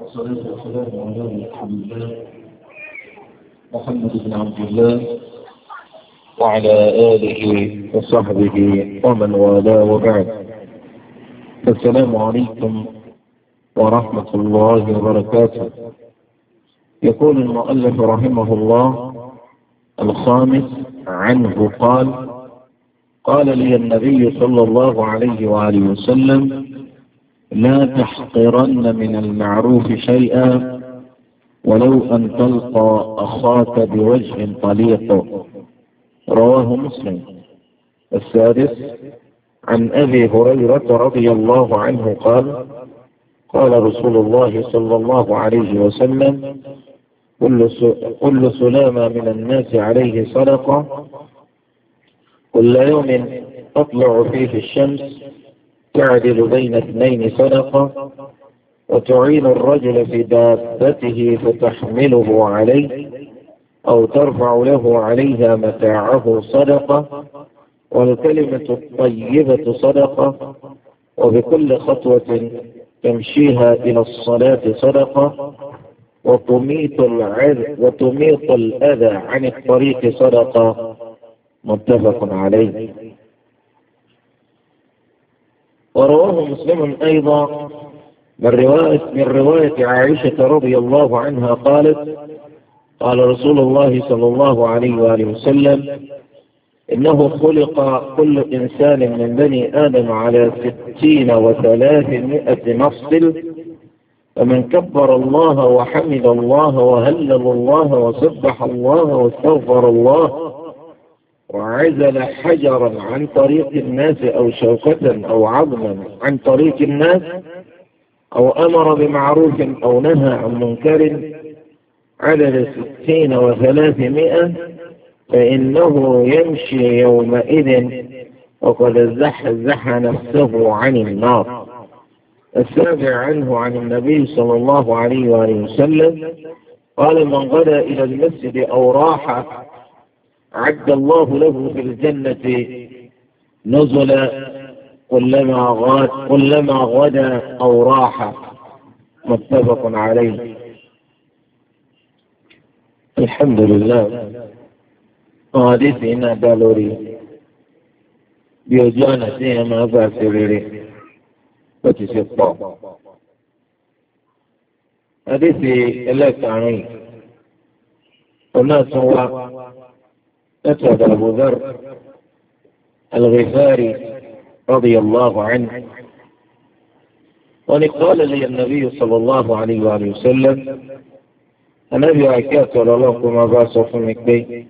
والصلاة والسلام على رسول الله محمد بن عبد الله وعلى آله وصحبه ومن والاه وبعد السلام عليكم ورحمة الله وبركاته يقول المؤلف رحمه الله الخامس عنه قال قال لي النبي صلى الله عليه وآله وسلم لا تحقرن من المعروف شيئا ولو أن تلقى أخاك بوجه طليق رواه مسلم السادس عن أبي هريرة رضي الله عنه قال قال رسول الله صلى الله عليه وسلم كل كل سلامة من الناس عليه صدقة كل يوم تطلع فيه الشمس تعدل بين اثنين صدقة وتعين الرجل في دابته فتحمله عليه أو ترفع له عليها متاعه صدقة والكلمة الطيبة صدقة وبكل خطوة تمشيها إلى الصلاة صدقة وتميط العذ وتميط الأذى عن الطريق صدقة متفق عليه ورواه مسلم أيضا من رواية, من رواية عائشة رضي الله عنها قالت قال رسول الله صلى الله عليه وآله وسلم إنه خلق كل إنسان من بني آدم على ستين وثلاثمائة مفصل فمن كبر الله وحمد الله وهلل الله وسبح الله واستغفر الله وعزل حجرا عن طريق الناس أو شوكة أو عظما عن طريق الناس أو أمر بمعروف أو نهى عن منكر عدد ستين وثلاثمائة فإنه يمشي يومئذ وقد زحزح نفسه عن النار السابع عنه عن النبي صلى الله عليه وآله وسلم قال من غدا إلى المسجد أو راح أعد الله له في الجنة نزلا كلما غاد كلما غدا أو راح متفق عليه الحمد لله حديث هنا دالوري بيوجوانا سيها ما فاسريري وتشفى حديثي لك تعالى وناس هو أسود أبو ذر الغفاري رضي الله عنه وإن قال لي النبي صلى الله عليه وآله وسلم النبي عكاك ولله ما باس منك بي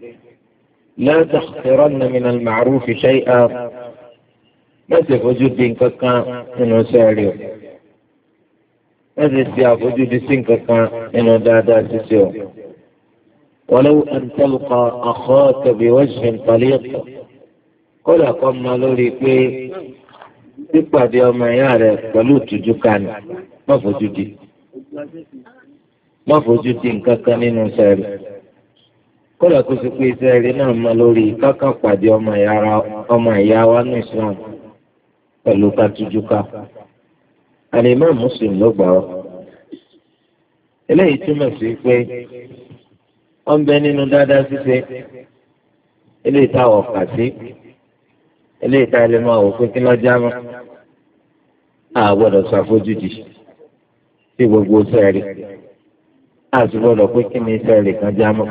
لا تخسرن من المعروف شيئا ما دين كتا إنه وسائله ما دين كتا إنه دادا سيسيو ولو أن تلقى أخاك بوجه طليق قل أقم لوري في تقعد يوم يعرف، فلوت جكان ما فوجودي ما فوجودي إن كان سير قل أقول في سير نعم لوري كاكا قعد يوم يارى أما ياوى نسلام pẹ̀lú katijúká Al-Imam Muslim ló gbà ọ́ ó ń bẹ nínú dáadáa ṣíṣe eléyìí tá a wọ̀ kà sí eléyìí tá a lè máa wò pé kí lọ́ọ́ já mọ́ a gbọ́dọ̀ sọ àfojúdi sí gbogbo sẹ́ẹ̀rì a sì gbọ́dọ̀ pé kí ni sẹ́ẹ̀rì kan já mọ́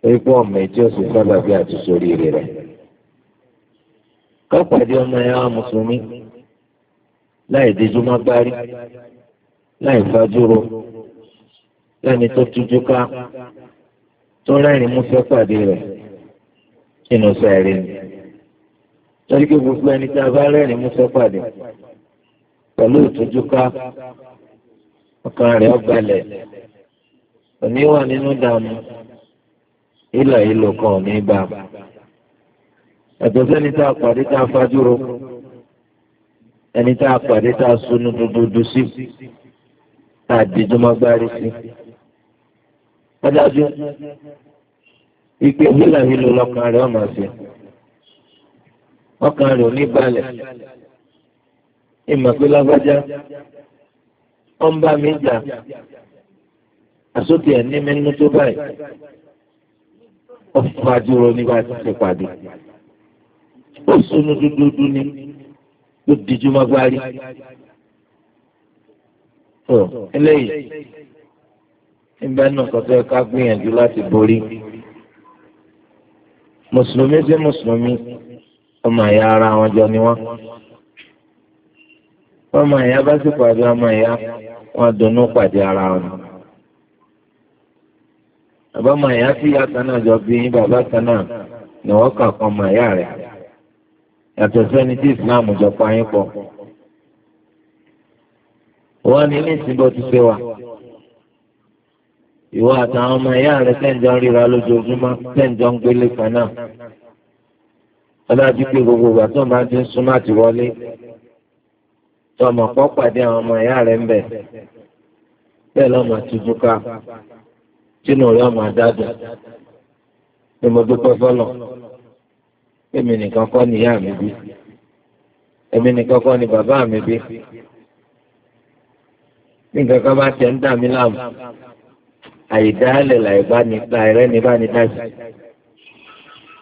torí pé ọmọ ètí ò sì sábà bí àtúnṣe oríire rẹ̀ kọ́pàdé ọmọ ẹ̀ wá mùsùlùmí láì díjú má gbárí láì fajúro lẹ́ni tó tújú ká tó rẹ́rìn músẹ́ pàdé rẹ̀ nínú sẹ́ẹ̀rẹ́ ni torí pé gbogbo ẹni tí a bá rẹ́rìn músẹ́ pàdé pẹ̀lú ìtọ́júká ọkàn rẹ̀ ọgbàlẹ̀ òní wà nínú dààmú ìlà ìlò kan ò ní bá a ẹ̀tọ́ sẹ́ni tá a pàdé tá a fájúro ẹni tá a pàdé tá a sunu dúdú sí tá a dídúmọ́gbárí sí adájọ́ ìpè wíìlà wíìlò lọ́kàn rẹ̀ ọmọ àṣẹ ọkàn rẹ̀ ò ní balẹ̀ ìmọ̀pẹ́ lágbájá ọ̀nba mi jà àsókè ẹ̀ní mẹ́nu tó báyìí ọ̀fọ̀ àdúró ní bá ti ṣe pàdé ó sunu dúdúdú ni ó dijú mọ́gbárí. eléyìí. nígbà náà kò fẹ́ ká gbìyànjú láti borí mùsùlùmí sí mùsùlùmí ọmọ ara wọn jọ ni wọn ọmọ àyà bá sì pàdé ọmọ àyà wọn pàdé ara wọn bàbá ọmọ àyà sí jọ bí bàbá kan ni wọn kà kọ ọmọ àyà rẹ yàtọ̀ sẹ́ni tí ìsìláàmù jọ pa yín pọ̀ wọn ní ní ti ṣe ìwọ àtàwọn ọmọ ìyá rẹ sẹ́ńjọ́ ń ríra lójoojúmọ́ sẹ́ńjọ́ ń gbélé kan náà ọlọ́dún pé gbogbo ìgbà tó máa ti ń súnmọ́ àti wọlé tó ọmọ pọ́ pàdé àwọn ọmọ ìyá rẹ̀ ń bẹ̀ bẹ́ẹ̀ lọ́mọ tuntun ká tínú rẹ̀ ọmọ àdádùn ni mo dúpẹ́ fọ́lọ̀ èmi nìkan kọ́ ni ìyá mi bí èmi nìkan kọ́ ni bàbá mi bí nǹkan kan bá tẹ̀ ń dà mí láàmú. àìdáálẹ̀ láìrẹ́ni bá ní dáṣì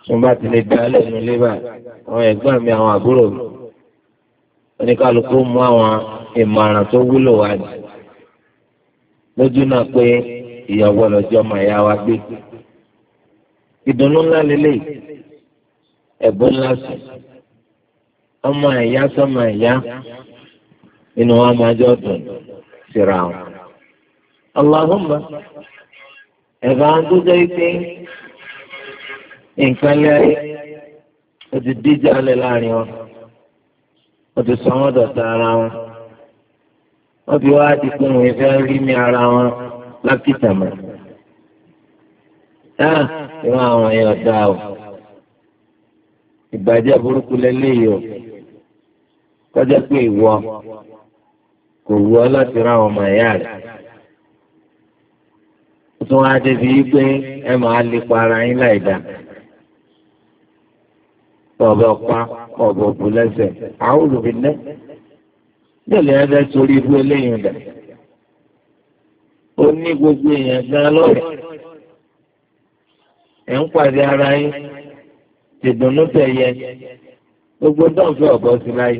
tó bá ti lè dáálẹ̀ lébà àwọn ẹ̀gbọ́n mi àwọn àbúrò mi oníkálukú mú àwọn ìmọ̀ràn tó wúlò wá ní lójú náà pé ìyàwó ọlọ́jọ́ ọmọ ìyá wa gbé ìdùnnú ńlá lélẹ́yìí ẹ̀bùn ńlá sùn ọmọ ìyá sọmọ ìyá inú wa máa jọ dùn síra wọn. ẹ̀bà ń tó jẹ́ pé nǹkan lẹ́yìn ó ti díjà lẹ̀ láàrin wọn ó ti sọ wọ́n dọ̀tá ara wọn wọ́n fi wá ti pín òun ìfẹ́ rí ní ara wọn lákìtàmọ́ náà ìwọ àwọn èèyàn dá o ìbàjẹ́ burúkú lẹ́lẹ́yìí o kọjá pé ìwọ kò wú láti ra ọmọ ẹ̀yà rẹ̀ tún wá débi wípé ẹ máa lè para yín láì dá ọ̀bẹ ọ̀pá ọ̀bẹ òkú lẹ́sẹ̀ àwọn olùbílẹ̀ nílẹ̀ ẹ fẹ́ torí ibú eléyìí dà ó ní gbogbo èèyàn gan lọ́rẹ̀ ẹ̀ ń pàdé ara yín tìdùnnú tẹ̀ gbogbo dọ́ǹfẹ́ ọ̀bọ sí láyé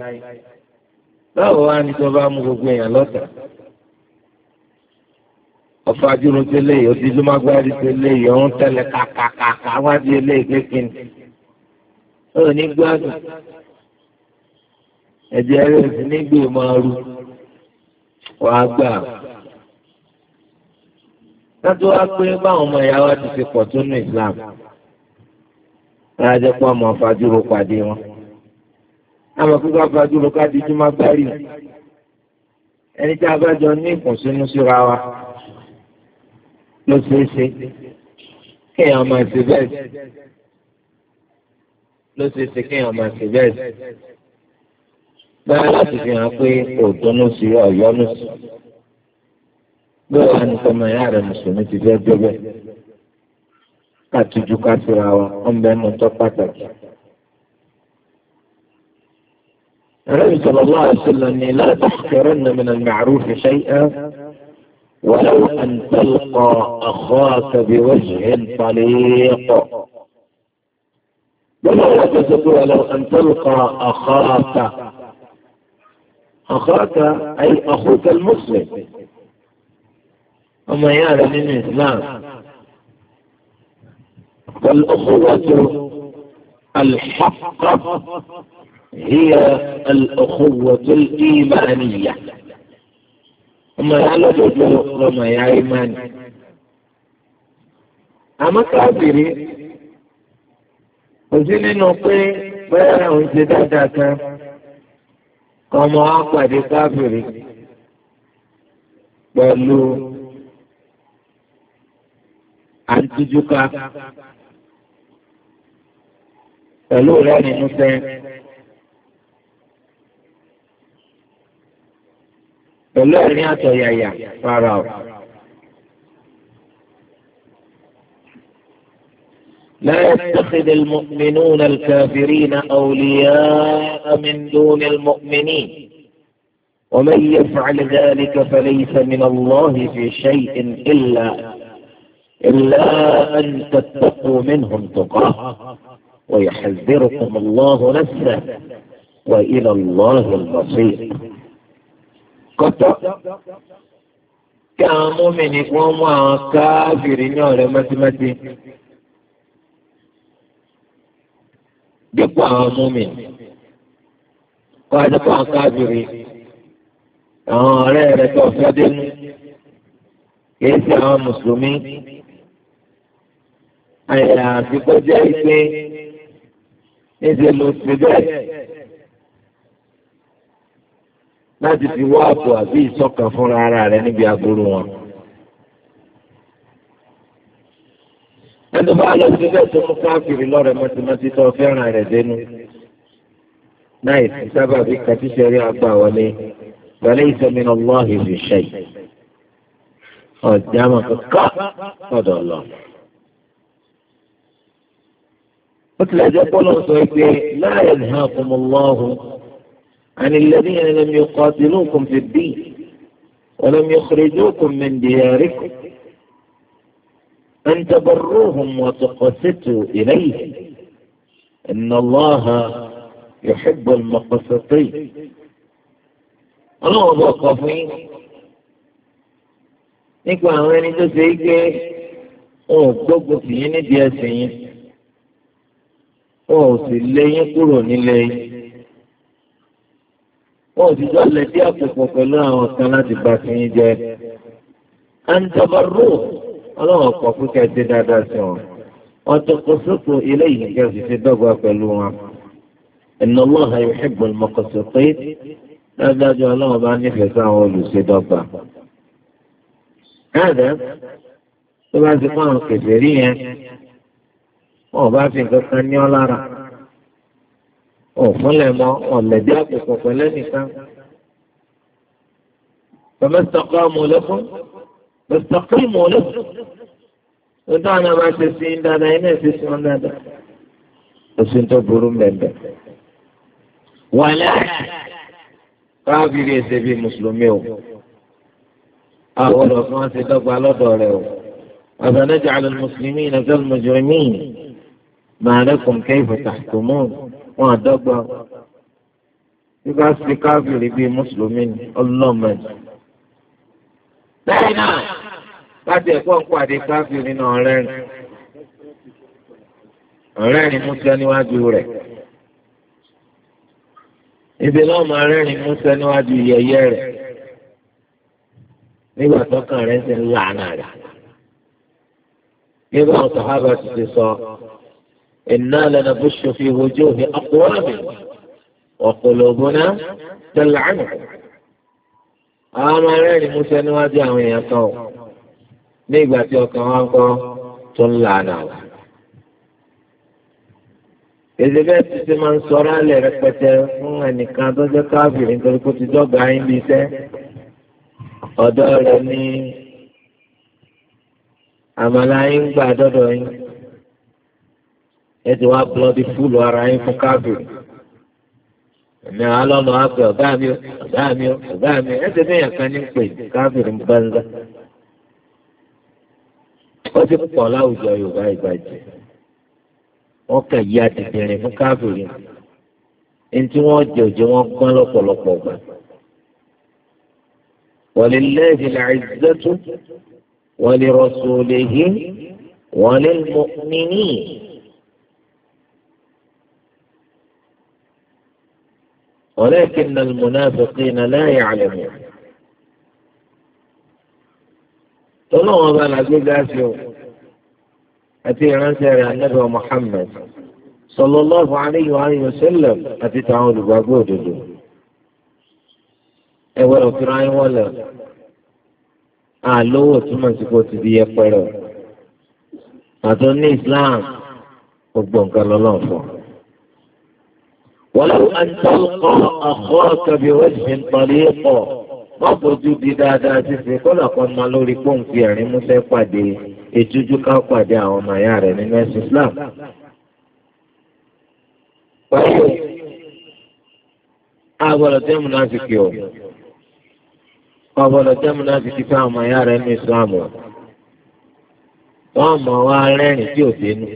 báwo wá ní tó bá mú gbogbo èèyàn lọ́tà ọ̀fọ̀ ajúrun ti lé yìí òdìdúmágbárí ti lé yìí òun tẹ̀lé kàkàkàkà wá di eléyìí kékin ó ní gbádùn ẹ̀jẹ̀ rẹ̀ sì ní gbé máa ru wàá gbà látó wá pé báwọn ọmọ ìyá wa ti fi pọ̀ tó nù Islam láàjẹ́ pé ọmọ fàdúró pàdé wọn àmọ́ kíkọ́ fàdúró ká di jùmọ̀ ẹni tí a bá jọ ní ìkùnsínú síra wa. ló ṣeé ṣe kéèyàn máa ṣe bẹ́ẹ̀ ló ṣeé ṣe kéèyàn máa ṣe bẹ́ẹ̀ báyọ̀ láti fi hàn pé òdùnnú sí ọ̀yọ́nú sí bẹ́ẹ̀ wá ní sọmọ ìyá rẹ̀ mùsùlùmí ti fẹ́ gbé bẹ́ẹ̀ kàtújú kásìra wa ọ̀nbẹ mú tọ́ pàtàkì. النبي صلى الله عليه وسلم لا تحقرن من المعروف شيئا ولو أن تلقى أخاك بوجه طليق ولو أن تلقى أخاك أخاك أي أخوك المسلم أما يعلم من الإسلام فالاخوة الحق هي الأخوة الإيمانية ọmọ ìyá lọ́dọọdọ ọmọ ìyá imani. àmọ́ káàbìrì kò sí nínú pé bẹ́ẹ̀ òun ṣe dáadáa kan ọmọ wa pàdé káàbìrì àtijúká pẹ̀lú rẹ̀ nínú sẹ́yìn. pẹ̀lú ẹ̀rín o. لا يتخذ المؤمنون الكافرين أولياء من دون المؤمنين ومن يفعل ذلك فليس من الله في شيء إلا إلا أن تتقوا منهم تقاه ويحذركم الله نفسه وإلى الله المصير kọ́tọ́ kí àwọn mọ́mìnì wọ́n mú àwọn káàbìrì ní ọ̀rẹ́ mẹ́tímẹ́tí dípò àwọn mọ́mìnì kọ́ àdúgbò àwọn káàbìrì àwọn ọ̀rẹ́ rẹ̀ tó fẹ́ dénú kìí ṣe àwọn mùsùlùmí àyà àfikọ́jẹ́ ìpín níṣẹ́ ló ti bẹ́ẹ̀ láti fi wá àpò àbí ìtọ́ka fúnra ara rẹ̀ níbi agbóró wọn. ẹnu bá lọ sí bẹ́ẹ̀ tó mú káàkiri lọ́rẹ̀ mọ́tímọ́tí tó fẹ́ràn rẹ̀ dénú. náà sì sábà bí kàtíṣẹ́rí àgbà wọlé wọlé ìsọmínà lọ́ọ̀hìn fi ṣe yìí. ọ̀já mọ̀ kọ́kọ́ ọ̀dọ̀ lọ. ó tilẹ̀ jẹ́ pọ́lọ́ sọ pé láàyè ní àkùnmọ́ lọ́hùn. عن الذين لم يقاتلوكم في الدين ولم يخرجوكم من دياركم أن تبروهم وتقسطوا إليهم إن الله يحب المقسطين أنا موقفين نيكو أواني تو أو كوكو فيني دياسين أو سليني كروني ليه wọ́n ò dìjọ́ lẹ̀ sí àpòpọ̀ pẹ̀lú àwọn kan láti bá fi yín jẹ́. antabaró ọlọ́run ọ̀pọ̀ fún kẹ́ ẹ dé dáadáa sí wọn. ọ̀tọ̀kọ̀sọ́kọ̀ ilé yìí kẹ́ ẹ sì ti dọ́gba pẹ̀lú wọn. inna Allaha yuhibbul muqsitin dájúdájú ọlọ́run bá nífẹ̀ẹ́ sáwọn olùṣèdọ́gba. káàdà tó bá ti fún àwọn kẹfẹ́ rí yẹn wọn ò bá fi nǹkan kan ní ọ lára. ọ̀fúnlẹ̀ mọ́ ọ̀lẹ̀dẹ́ àpòpọ̀ pẹ̀lẹ́ nìkan. Bàbáṣàkọ́ àmọ̀lẹ́fọ́, bàbáṣàkọ́ ìmọ̀lẹ́fọ́. Ó dáhùn àbá ṣe sí ń dáadáa, iná ẹ̀ ṣe sí wọn dáadáa. Oṣù tó burú mẹ́mbẹ́. Wàlẹ́ káàbìrì ẹsẹ̀ bíi Mùsùlùmí o. Àwọn ọ̀dọ́ fún wa ṣe dọ́gba lọ́dọ̀ rẹ̀ o. أفنجعل المسلمين كالمجرمين ما لكم كيف تحكمون wọn àdọ́gba nígbà sí káfíìrì bíi mùsùlùmí ni ọlọ́mọ ẹ̀. lẹ́yìn náà láti ẹ̀kọ́ ń pàdé káfíìrì náà rẹ́rìn rẹ́rìn músẹ́ níwájú rẹ̀ ibi náà máa rẹ́rìn músẹ́ níwájú yẹyẹ rẹ̀ nígbà tọ́kàn rẹ̀ ń ṣe ńlá náà rẹ̀ nígbà wọn sọ̀hábà ti ti sọ. إنا لنبش في وجوه أقوام وقلوبنا تلعن أما رأني موسى نواجه من يقول نيبا تيوكا وانكو تلعنا èdè bẹ́ẹ̀ ti ti máa ń sọ̀rọ̀ alẹ́ rẹpẹtẹ fún ẹnìkan tó jẹ́ káfíìrì nítorí kó ti dọ́gba yín bí iṣẹ́ ọ̀dọ́ rẹ̀ ní àmàlà yín gbà dọ́dọ̀ yín ẹ ti wá blọọdì fúlù ara yín fún káàbìrì ẹ̀mí alọ́nà àgbẹ̀ ọ̀gá mi ó ọ̀gá mi ó ọ̀gá mi ẹ ti níyàn kan ní pè káàbìrì ń bá ń ti pọ̀ láwùjọ Yorùbá ìbàjẹ́ wọ́n kà yí adìdìrín fún káàbìrì ẹni tí wọ́n jẹ òjò wọn gbọ́n lọ́pọ̀lọpọ̀ gbà. ولله العزة ولرسوله وللمؤمنين ولكن المنافقين لا يعلمون tọ́lọ́wọ́n bá làgbéga sí o àti ìránṣẹ́ rẹ̀ ànábì Muhammad sallallahu alayhi wa sallam àti táwọn olùgbàgbọ́ òdodo ẹ̀wẹ̀ òfin ayé wọn lẹ̀ àlówó túmọ̀ sí kó ti di yẹpẹrẹ àtọ́ ní Islam gbogbo nǹkan lọ́lọ́fọ̀ọ́. ولو أن تلقى أخاك بوجه طليق wọ́n bójú di dáadáa ṣíṣe kọ́lá kan máa lórí pọ́ùn fi ẹ̀rín músẹ́ pàdé ìtújú ká pàdé àwọn ọmọ ìyá rẹ̀ nínú ẹ̀sìn Islam. pẹ̀lú àgbọ̀dọ̀ jẹ́ múnáfíkì o àgbọ̀dọ̀ jẹ́ múnáfíkì fún àwọn ọmọ ìyá rẹ̀ nínú Islam o. wọ́n mọ̀ wá rẹ́rìn tí ò dénú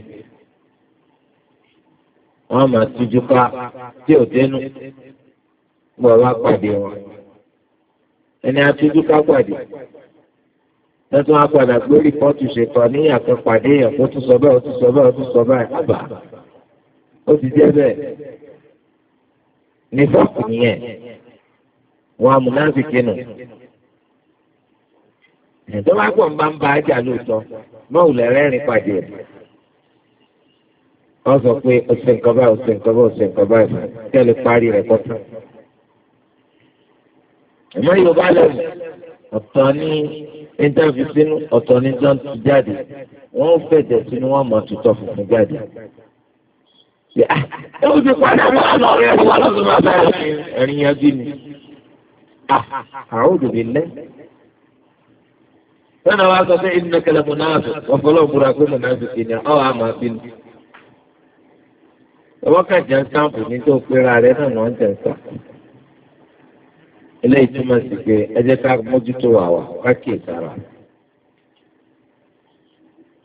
wọ́n máa tújú ká tí ò dénú gbọ́ wá pàdé wọn. ẹni atújú ká pàdé lọ́tún á padà gbé rìpọ́tù ṣètò níyàtọ̀ pàdé yẹn kó tún sọ bẹ́ẹ̀ ó tún sọ bẹ́ẹ̀ ó tún sọ bẹ́ẹ̀ àbá ó ti jẹ́ bẹ́ẹ̀ ní fọ́ọ̀kù nìyẹn wọn amúnáfíkì nù ẹ̀dọ́ wá pọ̀ ń ń bá ajá lóòótọ́ mọ́wùlẹ̀ rẹ́rìn pàdé ẹ̀ wọ́n sọ pé ọ̀sẹ̀ nǹkan báyìí ọ̀sẹ̀ nǹkan báyìí ọ̀sẹ̀ nǹkan báyìí kí ẹ lè parí rẹ̀ kọ́tà. ẹ̀mọ́ yorùbá lẹ́nu ọ̀tọ̀ ní íńtẹ́fì sínú ọ̀tọ̀ ní john ti jáde wọ́n fẹ̀jẹ̀ sínú wọn mọ̀ tutọ́ funfun jáde. Ah, ẹ ó ti padà bọ́ ọ̀nà rẹ̀ wà lọ́sọ̀ máa bẹ̀rẹ̀ ẹ̀rín yẹn bí mi. àwọn òdòdó lẹ́ sọ́nà wa sọ pé ìdúnnà kẹlẹ́ mọ̀ náà fọ̀ ọwọ́kà jẹ́ sáàpù ní tó pera rẹ̀ náà lọ́n jẹ́ sáàpù. eléyìí túmọ̀ sí pé ẹ jẹ́ ká mójútó àwà káàkiri sára.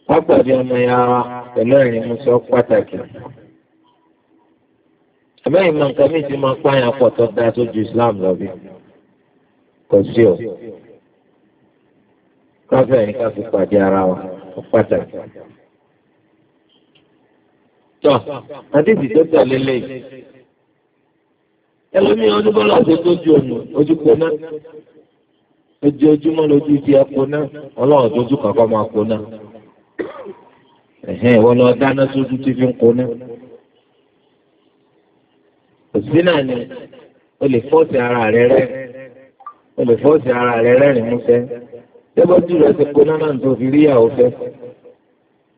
pápábí ọmọ ya wa pẹ̀lú ẹ̀rín mú sọ pàtàkì. ẹ̀bẹ́ ìmọ̀ nǹkan mi ti máa pààyàn pọ̀ tó dáa tó ju Islam lọ bí kò sí o. káfíń ká fi pàdé ara wa pàtàkì. tọ́ àdéhùn tó tẹ̀lé lẹ́yìn. ẹlòmíì ọdún bọ́lá ṣe tó ju ọ̀nà ojú pọ̀ náà ojoojúmọ́ lójú ti ẹ̀kọ́ náà ọlọ́run máa náà. lọ dáná sójú tí fi ń náà. òsì ni o lè fọ́ọ̀sì ara rẹ rẹ́ o lè fọ́ọ̀sì ara rẹ rẹ́rìn-ín músẹ́.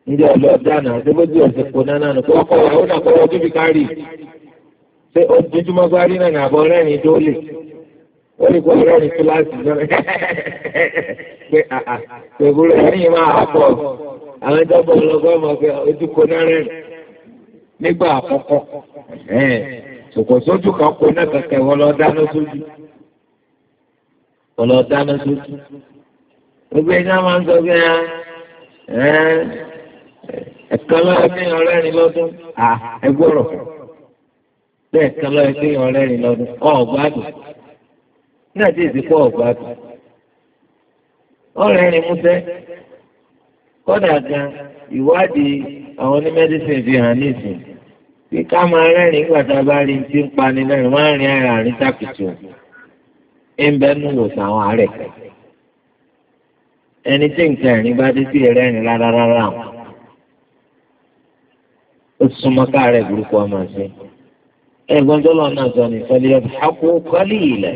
ndị na náà ṣé bójú ọ̀sẹ̀ kò náà nù kó kọ́ ọ̀hún náà kọ́ ọ na kárì ṣé ojoojúmọ́ gbárí náà nàbọ̀ rẹ́rìn tó lè wọ́n lè kọ́ ẹ̀kan lọ́yẹ pé ọ̀rẹ́ rìn lọ́dún ẹgbọ́rọ̀ bẹ́ẹ̀ kan lọ́yẹ pé ọ̀rẹ́ rìn lọ́dún ọ̀gbádùn náà ti ìsìnkú ọ̀gbádùn ọ̀rẹ́ rìn músẹ́ kọ́dà gan ìwádìí àwọn ní mẹ́dísìn fi hàn nísìn bí ká máa rẹ́rìn nígbà tá a bá rí ti ń pani lẹ́rìn wọ́n á rìn ara rìn tákìtì o ń bẹ́ nù wò sàwọn àárẹ̀ ẹni tí nǹkan ẹ̀rín bá dé sí ẹ̀rẹ́rìn rárá rárá àwọn ó súnmọ́ káàárẹ̀ burúkú ọmọ ẹ̀sẹ̀. ẹ̀gbọ́n tó lọ náà sọ ní sọ́díyà àpò kọ́lì ilẹ̀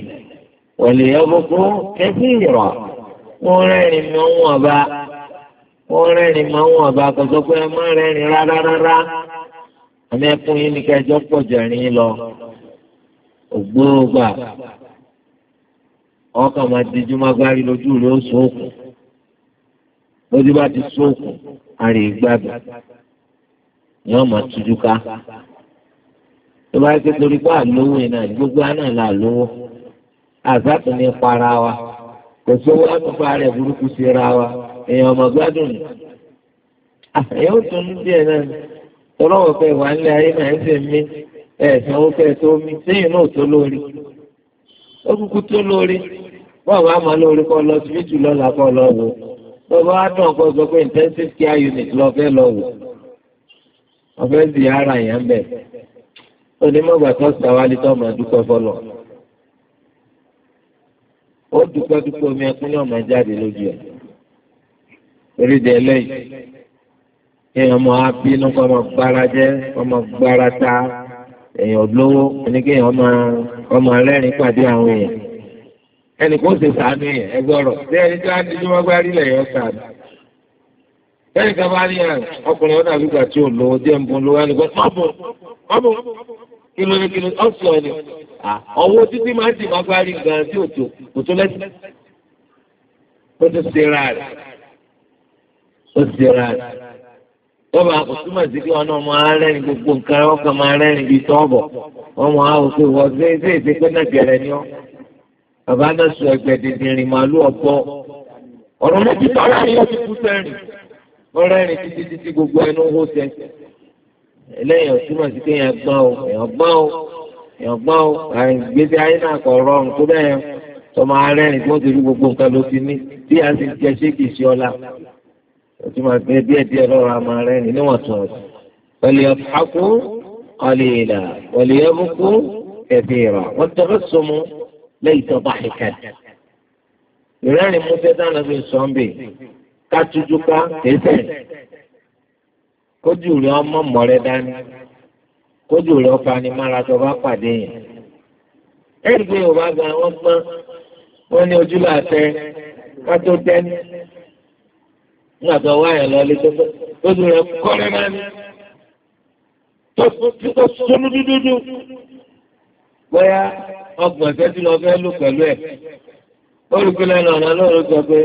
wọ̀lẹ̀ ọ̀bùkú kẹ́sì ìrọ̀ wọ́n rẹ́rìn mọ́ wọn ọba wọ́n rẹ́rìn mọ́ wọn ọba kò sọ pé ẹ má rẹ́rìn rárá rárá àmì ẹkún yín ni kẹjọ pọ̀ jẹ̀rín lọ ògbóògbà ọkàn máa dijú má lójú rẹ̀ ó sóòkù lójú bá ti sóòkù àrè ni wọ́n máa tújú ká tó bá yẹ torí pé àlówó yẹn náà gbogbo àná là lówó ní para wa kò sówó àtúpa rẹ̀ burúkú sí ra wa èèyàn ọmọ gbádùn ni àyẹ̀wò tó ń díẹ̀ náà tọ́lọ́wọ́ pé wà nílé ayé náà ń fẹ́ mí ẹ̀sìn owó fẹ́ tó mí náà tó lórí ó kúkú tó lórí bá máa lórí lọ lọ wò bá intensive care unit lọ fẹ́ lọ wò. ọ̀fẹ́ sì ara èèyàn bẹ̀ onímọ̀gbà tó sàwálé tó máa dúpẹ́ fọlọ̀ ó dúpẹ́ dúpẹ́ omi ẹkún náà máa jáde lójú ẹ̀ orí de ẹlẹ́yìn èèyàn máa bínú kọ́ máa gbára jẹ́ kọ́ máa gbára ta èèyàn lówó ẹni kí èèyàn máa kọ́ máa rẹ́rìn pàdé àwọn èèyàn ẹnì kó ṣe sàánú yẹn ẹgbẹ́ bí ẹni tí wọ́n á di tí wọ́n gbá rí lẹ̀ yọ Lẹ́yìn kan bá ní ọkùnrin ọdún àgbígbà tí ò lọ́wọ́ jẹ́ ń bọ́n lọ́wọ́ ẹnìkan. Mọ́bùn, mọ́bùn, kí ló ni kí ló ọ̀sọ̀ ni? Ọwọ́ títí máa ń dì máa gbárí gan tí òtò kò tó lẹ́sìn. Ó ti ṣe ra rẹ̀. Ó ti ṣe ra rẹ̀. Tọ́ba kò túmọ̀ sí kí ọ̀nà ọmọ arẹ́rìn gbogbo nǹkan ọkàn máa rẹ́rìn bíi tọ́ọ̀bọ̀. Ọmọ àwòkè wọ̀ ni ọ́ wọ́n rẹ́rìn títí títí gbogbo ẹnu hó sẹ́ eléyìí ọ̀túnmọ̀ sí pé èèyàn gbọ́n o èèyàn gbọ́n o èèyàn gbọ́n o àìgbésí ayé náà kọ̀ rọrùn tó bẹ́ẹ̀ tọmọ arẹ́rìn tó ti rí gbogbo nǹkan ló ti ní bí a ti jẹ ṣé kìí ṣe ọlá ọ̀túnmọ̀ sí pé díẹ̀ díẹ̀ lọ́rọ̀ àmọ́ arẹ́rìn níwọ̀ntúnwọ̀nsì pẹ̀lú ọ̀pákú ọ̀lẹ́yìnlá pẹ̀lú ẹ̀mùkú kẹfìrà wọ́n tẹ́fẹ́ sọmọ lẹ́yìn tó bá kájújú ká kéṣẹ̀ kójú rẹ̀ ọmọ mọ̀rẹ́ dání kójú rẹ̀ ọba ni mára tó bá pàdé yẹn. ẹ̀rí pé yorùbá ga wọ́n gbọ́n wọ́n ní ojú làtẹ ká tó tẹ́ni nígbà tó wá yẹn lọ lé tó kójú rẹ̀ kọ́rẹ́ tó tó sọ́nú bóyá ọgbọ̀n ìfẹ́ tí lọ fẹ́ lò pẹ̀lú olùkọ́ lẹ́nu ọ̀nà lọ́rọ̀ sọ pé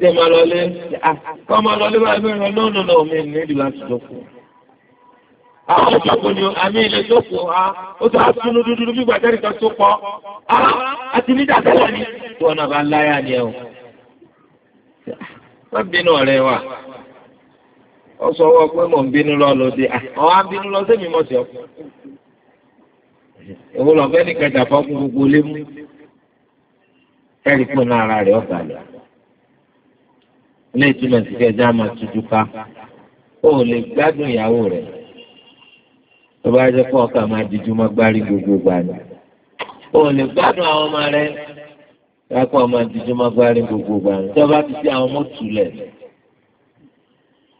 jẹ́ máa lọ lé kọ́ máa lọ lé báyìí bẹ́ẹ̀ lọ lọ́nà náà mi ní ìdìbò àti ìjọkọ̀. àwọn ìjọkọ̀ ni àmì ilẹ̀ ìjọkọ̀ ha ó tó àtúnú dúdú bí gbàjáde kan tó pọ̀ àti ní dàgbẹ́lẹ̀ ni. wọn náà bá láyà ni ẹ o. wọ́n bínú ọ̀rẹ́ wa ó sọ wọ́n pé mò ń bínú lọ lóde àwọn á bínú lọ sẹ́mi mọ̀ sí ọ ẹ̀rí pé náà ara rẹ̀ ọ̀gá lẹ̀. ilé ìtumọ̀ ti fẹ́ jáàmà tuntun ká ó lè gbádùn ìyàwó rẹ̀ tó bá jẹ́ kó ọkà máa dijú má gbárí gbogbo gbà ní. ó lè gbádùn àwọn ọmọ rẹ̀ lápò máa dijú má gbárí gbogbo gbà ní. tó bá ti sí àwọn ọmọ tùlẹ̀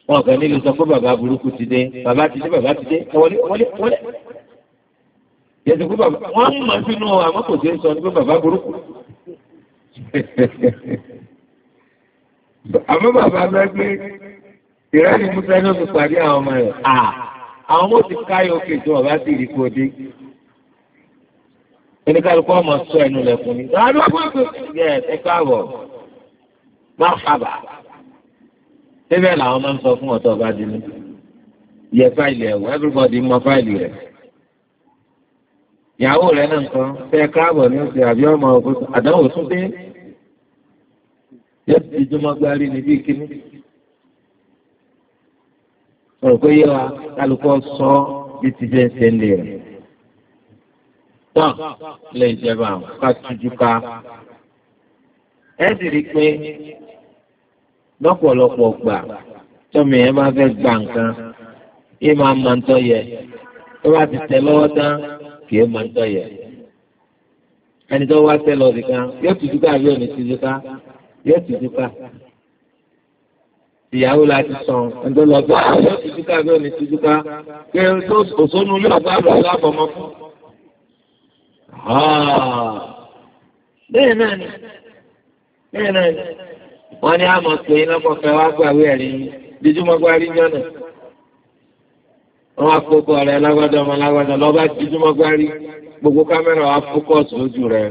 wọn kàn nílùú sọ pé bàbá burúkú ti dé bàbá ti dé bàbá ti dé wọlé wọlé wọlé yẹtù pé bàbá wọn mọ sínú àmọ́ kò sí sọ ní pé bàbá burúkú àmọ́ bàbá bẹ́ pé ìrẹ́lì mú sẹ́nà ti pàdé àwọn ọmọ rẹ̀ à àwọn ọmọ ti káyọ̀ òkè tó ọ̀bá sì rí kó dé oníkálukú ọmọ sọ ẹnu lẹ̀kùn ní ọdún ọgbọ́n yẹ ẹ káàbọ̀ má fàbà síbẹ̀ làwọn máa ń sọ fún ọ̀tọ̀ ọba dínú yẹ fáìlì ẹ̀ wọ́n everybody mọ fáìlì rẹ̀ ìyàwó rẹ̀ náà nǹkan fẹ́ káàbọ̀ ní oṣù àbí ọmọ àdánwò tún dé yẹ́sì ìjọmọ́ gbárí níbi ìkíní ọ̀rọ̀ pé yẹ wa kálukọ́ sọ bí ti jẹ́ sẹ́lẹ̀ rẹ̀ tán lè jẹba ká tuju ká ẹ sì rí i pé lọ́pọ̀lọpọ̀ gbà tọ́mi ẹ máa fẹ́ gba nǹkan yé máa ma ń tọ́ yẹ tó bá ti tẹ lọ́wọ́ tán kì í ma ń tọ́ yẹ ẹni tó wá tẹ lọ sí kan yóò tuju ká yóò ní tuju ká yóò ti dúpà ìyàwó la ti sàn ẹjọ́ lọ gbà yóò ti dúpà bí ò ní ti dúpà pé òṣónú yóò bá lọ lábọmọ fún. Ah! bẹ́ẹ̀ náà ni bẹ́ẹ̀ náà ni wọ́n ní àmọ̀ pé lọ́kọ̀ọ́fẹ́ wá gbàwé ẹ̀rí dídúmọ́gbá rí jọ́nà wọ́n akókò rẹ̀ lágbádá ọmọ lágbádá lọ́ba dídúmọ́gbárí gbogbo kámẹ́rà wa fókọ̀sì lójú rẹ̀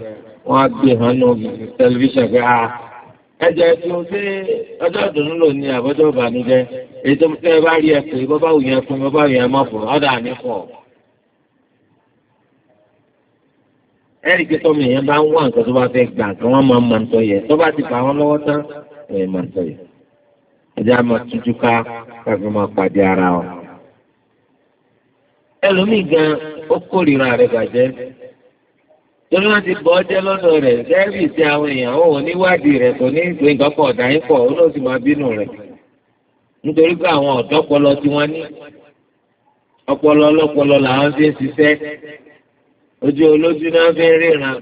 wọ́n á gbé hàn ní tẹlifíṣàn pé a ah, ẹjẹ tí o ṣe ọjọ́ ìdùnnú lò ní àbọ̀jọ́ ìbànújẹ́ ètò tẹ́ ẹ bá rí ẹ pé bọ́ bá wù yẹn fún mi bọ́ bá wù yẹn mọ̀ fún ọ̀dà mi pọ̀. ẹ̀rí pé tọ́mọ èèyàn bá ń wá nǹkan tó bá fẹ́ gbà kí wọ́n máa máa ń tọ́ yẹ tó bá ti fà wọ́n lọ́wọ́ tán ẹ̀ máa ń tọ́ yẹ. ẹjẹ́ a máa tújú ká káfí máa pàdé ara ọ. ẹlòmíì gan ó kórìíra rẹ̀ bàjẹ́ torí wọ́n ti bọ́ jẹ́ lọ́dọ̀ rẹ̀ sẹ́fìsì àwọn èèyàn ò níwádìí rẹ̀ tó ní ìpè ìgbọ́pọ̀ pọ̀ ó lóò máa bínú rẹ̀ nítorí pé àwọn ọ̀dọ́ ọpọlọ tí wọ́n ní ọpọlọ ọlọ́pọlọ làwọn fi ń ṣiṣẹ́ ojú olójú náà fi ń ríran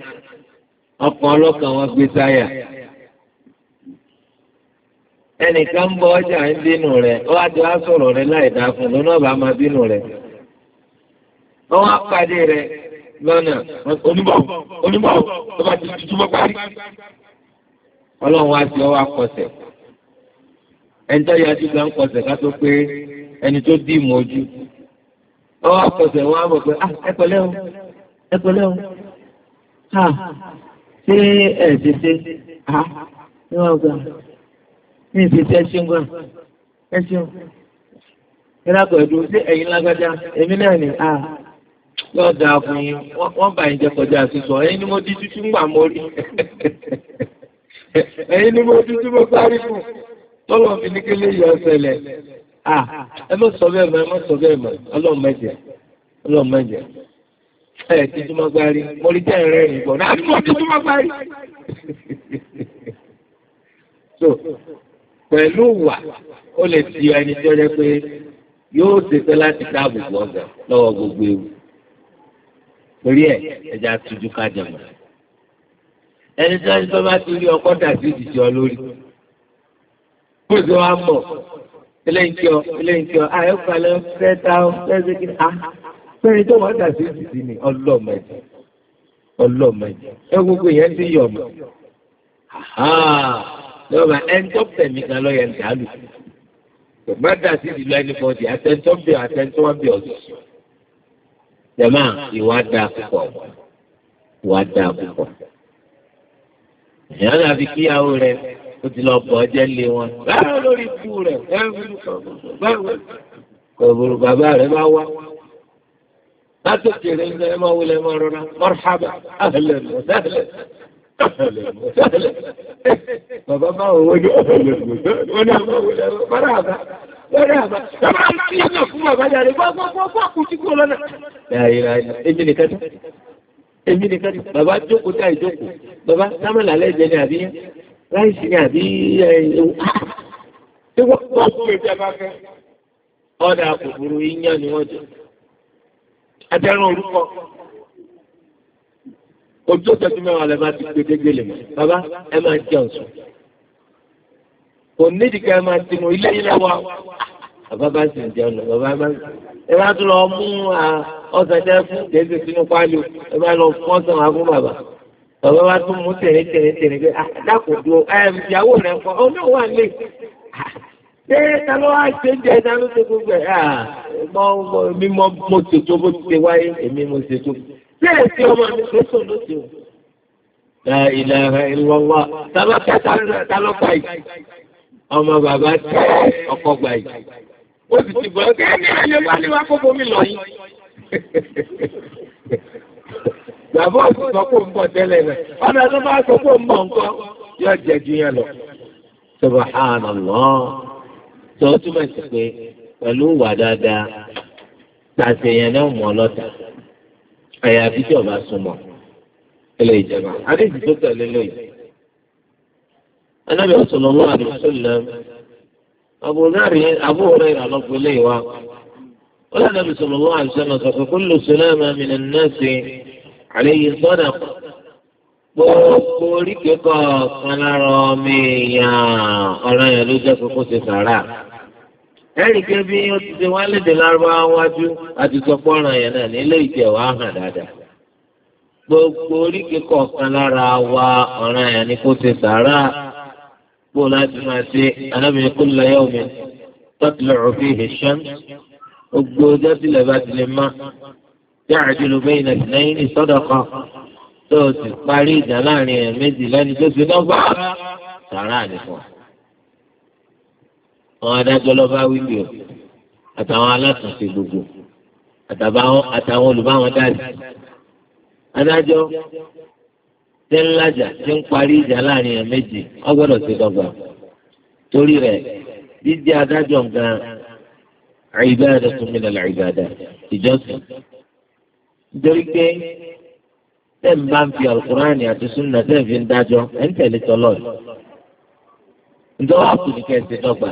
ọkàn ọlọ́kàn wọn gbé sáyà ẹnìkan ọjà ń bínú rẹ̀ ó wá ti wá sọ̀rọ̀ rẹ̀ láì lọ́nà oníbọ̀wò oníbọ̀wò tó bá ti tutù mọ́ parí. ọlọ́run wá sí ọwọ́ akọ̀sẹ̀ ẹni tó yẹ ti gbà ń kọ̀sẹ̀ ká tó pé ẹni tó dì mọ́ ojú ọwọ́ akọ̀sẹ̀ wọn á mọ̀ pé ah, ẹ pẹ̀lẹ́ o ẹ pẹ̀lẹ́ o ṣé ẹ ṣe ṣe ní wọn gbà ní ìṣiṣẹ́ ṣe ń gbà ẹ ṣeun. ìlàkọ̀ ẹ̀dùn sí ẹ̀yìn lágbájá èmi náà ni ah, yóò da fún yín wọ́n bá yín jẹ́ kọjá sísọ ẹ̀yin ni mo di ń gbà mórí ẹ̀yin ni mo di mo sáré fún tọ́lọ̀ fi ní kélé yọ ọ̀sẹ̀lẹ̀ ẹ mọ̀ sọ bẹ́ẹ̀ mọ̀ ẹ mọ̀ sọ bẹ́ẹ̀ ọlọ́run mẹ́jẹ so pẹ̀lú wà ó lè ti ẹni yẹ pé yóò ṣe fẹ́ láti dáàbò gbogbo ewu. torí ẹ ẹja tuju ká jẹmọ ẹni tí wọn bá ti rí ọkọ dà sí ìdìjọ lórí kó sì wá mọ eléyìí ọ eléyìí ọ ayọkàlẹ fẹẹ ta ọ fẹẹ ṣe kí a ah, fẹẹ tó wọn dà sí ìdìjì ni ọlọmọdé ọlọmọdé ẹ gbogbo yẹn ti yọ ọmọ lọ́ba ẹ̀ńtọ́ tẹ̀mí kan lọ́yẹ ń dàlù má dà sí ìdìlọ ẹni fọ́ọ̀dì àtẹ̀ńtọ́ bẹ̀ àtẹ̀ńtọ́ bẹ̀ ọ̀sùn. jama ìwà dáa púpọ̀ ìwà dáa púpọ̀ èèyàn fi kíyàwó rẹ ó ti lọ bọ̀ ọjẹ́ lé wọn báwo lórí ikú rẹ báwo kòbòrò bàbá rẹ bá wá láti òkèèrè ńlẹ ẹ máa wọlé máa rọra mọrùhábà àhẹlẹ mọsẹlẹ bàbá máa wọlé ọhẹlẹ mọsẹlẹ wọn náà máa wọlé mọrùhábà. lọ́dọ̀ àbá lọ́dọ̀ àbá kí ẹ̀nà fún bàbá jáde gbọ́gbọ́gbọ́ àkùtí kúrò lọ́nà. Èmi nìkan tí, èmi nìkan tí, bàbá jókòó tá ìjókòó, bàbá sámàlà lẹ́jẹ̀ ni àbí láìsí ni àbí ẹ̀yìn. Tí wọ́n kọ́ fún ìjẹ bá fẹ́, ọ̀dà kòkòrò iyán ni wọ́n jẹ. Adẹ́rùn orúkọ. Ojú ọ̀tọ́jú mẹ́wàá lẹ́ bá ti pé dégbélé mọ́. Bàbá ẹ máa jẹun sùn. Kò nídìí ká máa tinú ilé ilé wa bàbá bá sì ń jẹun lọ bàbá bá ẹ bá tún lọ mú ọsàn jẹ fún kẹsì sínú pálí ẹ bá lọ fún ọsàn wá fún bàbá bàbá bá tún mú tẹ̀lé tẹ̀lé tẹ̀lé pé dákòdò ìyàwó rẹ̀ ń kọ́ ọ náà wà lè ṣé ta ló wá ṣe ń jẹ ẹ dáná tó gbogbo ẹ mọ mi mọ mo ṣètò bó ti ṣe wáyé èmi mo ṣètò ṣé èsì ọmọ bàbá tẹ ọkọ gbà yìí ó sì ti gbọ́n kẹ́ ní ayé bá ní wá kókó mi lọ yìí. Bàbá òsì sọ pé ń bọ̀ tẹ́lẹ̀ rẹ̀, ọ̀nà tó bá sọ pé ń bọ̀ nǹkan yóò jẹ ju yẹn lọ. Subhanallah. Sọ túmọ̀ sí pé pẹ̀lú ìwà dáadáa, tàṣe yẹn náà mọ̀ lọ́tà. Àyàfi tí ọba súnmọ́. Ilé ìjọba, adéjì tó tẹ̀lé lóyè. Anábìyàn sallallahu alaihi wasallam. أبو ذر أبو هريرة لفظ لي ولا النبي صلى الله عليه وسلم قال سلامة من الناس عليه صدق gbogbo oríkèé kọ̀ọ̀kan lára ọmọ èèyàn ọ̀ràn yẹn ó ti ṣe wálé wájú àti yẹn náà nílé ìjẹ̀wá hàn dáadáa. gbogbo lára wa ọ̀ràn yẹn ni ṣe bóò láti máa ṣe alábìnrin kó lọ yẹ omi tọ́tù lọ́rọ̀ fi hì ṣán gbogbo dẹ́sílẹ̀ bá ti lè má yára ju lómi ìnàkì lẹ́yìn ní sọ́dọ̀ kan tó o ti parí ìjà láàrin ẹ̀ méjì lẹ́ni tó ti dọ́gba sàrà nìkan. àwọn adájọ́ lọ́ba wíwì o àtàwọn alátùnṣe gbogbo àtàwọn olùbáwọn dáàbì adájọ́ tí ń lajà tí ń parí ìjà láàrin ẹ̀ méjì ọ ti dọ́gba torí rẹ̀ dídí adájọ́ gan àìbáyàdà tó mi lọ́la àìbáyàdà ìjọsìn nítorí pé tẹ́ ń bá ń fi nke àti sunna tẹ́ ń fi ń dájọ́ ẹ̀ ń tẹ̀lé tọ́lọ́ yìí ti dọ́gba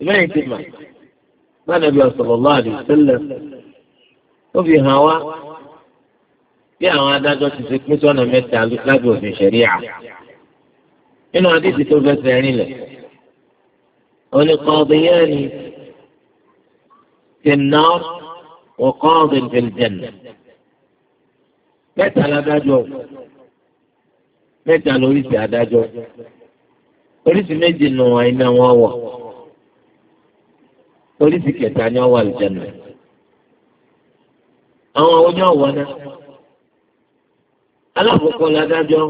ìmẹ́yìn ti mà bí àwọn adájọ́ ti ṣe pín sọ́nà mẹ́ta lábẹ́ òfin ṣẹ̀ríà nínú àdìsí tó fẹsẹ̀ rinlẹ̀ oníkọ́ọ̀dìyẹ́ni ti ná ọ̀kọ́ọ̀dì ìfẹ̀lẹ̀jẹ̀nà mẹ́ta ládájọ́ mẹ́ta lóríṣi adájọ́ oríṣi méjì nù àìná wọn wọ̀ oríṣi kẹta ni wọ́n wà lùjẹ̀nà àwọn oníwọ̀n náà alákòókò ládájọ́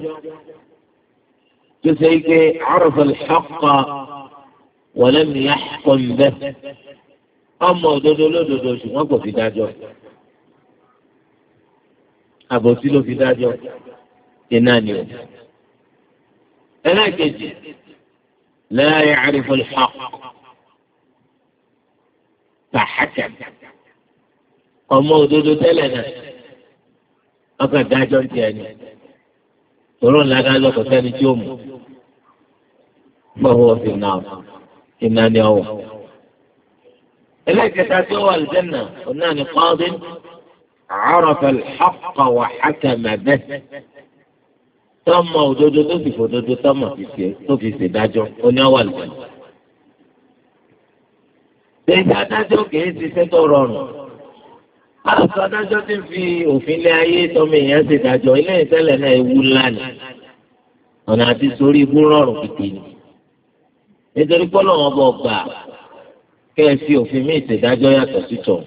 tó ṣe é pé àròfẹ́ ìṣọ́kọ wọlé mi á pọ̀ mbẹ́ ọmọ òdodo lódodo ṣùgbọ́n kò fi dájọ́ àbòsí ló fi dájọ́ iná ni o. ẹlẹ́kejì lẹ́yìn àrífọ́ ìṣọ́kọ tàhátà ọmọ òdodo tẹ́lẹ̀ náà ọkọ̀ ìdájọ́ ti ẹni tòró ńlága lọ́kọ̀ sẹ́ni tí ó mú gbọ́wọ́ sí náà iná ní ọwọ́. ẹlẹ́kẹta tí ó wà lùjẹ́nà ọ̀nà ní kọ́ọ́dé àárọ̀fẹ́ ọkọ̀ wà hákẹ́mẹ̀ bẹ́ẹ̀ tọ́mọ òdodo tó sì fòdodo tọ́mọ tó fi ṣèdájọ́ oní ọwọ́ lùjẹ́nà. ṣèdájọ́ kìí ṣiṣẹ́ tó rọrùn àtúntò adájọ́ ti fi òfin lé ayé tọ́mọ èèyàn ṣe dájọ́ ilé ìtẹ́lẹ̀ náà ewu ńlá ni ọ̀nà àti sórí ibú rọrùn kìkì ni nítorí pé ọlọ́run ọba ọgbà kẹ́ ẹ fi òfin mí ìṣèdájọ́ yàtọ̀ sítọ̀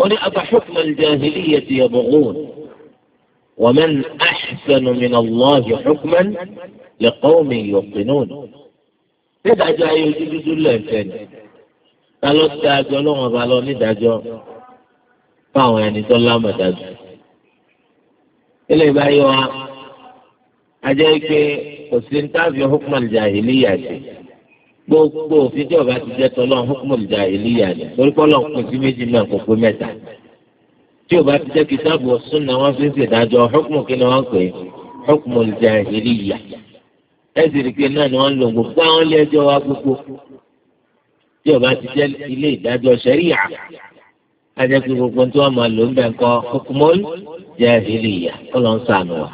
ó ní abahukma al-jahiliyyati yabghun wa man ahsanu min Allahi hukman liqawmin yuqinun nígbàjọ ayé ojú dúdú lẹ́ẹ̀fẹ́ ni ta ló dájọ́ lọ́wọ́n ba lọ nídàájọ́ fáwọn ẹni tó lámọ̀dájú. ilé ìbáyé wa ajẹ́ pé kò sí ní táàbì hukman jahiliya sí gbogbo òfin tí ọba ti jẹ́ tọ́lọ́ hukman jahiliya ni torí pọ́lọ́ kò sí méjì náà kò pé mẹ́ta tí ọba ti jẹ́ kìtàbù sunna wọn fi ń ṣèdájọ́ hukmu kí ni wọ́n pè é hukman jahiliya ẹ̀sìn ìrìkè náà ni wọ́n lò gbogbo àwọn ilé ẹjọ́ wa gbogbo tí ọba ti jẹ́ ilé ìdájọ́ ṣẹ́ríyà ajẹ́ pé gbogbo tí wọ́n máa lò ń bẹ̀ ń kọ́ kókòmọ́lù jẹ́ ilé ìyá kó lọ́n sànù wa.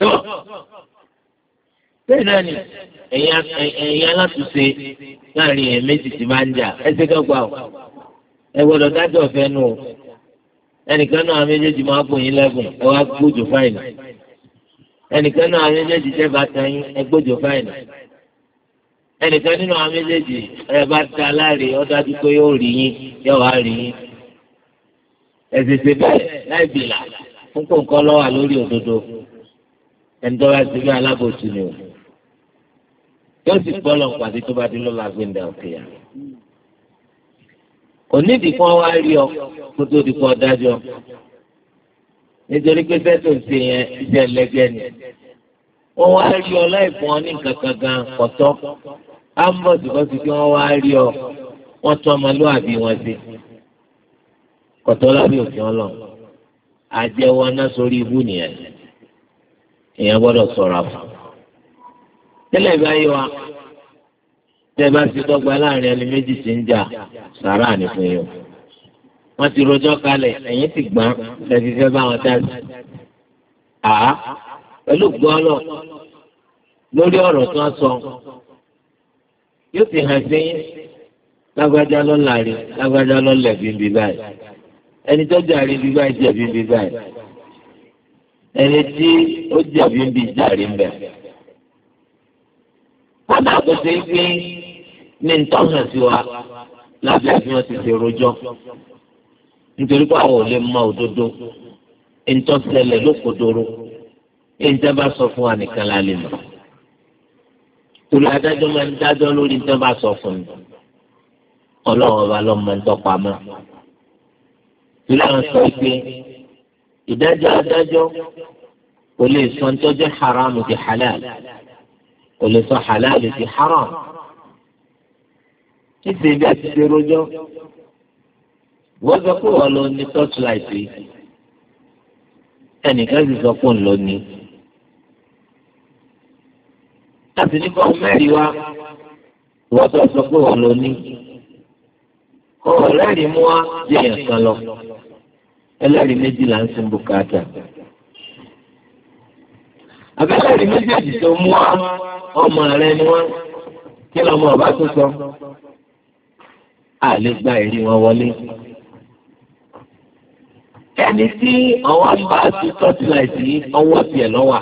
tó bẹ́ẹ̀ náà ni ẹ̀yin alátúnṣe láàrin èèyàn méjì ti máa ń jà ẹsẹ̀ dọ́gba o ẹ gbọ́dọ̀ dájọ́ ọ̀fẹ́ nù o ẹnìkan náà méjèèjì máa bùn yín lẹ́bùn ẹ wá gbójú fáìnì ẹnìkan náà méjèèjì jẹ́ bàtà yín ẹ gbójú fáìnì ẹnìkan nínú àwọn méjèèjì ẹ bá ta aláàrè ọdájú pé yóò rí yín yóò wá rí yín ẹsẹsẹ bẹ́ẹ̀ láì bìlà fún kòǹkọ lọ wà lórí òdodo ẹni tó bá ti bí alábòsí ni o yóò sì gbọ́ lọ́n pàdé tó bá dé lọ́la gbẹ̀ndà òkè yà onídìí kan wá rí ọ kó tó di kọ nítorí pé sẹ́tò ń ṣe yẹn iṣẹ́ ẹlẹ́gẹ́ ni wọ́n wá rí ọ láì fún ọ ní nǹkan kan gan kọ̀tọ́ á ń bọ̀ sí bọ́sí kí wọ́n wá rí ọ wọ́n tún ọmọlúwàbí wọn ṣe kọ̀tọ́ lábẹ́ òfin ọlọ́run àjẹwọ́ aná sórí ibú nìyẹn èèyàn gbọ́dọ̀ sọ̀rọ̀ àfọ̀. tẹ́lẹ̀ báyìí wa tẹ́ bá ti dọ́gba láàrin ẹni méjì tí ń jà sàrà ní fún yín wọ́n ti rojọ́ kalẹ̀ ẹ̀yìn ti gbọ́n lẹ́fi fẹ́ bá wọn dási. àá pẹ̀lú gbọ́lọ̀ lórí ọ̀rọ̀ tí wọ́n sọ yóò sì hàn sí lágbájá ló láre lágbájá ló lẹ̀bi bí báyìí ẹni tó jàre bí báyìí jẹ̀bi bí báyìí ẹni tí ó jẹ̀bi bí jàre ń bẹ̀. kọ́nà àkọsí pé ní ntọ́nà sí wa lábẹ́ àfihàn ti ṣe rojọ́ nítorí pé àwọn ò lè mọ òdodo ntọ́sẹ̀lẹ̀ lókodoro ẹ̀ ń tẹ́ bá sọ fún wa nìkan la lè mọ̀ torí adájọ́ máa ń dájọ́ lórí ní tẹ́lẹ̀ bá sọ fún mi ọlọ́run ọba lọ́ọ́ máa ń tọ́pa mọ́ torí àwọn sọ pé ìdájọ́ adájọ́ kò lè sọ ntọ́jú haramu di halal kò lè sọ halal di haram títí ibi àti ti rojọ́ wọ́n sọ pé wọ́n lọ ní torchlight yìí ẹnìkan sì sọ pé òun lọ ní láti ní kọ́ mẹ́rin wá wọ́n tó sọ pé wọ́n lò ní. ọ̀rẹ́ rí mú wá bí èèyàn kan lọ ẹlẹ́rìí méjì là ń sin bùkátà. àbẹ́lẹ́rìí méjèèjì tó mú wá ọmọ rẹ ni wọ́n kí lọ́mọ ọba tó sọ. àlè gba ẹ̀rí wọn wọlé. ẹni tí ọwọ́ bá ti tọ́tìláìtì ọwọ́ tiẹ̀ lọ́wọ́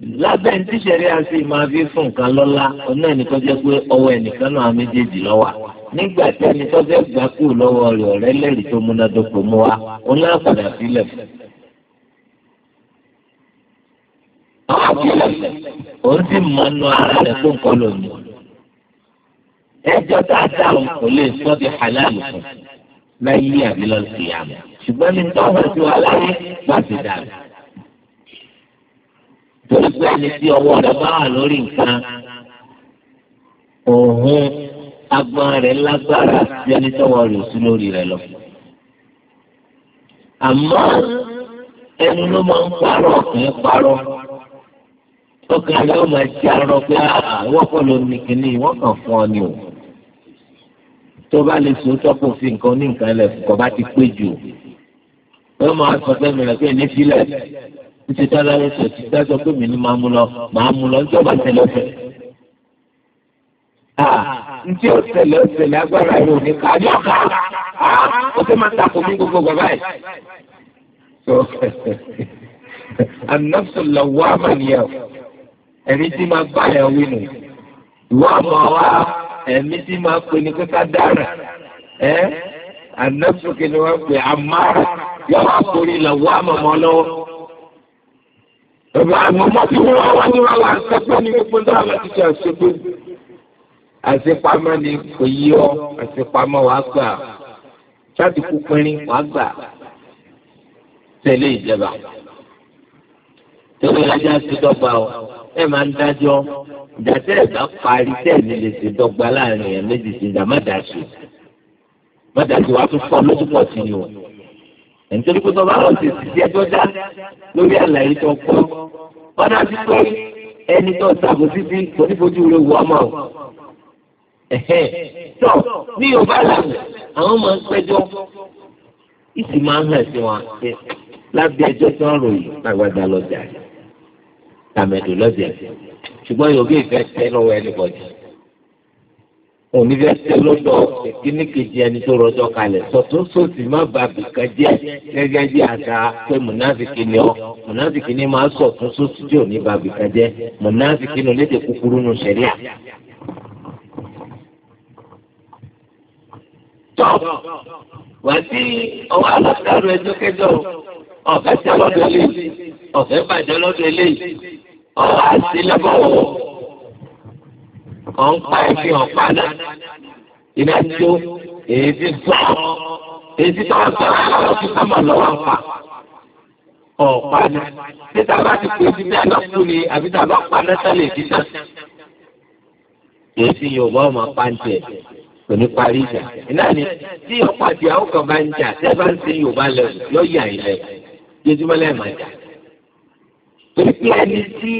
lábẹ́ ní tíṣẹ̀rí àti máa fi fún nǹkan lọ́lá ọ̀nà ẹnìkan jẹ́ pé ọwọ́ ẹnìkan náà méjèèjì lọ́wà nígbà tí ẹni tó fẹ́ gbà kú lọ́wọ́ rẹ̀ ọ̀rẹ́ lẹ́rìí tó múnádóko mú wa ó ní àpàdà sílẹ̀ fún. òun sì mọ inú ara rẹ̀ tó nǹkan lòun. ẹjọ́ tá a dá òun kò lè sọ́ di halal fún láyé àbí lọ́sì àmọ́ ṣùgbọ́n ní tọ́wọ́ sí wa láyé gbàdúrà rẹ̀ torí pé ẹni tí ọwọ́ rẹ̀ bá wà lórí nǹkan òun agbọn rẹ̀ lágbára bí ẹni tọ́wọ́ rẹ̀ sí lórí rẹ̀ lọ. àmọ́ ẹnu ló máa ń parọ́ ọ̀kàn parọ́ ọkàn rẹ̀ ó máa ti arọ pé àwọn ah, kọ́ ló ní kínní wọ́n kàn fún ọ ni o tó bá lè sòótọ́ kò fi nǹkan ní nǹkan lẹ̀ bá ti pé jù ó máa sọ pé mi pé ní sílẹ̀ títí tọ́lá yẹn tó ti dájọ́ pé mi ni máa mú lọ máa mú lọ níjọ́ bá tẹ̀lé ọ̀fẹ́. ntí ó tẹ̀lé ọ̀tẹ̀lé agbára yìí ò ní ká yọ̀ ká ó fẹ́ máa takò mí gbogbo bàbá yìí. anafsọlọ wà má nìyẹn ẹni tí máa bá yẹn wí nù ìwọ àmọ́ wa ẹ̀mí tí máa pè ní kíkà dára ẹ̀ anafsọkè ni wọ́n pè àmàrà yọ wá kórìí lọ wà mọ̀mọ́ lọ́wọ́. Bàbá àmọ́mọ́ tí wọ́n wá ní wọ́n wá sẹ́pẹ́ ní gbogbo náà láti ṣe àṣepé. Àṣepamọ́ ni kò yí ọ, àṣepamọ́ wàá gbà. Ṣáàtì kú pinrin wàá gbà. Tẹ̀lé ìjọba. Tẹ̀lé ìlàjà ti dọ́gba ọ. Ẹ máa ń dájọ́. Ìdásẹ́ ẹ̀dá parí tẹ̀lé lè ṣe dọ́gba láàrin ẹ̀ méjì sí ìdá mọ́dàṣe. Mọ́dàṣe wàá tún pọ̀ lójú pọ̀ sí ni wọ́n nítorí pé tọ́ba lọ sí ìsìsí ẹjọ́ dá lórí àlàyé tó pọ̀ wọn náà ti pé ẹni tó sàbò títí onífojú rẹ wọ ọmọ o. tọ́ ní yorùbá làwọn àwọn máa ń pẹ́jọ́ ìsì máa ń hàn sí wọn lábẹ́ ẹjọ́ tí wọ́n ròyìn àgbàdá lọ́jà tàmẹ̀dò lọ́jà ṣùgbọ́n yorùbá ìfẹ́ tẹ́ lọ́wọ́ ẹnìbọ̀dì òní fẹ́ ṣe lọ́dọ̀ kíní kejì ẹni tó rọjò kalẹ̀ sọ̀tún sòsì má ba bìkan jẹ́ gẹ́gẹ́ bí àga pé mùnáfìkì ni ọ́ mùnáfìkì ni máa sọ̀tún sòsì tí ò ba bìkan jẹ́ mùnáfìkì ni olédè kúkúrú nu sẹ̀ríà. tọ́ wà sí ọwọ́ alásàrò ẹjọ́ kẹjọ ọ̀fẹ́ tẹ eléyìí ọ̀fẹ́ bàjẹ́ lọ́dọ̀ eléyìí ọ̀wọ́ àti lẹ́bọ̀ọ́ ọ̀n pa ẹ̀fín ọ̀padà iná tó èyí sọ èyí tó sọ ọ̀rọ̀ tó sábà lọ́wọ́ pa ọ̀padà títà bá ti pè sí bẹ́ẹ̀ lọ́kùnrin ni àbí tá a bá padà sálẹ̀ títà. èyí sì yóò bá ọmọ pàǹtẹ̀ kò ní parí ìjà iná ni tí ọ̀pọ̀ àti àwọn bá ń jà tẹ́ bá ń ṣe Yorùbá lẹ́wọ̀ lọ́ọ̀yà ilẹ̀ jẹjúmọ́ lẹ́ẹ̀mọ́ jà torí pé tí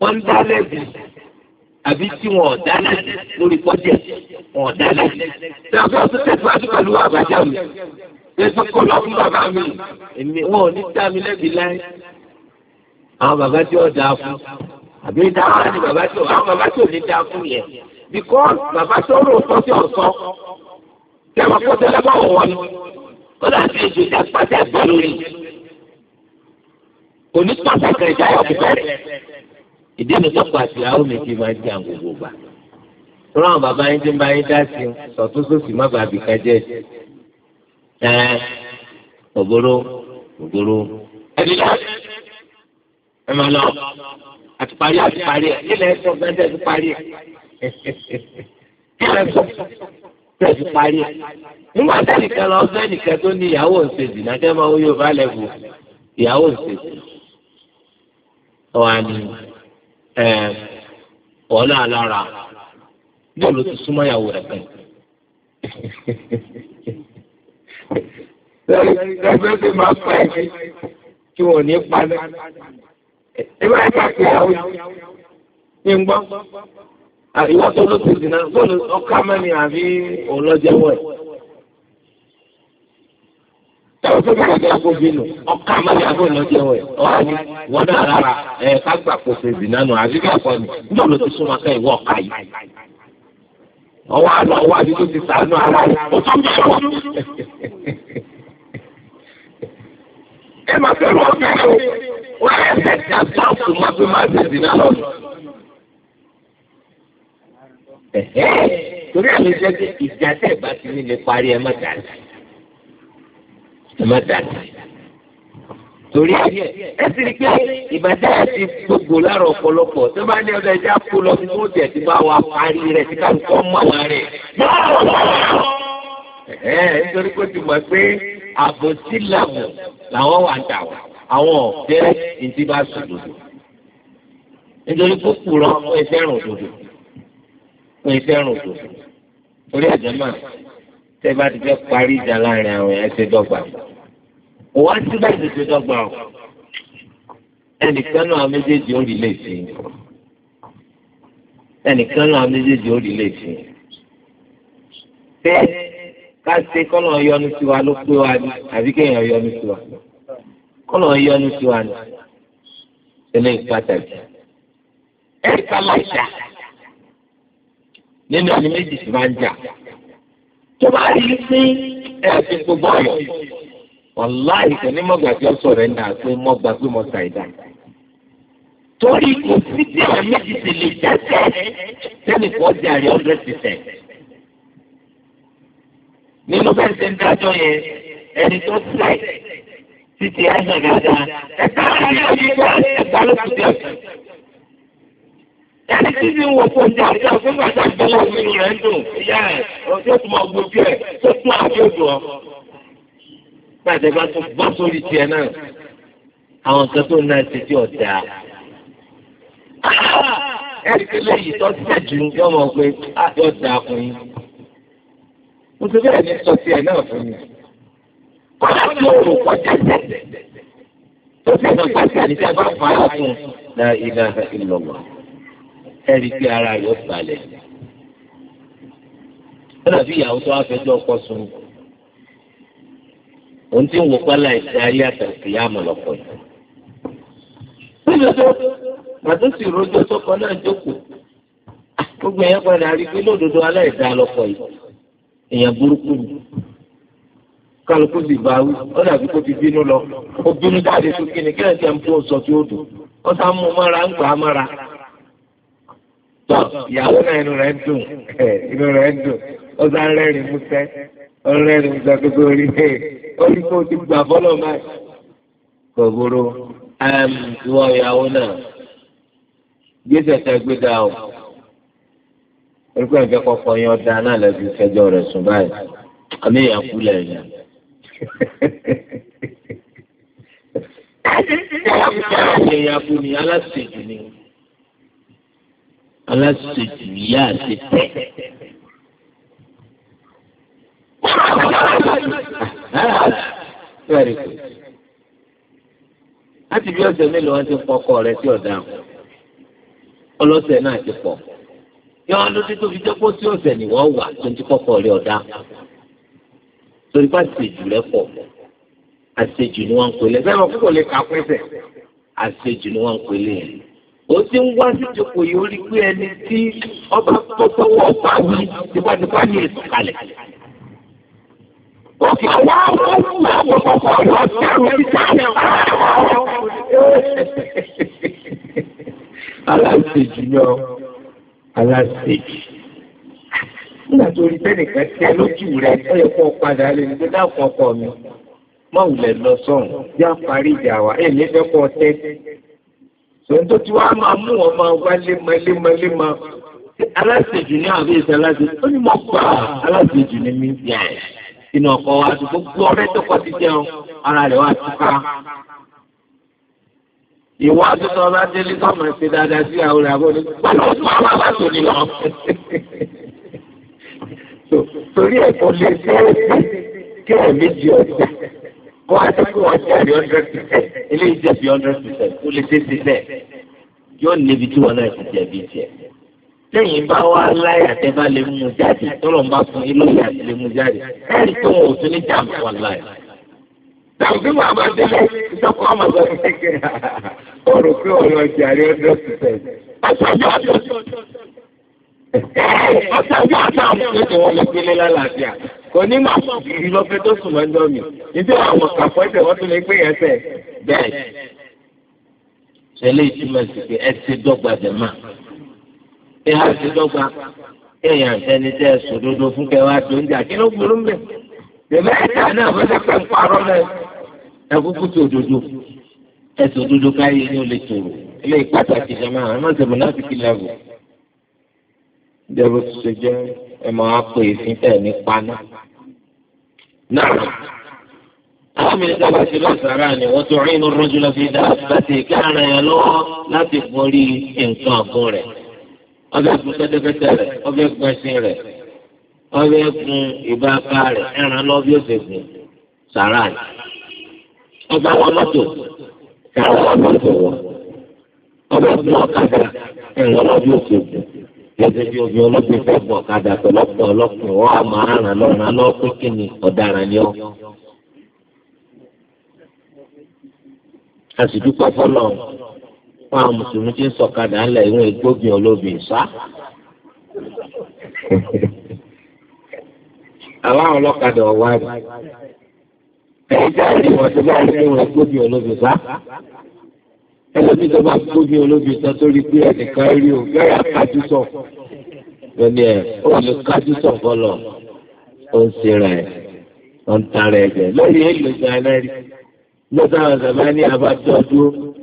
wọ́n ń dá lẹ́bi àbí tí wọn ọ̀dá lẹ́sẹ̀ lórí pọ́jẹ́ wọn ọ̀dá lẹ́sẹ̀. ṣé àbí ọ̀sẹ̀ tẹ̀síwájú pẹ̀lú àbájá mi? èso kọ́ lọ fún bàbá mi. èmi wọn ò ní dá mi lẹ́bi láyé. àwọn bàbá tí ó dáa fún àbí dáhà ni bàbá tí àwọn bàbá tí ò ní dáa fún yẹn. because bàbá tó rò sọ sí ọ̀sọ́ tẹ̀wọ́n kó tẹ́lẹ̀ bá wọ̀ wọ́n kó láti ètò ìdá pàtàkì pàtàkì ìdí mi sọ́kọ̀ àti ìyàwó mi ti máa ń jà gbogbo gbà. Tọ́lá àwọn bàbá yín ti ń bá yín dá sí sọ̀tún sósì má bàa bì kájẹ́ ẹ̀ ẹ́ ògbóró ògbóró. Ẹ̀dí lọ ẹ máa lọ àti parí àti parí ẹ̀ nílẹ̀ ẹ̀sọ́ gbẹ́dẹ̀ ti parí ẹ̀ nílẹ̀ ẹ̀sọ́ gbẹ́dẹ̀ ti parí ẹ̀. Nígbà tí ẹnìkan lọ fẹ́ ẹnìkan tó ní ìyàwó ń ṣe ìdìnnà máa wọ́n yóò bá ìyàwó ń ṣe ìdìnnà ẹ ọ̀la lára bọ́ọ̀lù ti súnmọ́ ìyàwó rẹ̀ pẹ̀lú. Ẹgbẹ́ ti máa pẹ́ kí wọ́n ní paná. Ẹgbẹ́ ẹ̀ka pé àwọn ní gbọ́. Ìwọ́n tó ló ti dìnnà bọ́ọ̀lù ọkà mẹ́rin àbí ọlọ́jẹ́wọ̀ ẹ̀ táwọn tó bá jẹ́ àgbójì nù ọkà máa yàgò lọ́jọ́ ẹ̀ ọ̀hán ni wọ́n náà rárá ẹ̀ ká gbà kó ṣe ìdìnnà nù àbí bẹ́ẹ̀ kọ́ ni ní ọ̀nà tó súnmọ́ ká ìwọ ọ̀ka yìí. ọwọ́ àlọ́ ọwọ́ àti tó ti sàánú ara rẹ̀ ó tó bẹ̀rẹ̀ wọ́n. ẹ máa fẹ́ lọ bẹ̀rẹ̀ o wọ́n á ẹsẹ̀ tí a bá fún ma fi máa ṣe ìdìnnà lọ. torí àlejò ìjà má dàgbà torí ẹ sì rí pé ìbàjẹ́ àti gbogbo lára ọ̀pọ̀lọpọ̀ tó bá ní ọ̀dọ̀ ẹja kó lọ sí bóòtù ẹ̀ tí bá wa parí rẹ̀ tí ká kọ́ mọ́ wa rẹ̀. ẹ ẹ nítorí pé ti mọ̀ pé àbòsí làwọn làwọn wà dà wà àwọn ọ̀fẹ́ ìdí bá sùn lòdò nítorí pé kùrọ̀ wọn ìfẹ́ rùn òdòdó wọn ìfẹ́ rùn òdòdó torí àjẹmọ́ tẹ́ bá ti fẹ́ parí ìjà láàrin àwọn ẹ̀ ṣe dọ́gba wá síbẹ̀ tètè dọ́gba o ẹnìkan náà méjèèjì ó rí léèfì ẹnìkan náà méjèèjì ó rí léèfì fẹ́ ká ṣe kọ́nà yọnu sí wa ló pé wa ni àbí kéèyàn yọnu sí wa kọ́nà yọnu sí wa ni eléyìí pàtàkì ẹ̀ka láìsà nínú ẹni méjì sì máa ń jà tó bá rí i pé ẹ̀sìn gbogbo wàláì kò ní mọ̀gbà tí ó sọ̀rọ̀ ẹ̀ náà pé mọ̀gbà pé mo sà ìdá. torí kò sí tí àwọn méjì ti lè jáde sẹ́ni kò jàre hundred percent. nínú bẹ́ẹ̀ ṣe ń dájọ́ yẹn ẹni tó sẹ̀ títí ẹ̀sẹ̀ dáadáa ẹ̀ka ẹ̀ka ẹ̀ka ẹ̀ka ló ti dẹ̀ ẹni tí ní wọ fún ọjà àti àfúnfàtà gbọ́wọ́ nínú rẹ̀ ń dùn ìyá ẹ̀ ọjọ́ tó máa gbójú ẹ̀ tó tún àjọ pàṣẹ bá tún bọ́ sórí tiẹ̀ náà àwọn kan tó náà ti di ọ̀dà. ẹ̀rí lẹ́yìn tó tẹ̀ jù yọ mọ̀ pé àti ah, ọ̀dà fún yín. mo ti bẹ́ẹ̀ ní sọ tiẹ̀ náà fún mi. kọ́lá tí ó rò kọjá tẹ̀ tó fi hàn pàṣẹ àdìsẹ́ bá fà á fún un. la ilaha illallah ara yóò balẹ̀. ó dàbí ìyàwó tó wá fẹjọ́ ọkọ sùn òun ti ń wò pálá ìṣe ayé àtàkì yá mọ̀ lọ́pọ̀ yìí. lójoojú màtó sì rojọ́ sọ́kọ náà jókòó gbogbo ẹ̀yẹ́ padà rí pé lódodo aláìsá lọ́pọ̀ yìí èèyàn burúkú ni kálukú sì bá wí ó dàbí kó ti bínú lọ ó bínú jáde tó kíni kí ẹ̀jẹ̀ ń fún sọ tí ó dùn ó sá mú mọ́ra ń gbà á mọ́ra. tọ́ ìyàwó náà inú rẹ̀ ń dùn inú rẹ̀ ń dùn ó sá ń rẹ́rìn-ín músẹ́ ọ̀rẹ́ rẹ̀ gba gbogbo orí ẹ̀ orí kò ti gbà bọ́lọ̀ máa kò burú ìwọ ìyàwó náà gbèsè tẹgbẹ́dà o orúkọ ìfẹ́ kọ́kọ́ yẹn ọ̀dà náà lẹ́bi ìfẹ́jọ́ rẹ̀ sùn báyìí àmì ìyàn kú lẹ́yìn. ìyàn kú ni aláṣejù ni aláṣejù yá àti tẹ́. very good láti bí ọ̀sẹ̀ mélòó wọn ti pọ rẹ sí ọ̀daràn ọlọ́sẹ̀ náà ti pọ̀ yọ ọdún tí fi jẹ́ sí ọ̀sẹ̀ ni wà tó ń ti torí bá rẹ pọ̀ àṣejù ni wọ́n ń bẹ́ẹ̀ wọ́n kúkọ̀ lè àṣejù ni wọ́n ń yẹn ti ń wá sí ó ti wá wọ́n wà pọ̀pọ̀pọ̀ lọ sí amẹ́ríkà náà. aláṣejì náà aláṣejì nígbà tó rí tẹ́nìkan tí ẹ lójú rẹ̀ ó yẹ kó padà lè ní dákun ọkọ mi máa wùlẹ̀ lọ sọ́hùn já parí ìjà wa ẹ̀ nífẹ̀ẹ́ kọ́ tẹ́tí. Sọ̀tò tí wàá máa mú wọn máa wá lémalémaléma aláṣejù ní àbí ìṣẹ́ aláṣejù ó ní mọ̀ pa aláṣejù ní mí bí àyà inú ọkọ̀ wa ti gbogbo ọ̀rẹ́ tó kọ́ ti jẹun ara rẹ̀ wá ti ká. Ìwọ àtúntò ọba délé sọ̀mọ̀ ṣe dáadáa sí àwọn olè àbọ̀ ní pẹ̀lú ọdún àwọn aláṣọ ni lọ. Torí ẹ̀kọ́ lè ṣe é kí ẹ̀ méjì ọjà kó a ti kó ọjà bí hundred percent eléyìí jẹ́ bí hundred percent kó lè ṣe é yóò níbi tí wọn náà ti jẹ̀bi jẹ̀ lẹ́yìn bá wá láyà tẹ́ bá lè mú jáde tọ́lọ̀ ń bá fún yín lóyè àti lè mú jáde ẹ̀rí tó wọn ò tún ní jàǹbá wà láyà. Tàbí màá máa délé ìjọkọ̀ ọmọ sọ fún kẹ́kẹ́ ó rò pé ọ̀rọ̀ ọjà rẹ̀ ọjọ́ ti tẹ̀. Ọ̀sánjọ́ àjọ ọ̀sánjọ́ àjọ àwọn ọmọ tí wọ́n lè gbélé lálàáfíà. Kò ní máa mọ̀ kiri lọ́fẹ́ tó sùn mọ́jọ́ mi. Ìdí àwọn kàfọ́ wọ́n tún lè gbé yẹn sẹ̀ bẹ́ẹ̀. Ṣẹlẹ̀ ìtumọ̀ sí pé ẹ ti dọ́gba jẹ̀ máa ẹ á ti dọ́gba kéèyàn àtẹni tẹ sòdodo fún kẹwà tó ń jà kí ló burú mbẹ bẹbẹ ẹ̀dá náà fẹsẹ̀ pẹ ń parọ́ lẹ ẹkúkú sòdodo ẹ sòdodo káyé ní olè tòrò ilé pàtàkì jẹmọ àwọn ọmọ ìṣẹ̀lẹ̀ náà ti kí lẹbù ìjẹbù tó ṣe jẹ ẹ máa pè tẹ ní paná náà àwọn mìíràn bá ti lọ sàrà ni wọ́n tó rìn ní rọ́jùlọ́ fi dá àbátì káàrin ẹ̀ lọ́wọ́ láti borí nǹkan ọ̀gbọ́n rẹ̀ ọbẹ̀ gun kẹ́tẹ́kẹ́tẹ́ rẹ̀ ọbẹ̀ gun ẹṣin rẹ̀ ọbẹ̀ gun ìbáka rẹ̀ ẹran lọ́bí ọ̀sẹ̀ gun sàrà ni ọba wọn mọ́tò ẹran wọn mọ́tò wọn ọbẹ̀ gun ọ̀kadà ẹran lọ́bí ọ̀sẹ̀ gun gẹ́gẹ́ bí omi ọlọ́gbìn fẹ́ gun ọ̀kadà pẹ̀lọ́pọ̀ ọlọ́pìn wọn a máa ràn lọ́rùn alọ́pìn kíni ọ̀daràn ni ọ́. a sì dúpọ̀ fọlọ́run fún àwọn mùsùlùmí tí ń sọ̀kadà ńlẹ̀ ìwọ̀n ìgbógun olóbì sá. àwọn ọlọ́kadà ọ̀wá rẹ̀ ẹ̀yìn tí a ti wọ̀ tó bá ń lé ìwọ̀n ìgbógun olóbì sá. ẹlòmíì tó bá gbógun olóbì sá torí pé ẹnìkan rí o yọ̀rọ̀ kájú sọ. lónìí ẹ̀ ó lè kájú sọ fọlọ̀ ó ń ṣe rẹ̀ ó ń tarẹ̀ ẹ̀jẹ̀ lónìí èlò ìgbà náà rí lọ́sàn-án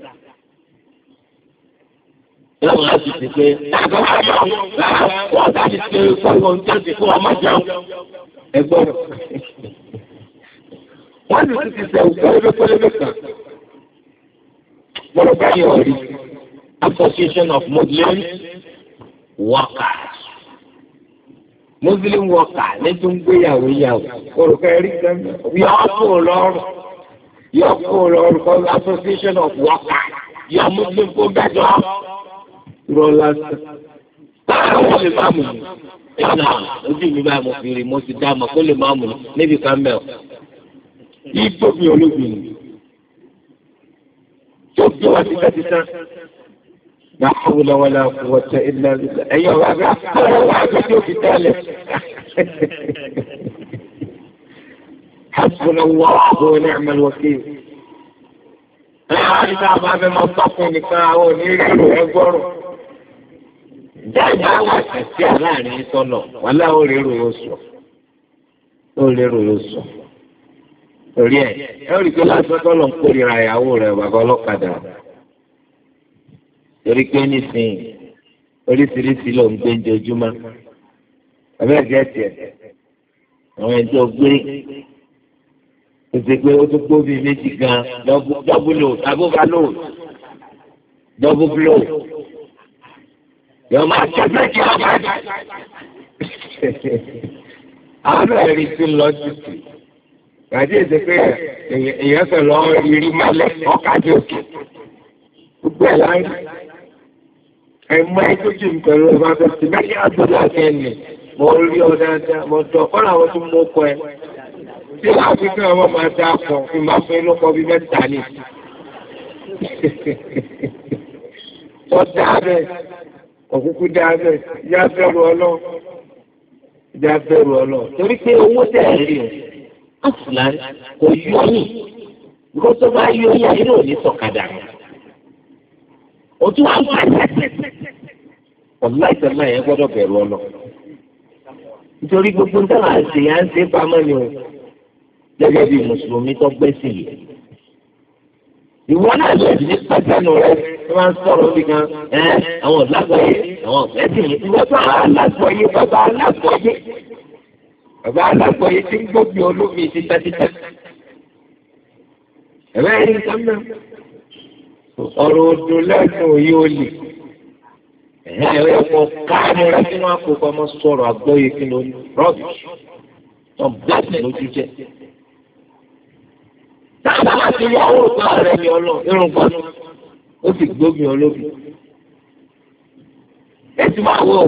ìlànà láti ṣe pé wọ́n ti ṣe fún tẹ́sí fún ọmọ jẹun ẹgbọ́n wọ́n sì ti ṣe òkúrẹ́lẹ́pẹ́lẹ́pẹ́ kan wọ́n bá yọ̀ rí Association of Muslim Workers Muslim Workers ní tó ń gbéyàwó yàwó orúkọ ẹ̀rí kan yọ kó lọ́rùn yọ kó lọ́rùn Association of Workers yọ Muslim kó gbẹjọ́ irọ́ lásán àwọn lè máa mú ẹ̀nà ojú mi báyìí mo fi rí mo ti dá mọ̀ kó lè máa mú níbi kan mẹ́ ọ. Ibo mi olóbìnrin tó bí wá sí kẹ́sì tán. La hawla wala quwwata jáde àwọn àṣẹṣẹ aláàrin sọlọ wọn láwọn rérò yóò sọ ó rérò yóò sọ torí ẹ ẹ rí i pé lásán tọ́lọ̀ ń kórìíra ìyàwó rẹ̀ bàbá ọlọ́kadà torí pé nísìnyí oríṣiríṣi ló ń gbé ojoojúmọ́ abẹ́rẹ́ jẹ́ tiẹ̀ àwọn ẹ̀jọ́ gbé ètò pé ó tún gbó bíi méjì gan dọ́bù lò dọ́bù lò dọ́bù lò yọ máa ṣẹ̀ṣẹ̀ kí wọ́n bá jẹ́. àwọn ẹ̀rí ti lọ títì gàdí èdè pé èèyàn fẹ́ lọ rírí malẹ̀ ọ̀kadì òkè gbogbo ẹ̀ láyé ẹ̀mọ́ ẹ̀ tó jù mí pẹ̀lú ọba tó ti mẹ́kí àgbọ̀dọ̀ àti ẹ̀nì mo rí ọ dáadáa mo tọ̀ kọ́ làwọn tó mú ọkọ ẹ̀ tí wàá fi ọmọ máa dá pọ̀ fi máa fún inú kọ́ bí mẹ́ta ni. Wọ́n bẹ́ẹ̀ òkúkú dáadẹ́ yá bẹ̀rù ọlọ́run yá bẹ̀rù ọlọ́run torí pé owó tẹ̀ rí o afúlàní kò yọ yín kó tó bá yọ yín ayé náà ní sọ̀kadà rẹ̀ o tún wá wá ọ̀la ìtẹ̀lá yẹn gbọ́dọ̀ bẹ̀rù ọlọ́run nítorí gbogbo ń dáhà sí à ń ṣe pamọ́ ni o gẹ́gẹ́ bí mùsùlùmí tó gbẹ́sìn yìí ìwọ náà lè ní pẹ́sẹ́nu rẹ̀ tó bá ń sọ̀rọ̀ bí gan ẹ àwọn ọ̀làgbọ̀yé àwọn ọ̀gbẹ́sìn yìí wọ́n tó alágbọ̀yé bàbá alágbọ̀yé bàbá alágbọ̀yé ti ń gbóbi olómi títàtítà ẹ̀rọ ẹ̀rí nǹkan ọ̀rọ̀ odò lẹ́nu òye olè ẹ̀yà ẹ̀rọ ẹ̀kọ́ káàmù tí wọ́n á kó pamọ́ sọ̀rọ̀ àgbọ̀yé kí ló ní rọ́bì táwọn bá ti yá owó ìgbà rẹ̀ ní ọlọ́run irun gbọ́dọ̀ ó sì gbóbi olóbi ètò máa wọ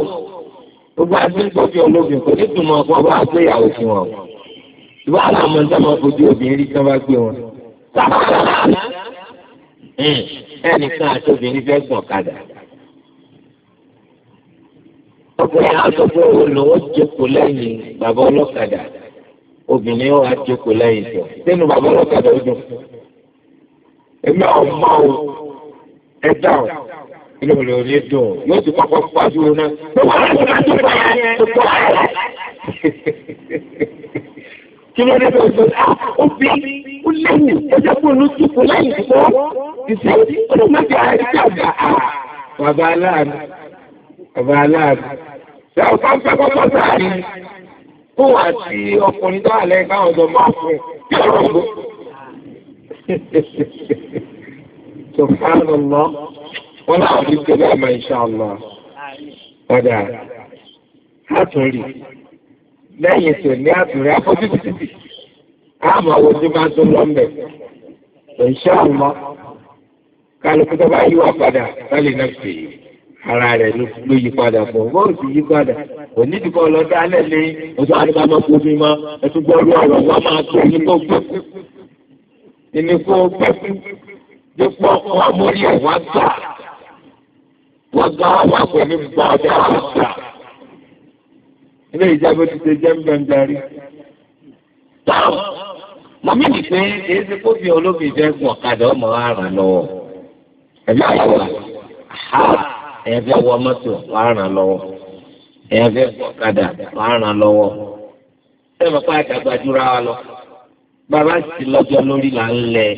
gbogbo àgbẹ̀ gbóbi olóbi kò ní tùmọ̀ ọ̀pọ̀ bá gbéyàwó fún wọn ìwà àlàmọ́ ní sábà fojú obìnrin rí sábà gbé wọn. ẹnìkan àti obìnrin fẹ́ gbọ̀n kadà ọkùnrin àtọ́fẹ́ wo lọ́wọ́ jókòó lẹ́yìn bàbá ọlọ́kadà obìnrin wa jókòó lẹ́yìn tó sínú bàbá ọlọ́kadà ó dùn. èmi àwọn ọmọ o ẹ̀dá ọ̀ ìlọ̀lọ̀ lè dọ̀ yóò ti kọ́kọ́ pàdé òun náà tó wà lọ́wọ́ láti gbà yẹn tó tọ́ àyà. kí ló dé tó sọ ah ó bí ó lẹ́yìn ó jẹ́ kó ló tún fún lẹ́yìn tó ìṣe ó ló má jẹ́ àìsí àgbà ah. bàbá aláàánú bàbá aláàánú ṣé o kàn fẹ́ kọ́kọ́ sáré kó wà sí ọkùnrin tó wà lẹ́yìn káwọn ọ̀dọ́ máa fún un kí ọ̀rọ̀ gbó. سبحان الله láwọn ní pẹ̀lú àmà inshallah ọ̀dà àtúnrí lẹ́yìn tó ní àtúnrí afọ́jú títí àmà ojú máa tó lọ́mbẹ̀ إن شاء الله bá yíwà padà lálé قال sí ara rẹ̀ ló yí padà fún wọn sì yí padà òní ti kọ́ lọ dálẹ̀ ní ọjọ́ àdìbámọ́ kó mi mọ́ ẹtú gbọ́rú ọ̀rọ̀ wọn máa tó ní kó gbẹ́kú ní kó gbẹ́kú dípò ọkọ àmórí ẹ̀ wá gbà wọ́n gbà wá pè ní gbà ọjà wá gbà. ilé ìjábọ̀ ti ṣe jẹ́ ń bẹ̀ ń darí. táwọn mọ̀mí mi pé èyí ti kó fi olómi ìfẹ́ gun ọ̀kadà ọmọ wa ràn lọ́wọ́ ẹ̀mí àyẹ̀wò ẹ̀yẹ fẹ́ wọ mọ́tò wa ràn lọ́wọ́ ẹ̀yẹ fẹ́ gun ọ̀kadà wa ràn lọ́wọ́ ẹ̀mí pa àtàgbàdúrà wa lọ bàbá sì lọ́jọ́ lórí là ń lẹ̀ ẹ́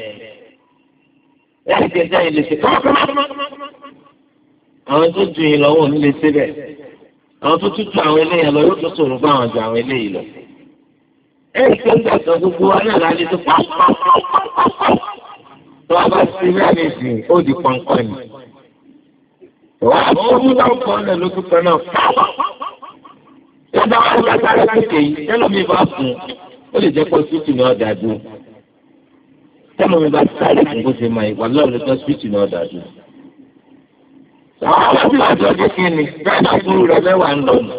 láti jẹ sẹ́yìn lè ṣe kọ́mọ́kọ́mọ́. àwọn tó ju yìí lọ́wọ́ ní lè ṣe bẹ́ẹ̀ àwọn tó tún ju àwọn eléyìí lọ yóò tún sọ̀rọ̀ bá àwọn ju àwọn eléyìí lọ. ẹ̀yìn tó ń gbà sọ gbogbo wa náà láti tó pàápàá tó a bá ti rí àmì ìsìn ó di pọ̀npọ̀n ni. wà á mú mú náà pọ̀ náà ló tún kan náà pàápàá. yọ̀dọ̀ wa ń gbàgbára kékeré yìí tẹ́lọ̀ mi bá fún un ó lè jẹ́ pọ̀ tẹ́lọ̀ mi bá sáré fún kó ṣe máa ìwà lọ́ọ̀lù tó síìtì náà dàdú. àwọn ọmọ àjọ ọdún kí ni dáadáa fún rẹ mẹ́wàá ń lọ nù.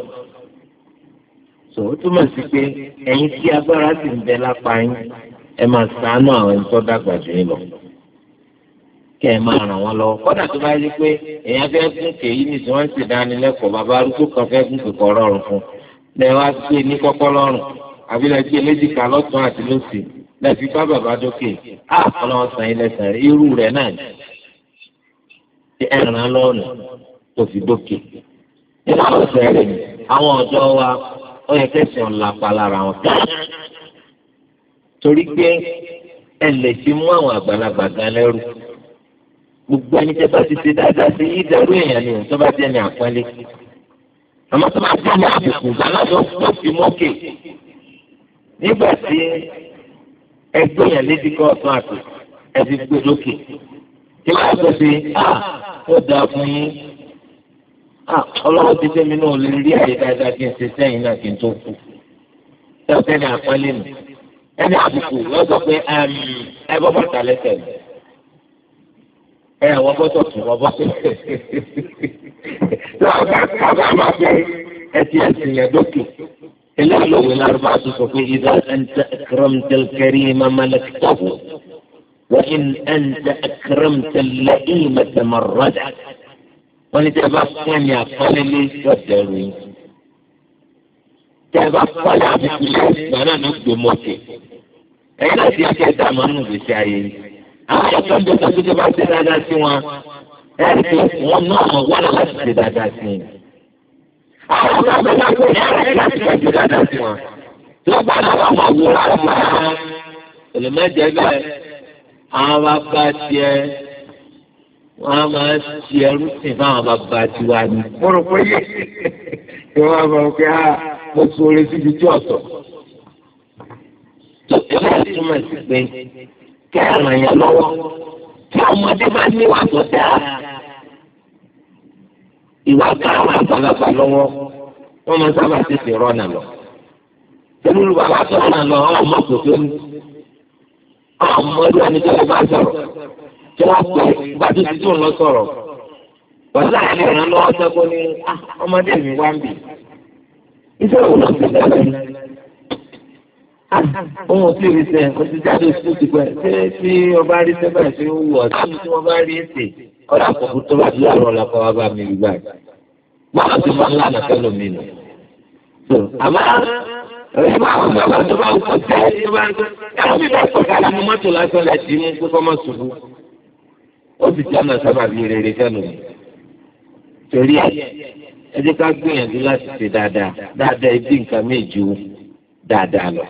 sọ ó túmọ̀ sí pé ẹ̀yin tí agbára sì ń bẹ lápá yín ẹ máa ṣàánú àwọn ẹni tó dàgbà jù yín lọ. kẹ́ ẹ máa ràn wọ́n lọ́wọ́ kọ́dà tó bá yẹ pé èèyàn fẹ́ gún kèyí ní tí wọ́n ń ṣèdánilẹ́kọ̀ọ́ bàbá arúgbó kan fẹ́ gún kòkòrò ọ̀rùn fún lẹ́wọ́ á gbé ní kọ́kọ́ lọ́rùn àbí gbé léjìká lọ́tún àti lósì lẹ́fi bá bàbá dókè á ọlọ́wọ́ san yín lẹ́sàn rí irú rẹ̀ náà ní. ṣé ẹ ràn án lọ́ọ̀nà tó fi dókè. nínú àwọn ọ̀sẹ̀ rẹ̀ ni àwọn ọ̀dọ́ wa ó yẹ kẹsàn án lápá lára wọn. torí pé ẹ lè ti mú àwọn àgbàlagbà gan lẹ́rù. gbogbo ẹni tẹ́ bá ti ṣe dáadáa sí yí dàrú èèyàn ni tó bá jẹ́ ní àpọ́nlé. àmọ́ tó bá jẹ́ ní àbùkù gbàlá nígbà tí ẹgbẹ́ yẹn lédi kọ́ ọ̀sán àti ẹbí gbé lókè kí wọ́n sọ pé a ah, ó dáa fún yín a ah, ọlọ́wọ́ ti tẹ́mi náà lè rí àyè dáadáa kí n ṣe sẹ́yìn náà kí n tó kú tẹ́tẹ́ ní àpọ́nlé nù ẹni àbùkù lọ sọ pé ẹ bọ́ bàtà lẹ́sẹ̀ mi ẹ wọ́n bọ́tọ̀ tún wọ́n bọ́tọ̀ lọ́wọ́ bá kábàámà pé ẹ ti ẹ̀sìn yẹn dókè. الحلو الأربعة ففي إذا أنت أكرمت الكريم ملكته وإن أنت أكرمت اللئيم تمردك ونتبصم يا صليلي والدوري تبصم يا بسم الله أنا àwọn ọmọ ọmọ ọmọ ọmọ láti ẹ̀jú dáadáa sí wọn. wọ́n gbọ́dọ̀ máa ti ẹrú sí fáwọn bàbá tiwa ni. mo rò pé yé ni wọ́n máa ń pẹ́ á mo sọ̀rọ̀ síbi tí ọ̀tọ̀. ìjọba ìtumọ̀ sí pé kí àwọn èèyàn lọ́wọ́ tí ọmọdé bá níwà tó dáa ìwà táwọn àgbàlagbà lọ́wọ́ wọ́n máa sábà tètè rọ́nà lọ. Olúlu bàbá sọ̀rọ̀ lọ ọmọ kòtò ní. Ọmọ ìlú ẹni tó bá sọ̀rọ̀. Tí wọ́n pè ìgbà tó ti tó ń lọ sọ̀rọ̀. Bàbá àti ìran lọ́wọ́ sẹ́kọ́ ní ah, ọmọdé mi wá ń bì. Iṣẹ́ ah, òun náà ti dàgbà ní. tí ì rí sẹ́, o ti jáde sí ti pẹ́. Ṣé tí ọba rí sẹ́bẹ̀ tí ó wù ọ́ sí tí wọ́n bá rí ètè? kọ́dà kọ́kú tó bá dúró àrùn ọ̀làkọ́ wa bá mi rí báyìí. Báwo ti máa ń lànà kẹ́lò mi nù? Àmọ́ ẹ̀rọ máa ń bọ̀ tó bá ń kọ́ tẹ́lẹ̀ tó bá ń kọ́ ẹ̀rọ mi bá sọ̀rọ̀ àlà mo mọ́tò lásán lẹ̀ sí mú kó fọ́mọ́ ṣubú. Ó sì jẹ́ ọ̀nà sábà bí rere kẹ́lò mi. Torí ẹ̀ ẹ jẹ́ ká gbìyànjú láti ṣe dáadáa dáadáa ibi nǹkan méjì dáadáa lọ.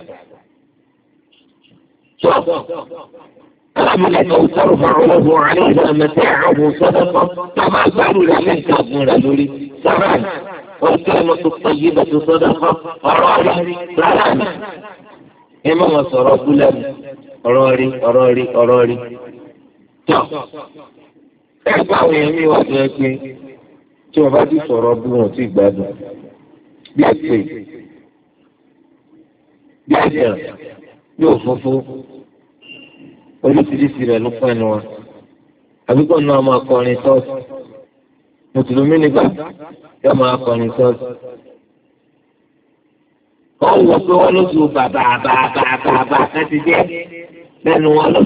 أو ترفع له عليها متاعه صدقة كما قالوا لمن كابون لولي سبعا والكلمة الطيبة صدقة أراري سلام إمام صراط لم أراري أراري أراري تم ẹgbẹ́ àwọn èèyàn mi wà tó yẹ pé tí wọ́n bá ti sọ̀rọ̀ bí wọ́n ti gbádùn bí ẹ̀sìn bí ẹ̀sìn yóò funfun oríṣiríṣi rẹ̀ ló fẹ́ nu wa àbíkọ́ náà máa kọrin ṣọ́ọ̀ṣì mùsùlùmí nígbà yóò máa kọrin ṣọ́ọ̀ṣì. wọ́n wọ pé wọ́n ló ju bàbà bàbà bàbà kan ti jẹ́ lẹ́nu wọn lọ.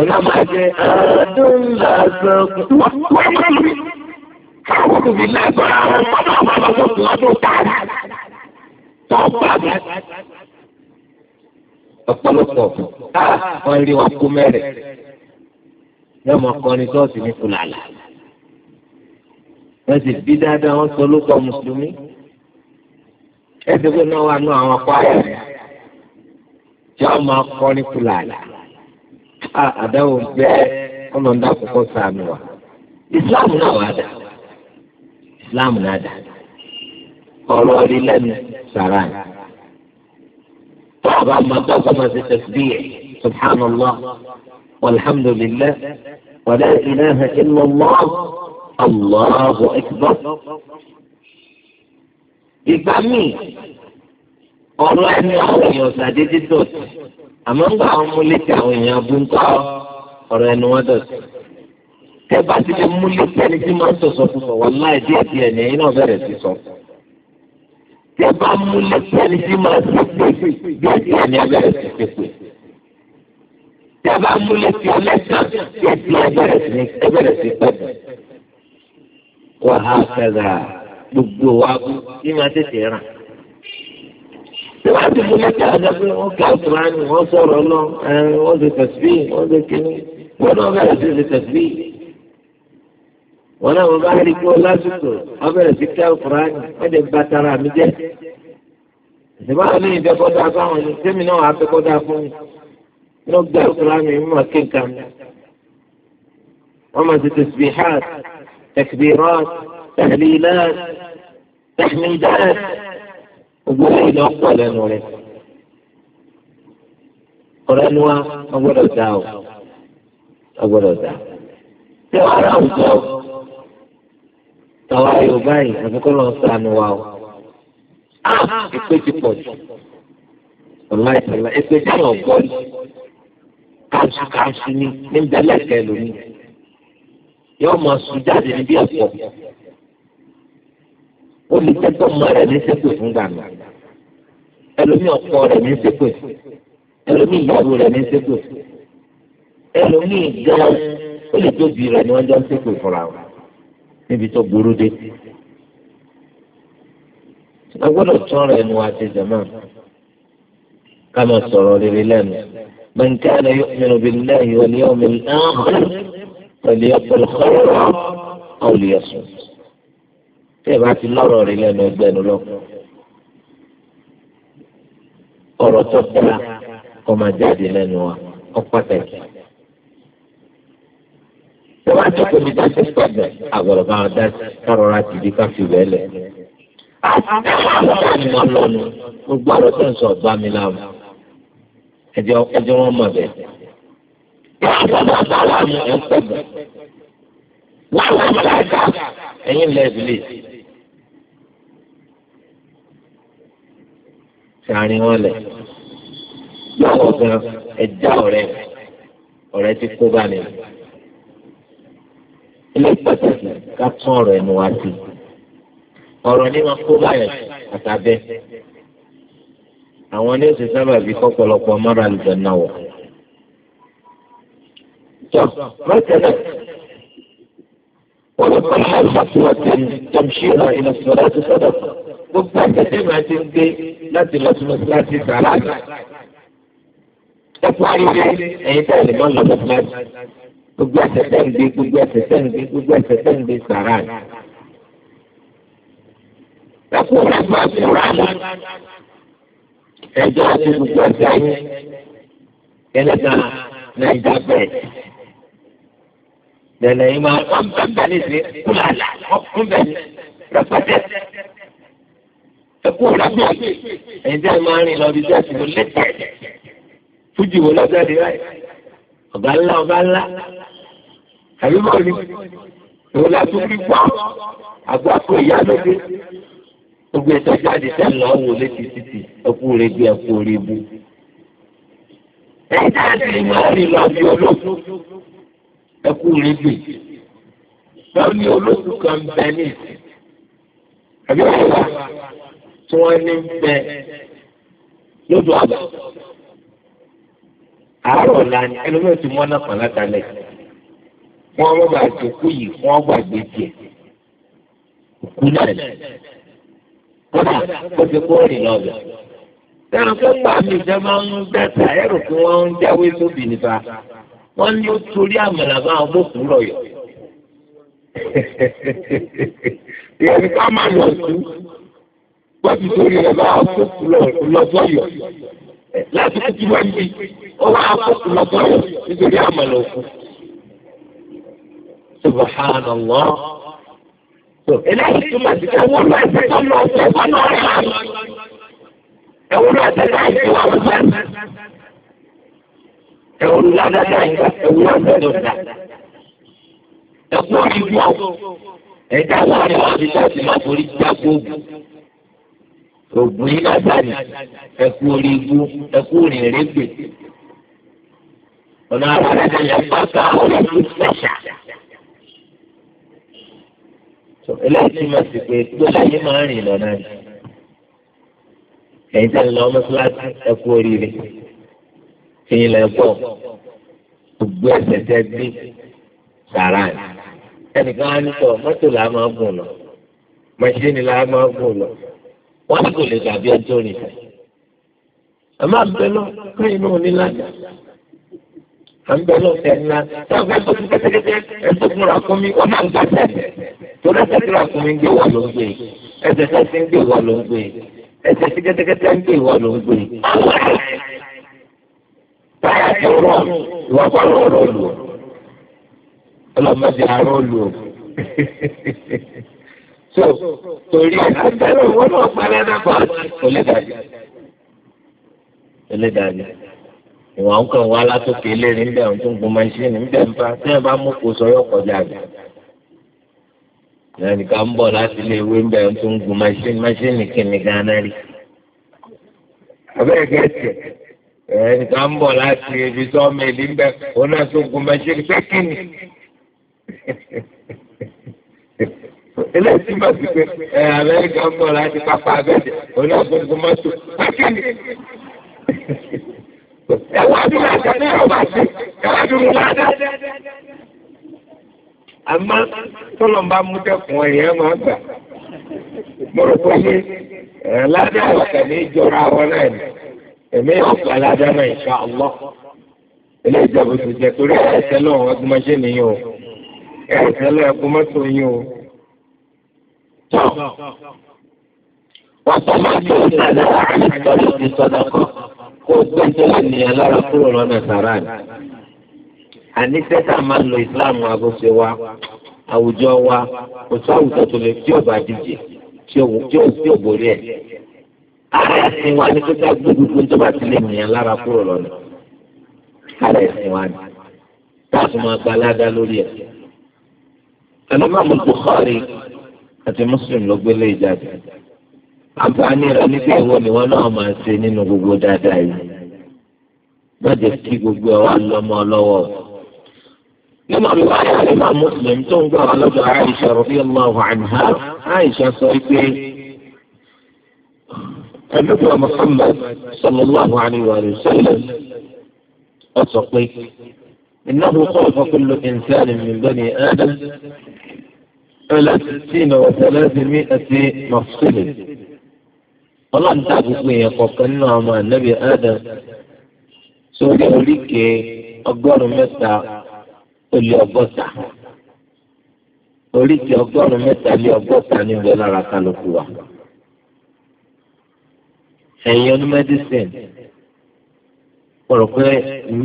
Ọ̀nà máa jẹ àádọ́n làásán wọ́n máa lù mí. Káwọn kò fi lágbára wọn mọ́tò àwọn ọmọ tó ń lọ́dún tààrà. Tọ́ bàbá ọ̀pọ̀lọpọ̀ ah, wọ́n rí wọn kú mẹ́rẹ̀ yóò mọ kọrin ṣọ́ọ̀ṣì ní kùlàlà wọ́n sì bí dáadáa wọ́n sọ lóko mùsùlùmí ẹ̀sìn pé náà wà nù àwọn kwaya tí wọ́n máa kọrin a ah, àdáwò bẹ́ẹ̀ ọlọ́ọ̀dà kọ́kọ́ sàmì wa ìsìláàmù náà wà dà ìsìláàmù náà dà ọ̀rọ̀ orí lẹ́nu sàrà ni. بعضهم اتصف بتسبيح سبحان الله والحمد لله ولا إله إلا الله الله أكبر يبقى مين ọ̀rọ̀ ẹni àwọn èèyàn ṣàdédé dọ̀tí àmọ́ ń gbà àwọn múlẹ̀tì àwọn èèyàn abúntọ́ ọ̀rọ̀ ẹni wọn dọ̀tí. tẹ́ bá ti lè múlẹ̀tì ẹni tí máa ń sọ̀sọ̀ fún ọ wọ́n láì díẹ̀ díẹ̀ ní ẹ̀yin náà bẹ̀rẹ̀ sí sọ fún ọ. tí ẹ bá mú lẹ́sẹ̀ ní tí máa ṣe pé yóò ti ẹni abẹ́rẹ́ sí ṣe pé. tí ẹ bá mú lẹ́sẹ̀ ọlẹ́sẹ̀ yóò ti abẹ́rẹ́ sí pẹ̀lú. wà á fẹ́ra gbogbo wa kú kí máa tètè ràn. tí wọ́n ti mú lẹ́sẹ̀ ọjọ́ pé wọ́n kà kúránì wọ́n sọ̀rọ̀ lọ wọ́n ṣe tẹ̀sí wọ́n ṣe kíní wọ́n náà bẹ̀rẹ̀ sí ṣe tẹ̀sí wọ́n náà wọ́n bá rí kó lásìkò ọbẹ̀rẹ̀ sí kẹ́ ọ̀fúrání ẹ̀dẹ̀ bá tara mi jẹ́. ìdìbò àwọn ènìyàn fẹ́ kọ́dá fáwọn ẹni tẹ́mi náà wàá fẹ́ kọ́dá fún mi inú gba ọ̀fúrání mímú akéǹkà mi. wọ́n máa ti tasbihat takbirat tahlilat tahmidat gbogbo èyí lọ pọ̀ lẹ́nu rẹ̀. ọ̀rẹ́ ni wá ọgbọ́dọ̀ dá ọ ọgbọ́dọ̀ dá. ṣé wàá rà àwùjọ tàwa yorùbá yìí àfikún lọ sànù wa o èpè ti pọ̀ jù ọ̀la ìtàlá èpè tí yàn gbọ́ yìí káàsù káàsù ní ní bẹ́lẹ̀ kẹlò ní yóò máa sùn jáde níbi ẹ̀pọ̀ ó lè tẹ́tọ́ mọ rẹ̀ ní sẹ́pè fún gbàgbà ẹlòmí ọkọ rẹ̀ ní sẹ́pè ẹlòmí ìyàwó rẹ̀ ní sẹ́pè ẹlòmí ìgbà ó lè tóbi rẹ̀ ní wọ́n jọ ń sẹ́pè fúnra wọn níbi tó burú dé a gbọ́dọ̀ tún ọ̀rọ̀ ẹnu wa ti jẹmọ ká máa sọ̀rọ̀ rere lẹ́nu man kana yu'minu billahi wal yawmil akhir falyaqul khayran aw liyasmut tí ẹ bá ti lọ́rọ̀ rere lẹ́nu ẹgbẹ́ ẹnu lọ ọ̀rọ̀ tó dáa kó máa jáde lẹ́nu wa ó pàtàkì tó bá tó tóbi tó ti sọ̀bẹ̀ àgọ̀rọ̀ bá dá sọ̀rọ̀ láti di ká fi wẹ̀ lẹ̀. àti wọn lọ nu gbogbo ọ̀rọ̀ tó ń sọ bá mi láwọn ẹjọ́ ẹjọ́ wọn mọ̀ bẹ́ẹ̀. láwọn ọmọláìka ẹ̀yin lẹ́bìlì. sàárín wọn lẹ̀ lọ́wọ́ gan ẹja ọ̀rẹ́ ọ̀rẹ́ ti kó bá mi lọ ilé pàtàkì ká tún ọ̀rọ̀ ẹnu wa sí ọ̀rọ̀ ní ma kó báyọ̀ àtàbẹ́ àwọn ní oṣù sábà bí kọ́pọ̀lọpọ̀ mọ́ra lùdọ̀ náà wọ̀. tó mọ́tẹ́lẹ̀ olùkọ́ àlùfáàtúwà ti tẹ̀mṣíra ìlọsọ̀rọ̀ àti sọ́dọ̀ gbogbo àgbẹ̀dẹ́ máa ti ń gbé láti lọ́sọ̀rọ̀ láti sàrà. ẹ̀fọ́ àríwé ẹ̀yin tẹ̀lé mọ́ lọ́sọ̀rọ̀ gbogbo ẹsẹ̀ sẹ́yìn gbé gbogbo ẹsẹ̀ sẹ́yìn gbé gbogbo ẹsẹ̀ sẹ́yìn gbé sàrà ni. ẹkú rẹ̀ máa fi rà ní ẹjọ́ àti gbogbo ẹsẹ̀ yẹn ẹlẹ́gà nàìjà bẹ́ẹ̀ lẹ́lẹ̀ yìí máa wọ́n bá bá ní ìsìn kúlàlà ọkùnrin bẹ́ẹ̀ rẹpẹtẹ ẹkú rẹ̀ máa ẹ̀jẹ̀ máa rìn lọ bí jẹ́ àtìmọ́ lẹ́tẹ̀ẹ̀ fújì wò lọ́jọ́ àdìrẹ́ ọba ńlá ọba ńlá àyíkọ́ ni òun la tún pípọ̀ àgbàkọ ìyá lóde gbogbo ẹ̀tọ́ jáde sẹ́nu ọ̀wọ́ létí títì ẹkú rẹ̀ ẹkú rẹ̀ bu. ẹ̀dá sì máa rìn lọ bí olóṣù ẹkú rẹ̀ bì. báwo ni kan ń bẹ ní ìsìn? àbí wọ́n wá tí wọ́n ní bẹ lódò àbọ̀ àárọ̀ ọ̀la ni ẹlòmíràn ti mọ́ náà kàn látàlẹ̀ wọ́n rọ́bà ìtòkú yìí wọ́n gbàgbé tiẹ̀ òkú náà lẹ̀ kódà ó ti kó rìn lọ́bẹ̀. sẹ́nu pé pàmì ìjọ máa ń dẹ́ta ẹ̀rù kí wọ́n ń jáwé tóbi nípa wọ́n ní ó torí àmàlà máa bókun lọ́yọ̀. ìyẹn ká máa lọ sí wọ́n ti torí ẹ̀ máa bókun lọ́sọ̀yọ̀ láti ti wá yìí ó wá àkókò lọ́gbọ́n nítorí àmàlà òkú. Subhanallah. Eléyìí túmọ̀ sí pé wọ́n máa ń tẹ̀sọ́ lọ tẹ̀sọ́ lọ rẹ̀ àná. Ẹ̀wọ̀n náà tẹ̀lé àìsí wà wọ́n fẹ́. Ẹ̀wọ̀n náà dáadáa yìí ẹ̀wọ̀n náà tẹ̀lé ọ̀dà. Ẹ̀kú ọ̀dìbò ẹ̀dá wà ní wàá fi dáàbò máa forí jágbó ògùn yìí lásàrì ẹkú orí igbó ẹkú rìnrìngbè ọ̀nà àbájáde yẹn pàṣẹ àwọn ẹkú sẹ̀ṣà. eléyìí máa ti pé tó láyé máa rìn lọ náà ẹ̀yin tẹ́lẹ̀ lọ́wọ́ mọ́sálásí ẹkú oríire ẹ̀yin lẹ́ pọ̀ gbogbo ẹ̀sẹ̀ tẹ́ gbé sàrà ẹnìkan á ní sọ mọ́tò làá máa gùn lọ mọ́ṣíìnì làá máa gùn lọ wọ́n ní kò lè dàbí ọjọ́ rìn ẹ má bẹ lọ káyìn náà ní lájà à ń bẹ lọ tẹ ńlá táwọn ẹgbẹ́ tó kẹ́tẹ́kẹ́tẹ́ ẹgbẹ́ tó ra fún mi wọ́n máa ń gbà tẹ̀ tó lẹ́sẹ̀ tó ra fún mi gbé wà ló ń gbé ẹsẹ̀ tó ti ń gbé wà ló ń gbé ẹsẹ̀ tí kẹ́tẹ́kẹ́tẹ́ ń gbé wà ló ń gbé. báyà tó rọ ìwà bá rọ lọ lù ọ ọlọmọdé arọ lù ọ so torí àjẹrò wọn náà parẹ́ náà bá kò lè dàbí kò lè dàbí ìwà ń kàn wá látòkè eléyìí ń bẹ̀ ń tún gun mẹ́ṣíìnì ń bẹ̀ ń bá tí wọ́n bá mú kó sọ yọ kọjá rẹ̀ ẹnìkà ń bọ̀ láti ilé ìwé ń bẹ̀ ń tún gun mẹ́ṣíìnì mẹ́ṣíìnì kìnnì gánà rí abẹ́rẹ́ gẹ̀ẹ́sì ẹnìkà ń bọ̀ láti ibi sọ́ọ̀mù èlì ń bẹ̀ òun náà tún gun mẹ́ṣíìnì pẹ́kìnì. eléyìí tí màá ti pé ẹ amẹ́ríkà ń bọ̀ láti pápá abẹ́jẹ̀ òun àgbọ̀ngàn mọ́tò pákínì. ẹ̀wọ́n adúlá àtàlẹ́ ọba sí ẹ̀wọ́n adúlá ládá. àmọ́ tọ́lọ̀ ń bá mú dẹ́kun ẹ̀yẹ́ máa gbà mo rò pé ṣe ládá ọ̀kẹ́ ní ìjọra wọn náà ni èmi yóò gbà ládá náà insha Allah eléyìí jẹ́ bó ti jẹ́ torí ẹ̀ẹ́sẹ̀ náà ẹ̀gbọ́n ṣe nìyí o ẹ̀ẹ́sẹ̀ náà ẹ̀gbọ́n mọ́tò Wàtàmá tó ìlànà àìsàn lórí sọ́dọ̀kọ́ kó gbẹ́jọ́ ènìyàn lára kúrò lọ́nà sàrà ni. Àní tẹ́tà máa ń lo ìsìláàmù agbóṣe wa, àwùjọ wa, kò sáwùjọ tó lè tí ò bá díje, tí ò tí ò borí ẹ̀. Ààrẹ ẹ̀sìn wa ni tó dá gbogbo tó bá ti lè ènìyàn lára kúrò lọ́nà. Ààrẹ ẹ̀sìn wa ni. Táà tó máa gbalá dá lórí ẹ̀. Ẹ̀lọ́mọ̀ Bukhari àti Muslim ló gbélé ìjáde àǹfààní rẹ̀ níbi ìwọ ni wọn náà máa ṣe nínú gbogbo dáadáa yìí má jẹ́ kí gbogbo ẹ wá lọmọ lọ́wọ́ nínú àbíwá yàrá máa Muslim tó ń gbà wá lọ́dọ̀ Aisha radiyallahu anha Aisha sọ pé ẹlẹ́gbẹ̀ẹ́ Muhammad sallallahu alayhi wa sallam ọ sọ pé innahu khalaqa kulla insanin min bani Adam. إلى ستين وثلاثمائة مفصل ọlọ́run tàbí pé èèyàn kọ̀ọ̀kan nínú ọmọ ànábì adam sórí oríkèé ọgọ́rùn-ún mẹ́ta ó lé ọgọ́ta oríkèé ọgọ́rùn-ún mẹ́ta lé ọgọ́ta níbẹ̀ lára kálukú wa. ẹ̀yin oní mẹ́dísìn mo rò pé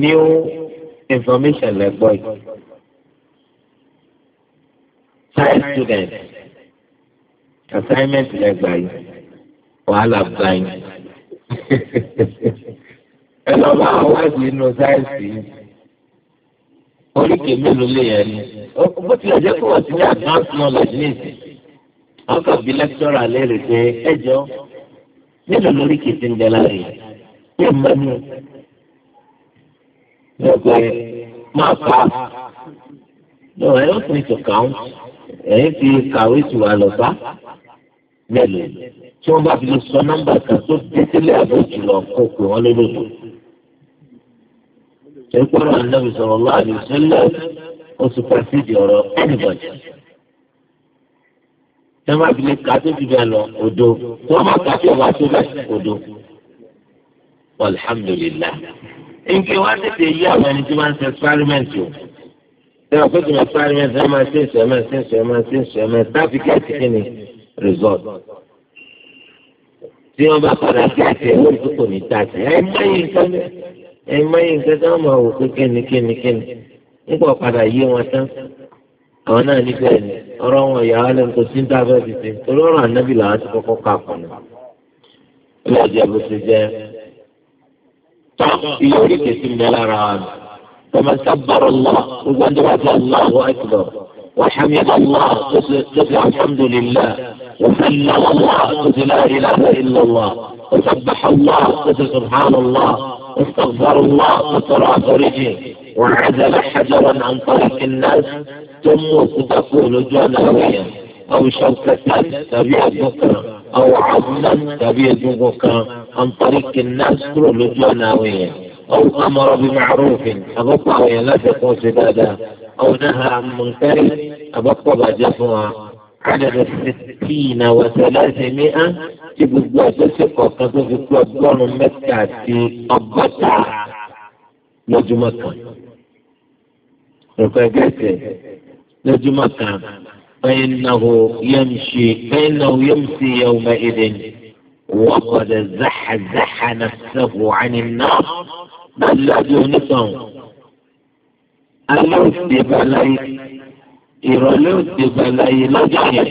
new information lẹ́gbọ́ yìí five students assignment lẹ́gbà yìí wàhálà gbà yìí ẹ lọ bá wáàdì inú sáyẹ́ǹsì oríkè mélòó lè yẹn ni bó tilẹ̀ jẹ́ kó wọ́n ti ní advanced knowledge ní ìsìn wọ́n kàn bí lẹ́kítọ́rà lérè pé ẹ jọ mélòó lórí kì í ti ń bẹ láàyè yóò mọ ní ọgbẹ́ máa pa no I don't need to count ẹ̀yin fi kàwé tù wá lọ bá mẹ́lò tí wọ́n bá fi lè sọ nọ́mbà kan tó dé sílẹ̀ àbó jùlọ kó pè wọ́n lólòdò. ìpọ́nrọ̀ ànábì sọ̀rọ̀ lọ́wọ́ àdìsílẹ̀ oṣù pàṣídì ọ̀rọ̀ ẹnìbọ̀jì. tí wọ́n bá fi lè kà tó ju bẹ́ẹ̀ lọ òdo tí wọ́n bá kà tó wá tó bẹ́ẹ̀ òdo. alhamdulilah. nǹkan wá tètè yí àwọn ẹni tí wọ́n ń sẹ́wọ̀n pé jùmọ̀ sáré mẹ́ta ẹ̀ máa ṣe ń sọ ẹ̀ máa ṣe ń sọ ẹ̀ máa ṣe ń sọ ẹ̀ máa tábì kẹ́ẹ̀tì kí ni result. tí wọ́n bá padà kẹ́ẹ̀tì ẹ̀ lórí tó kò ní ta sí ẹ̀ máa yí nǹkan ẹ̀ máa yí nǹkan tí wọ́n máa wò pé kíni kíni kíni nígbà padà yí wọn tán àwọn náà níbẹ̀ ni ọ̀rọ̀ wọn yàrá lẹ́nu kò sí dábẹ́ títí olóró ànábì làwọn ti kọ́kọ́ kà kùn ní. ilé ọjà sí mi lára wa nù. فمن كبر الله وقد الله أكبر وحمد الله تسلم الحمد لله وسلم الله قلت لا إله إلا الله وسبح الله قلت سبحان الله واستغفر الله قلت راس رجل وعزل حجرا عن طريق الناس ثم تقول جنويا أو شوكة تبيع بكرة أو عظما تبيع بكرة عن طريق الناس تقول جنويا أو أمر بمعروف أبطأ يلفق زبادا أو نهى عن منكر أبطل جفوا عدد الستين وثلاثمائة تبدو تسقى قطف الضوان مكة في البطع lọ́jọ́ mọ́kàn. Òkè فإنه يمشي فإنه يمشي يومئذ وقد زح زح نفسه عن النار alájú onítàn alẹ́ òde balaye ìrọ̀lẹ́ òde balaye lọ́jọ́ yẹn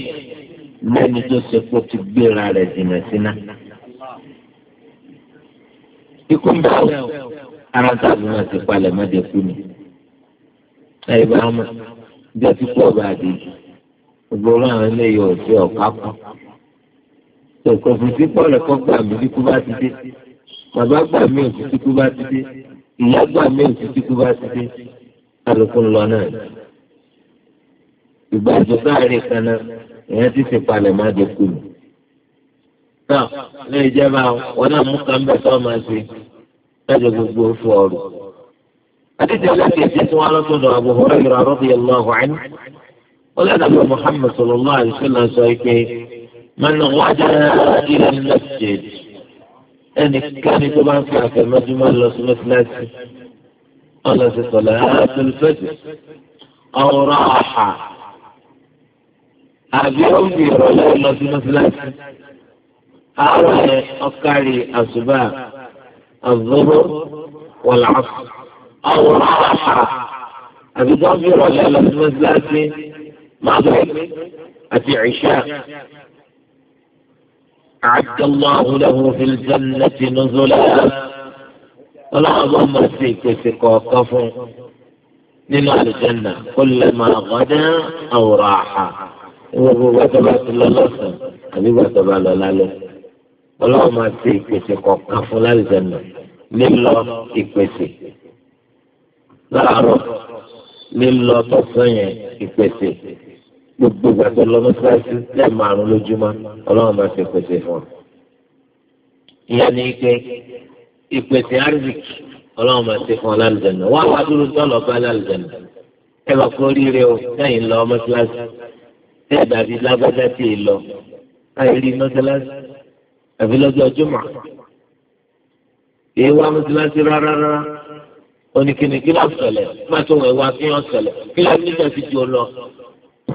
lẹ́ni tó ṣe kó ti gbéra rẹ̀ dìnnà síná. ikú ń bẹ̀ ọ́ ara ń tàbí wọn ti palẹ̀ mọ́dé kú ni. ẹ̀yìn bá mọ̀ bí ọtí pọ̀ bá dé gbogbo àwọn eléyìí ò sí ọ̀ká kú. tòkòfin sí pọ̀ lẹ́kọ́ gbà bí kú bá ti dé bàbá gbà mí òtí tí kú bá ti dé ìyá gbà mí òtí tí kú bá ti dé kálukú ń lọ náà ni. ìgbàjọ káàrin kan náà ìyẹn ti fi palẹ̀ má de kú mi. náà lẹ́yìn ìjẹba wọn náà mú kàmbẹ̀ tó máa ṣe láti gbogbo fún ọrù. àtijọ́ láti ẹ̀jẹ̀ tí wọ́n lọ́tọ̀ dọ̀ Abu Hurairah radiyallahu anhu. wọ́n lẹ́nu àbúrò Muhammad sallallahu alaihi wasallam sọ pé man ẹnikẹ́ni tó bá ń fi àfẹ̀mọ́júmọ́ lọ sí mẹ́sìlẹ́sì ọlọ́sẹ̀ sọ̀lá àtúnfẹ́sì ọ̀rọ̀ àhà àbí ó ń fi ìrọ̀lẹ́ lọ sí mẹ́sìlẹ́sì àwọn ẹ̀ ọ̀kárí àṣùbà àzọ́rọ̀ wọ̀lá ọ̀rọ̀ àhà àbí tó ń fi ìrọ̀lẹ́ lọ sí mẹ́sìlẹ́sì máa bẹ̀rẹ̀ àti ìṣá. أعد الله له في الجنة نزلا والعظم مسيك سقاق nínú àlùjẹ́nà kó lè máa gbọ́dá àwòrán àhà gbogbo gbàtọ́ba ti lọ lọ́sàn àbí gbàtọ́ba lọ lálẹ́ ọlọ́run máa ti ìpèsè kọ̀ọ̀kan fún lálùjẹ́nà lílọ ìpèsè láàárọ̀ lílọ tọ̀sán yẹn ìpèsè gbogbo gbàgbọ́ lọ mọ́sálásí lẹ́ẹ̀ márùn lójúmọ́ ọlọ́run máa ṣe pèsè fún ọ. ìyá ni pé ìpèsè arzik ọlọ́run máa ṣe fún ọ lálùjẹ̀nà wọ́n á wá dúró sọ́ọ̀lọ́ bá lálùjẹ̀nà ẹ bá kó ríire o lẹ́yìn lọ mọ́sálásí ẹ dàbí lágbájá tí ì lọ láì rí mọ́sálásí àbí lọ́jọ́ jùmọ̀ èyí wá mọ́sálásí rárá rárá oníkìní kí lọ́ọ̀ sọ̀lẹ̀ tó wẹ̀ wá kí wọ́n sọ̀lẹ̀ kí nígbà fi jù ọ lọ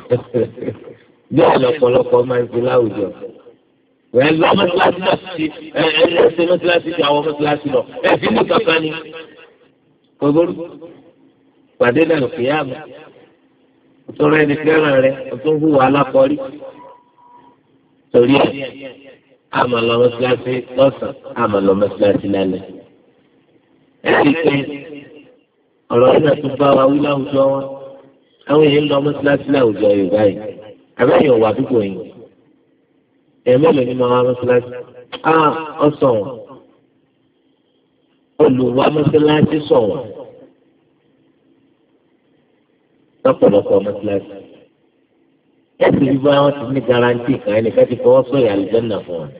bí ọ̀lọ́pọ̀lọpọ̀ máa ń fi láwùjọ. Wẹ́n lọ mọ́tíláṣí lọ sí ẹ ẹ ṣe mọ́tíláṣí ti àwọn mọ́tíláṣí lọ ẹ fi mú kankan ni. Kògbóró pàdé náà kì í àmọ́. Òtún rẹ ni fẹ́ràn rẹ, òtún hùwà alákọ̀ọ́rí. Torí ẹ̀ àmọ́ lọ mọ́tíláṣí lọ́sàn-án, àmọ́ lọ mọ́tíláṣí lálẹ́. Ẹ ti pẹ́ ọ̀rọ̀ náà tún bá wa wí láwùjọ wọn àwọn èèyàn lọ mọ́sálásí láwùjọ yorùbá yìí àbẹ́yẹ̀ wà dúpọ̀ yìí èèyàn mélòó ni máa wá mọ́sálásí á ah, ọ̀sán olùwà mọ́sálásí sọ̀wọ́n lọ́pọ̀lọpọ̀ mọ́sálásí ẹ̀sìn bíbá wọn ti ní garanti kan ẹnìkan ti fọwọ́ sọ̀yà àlùjànnà fún wọn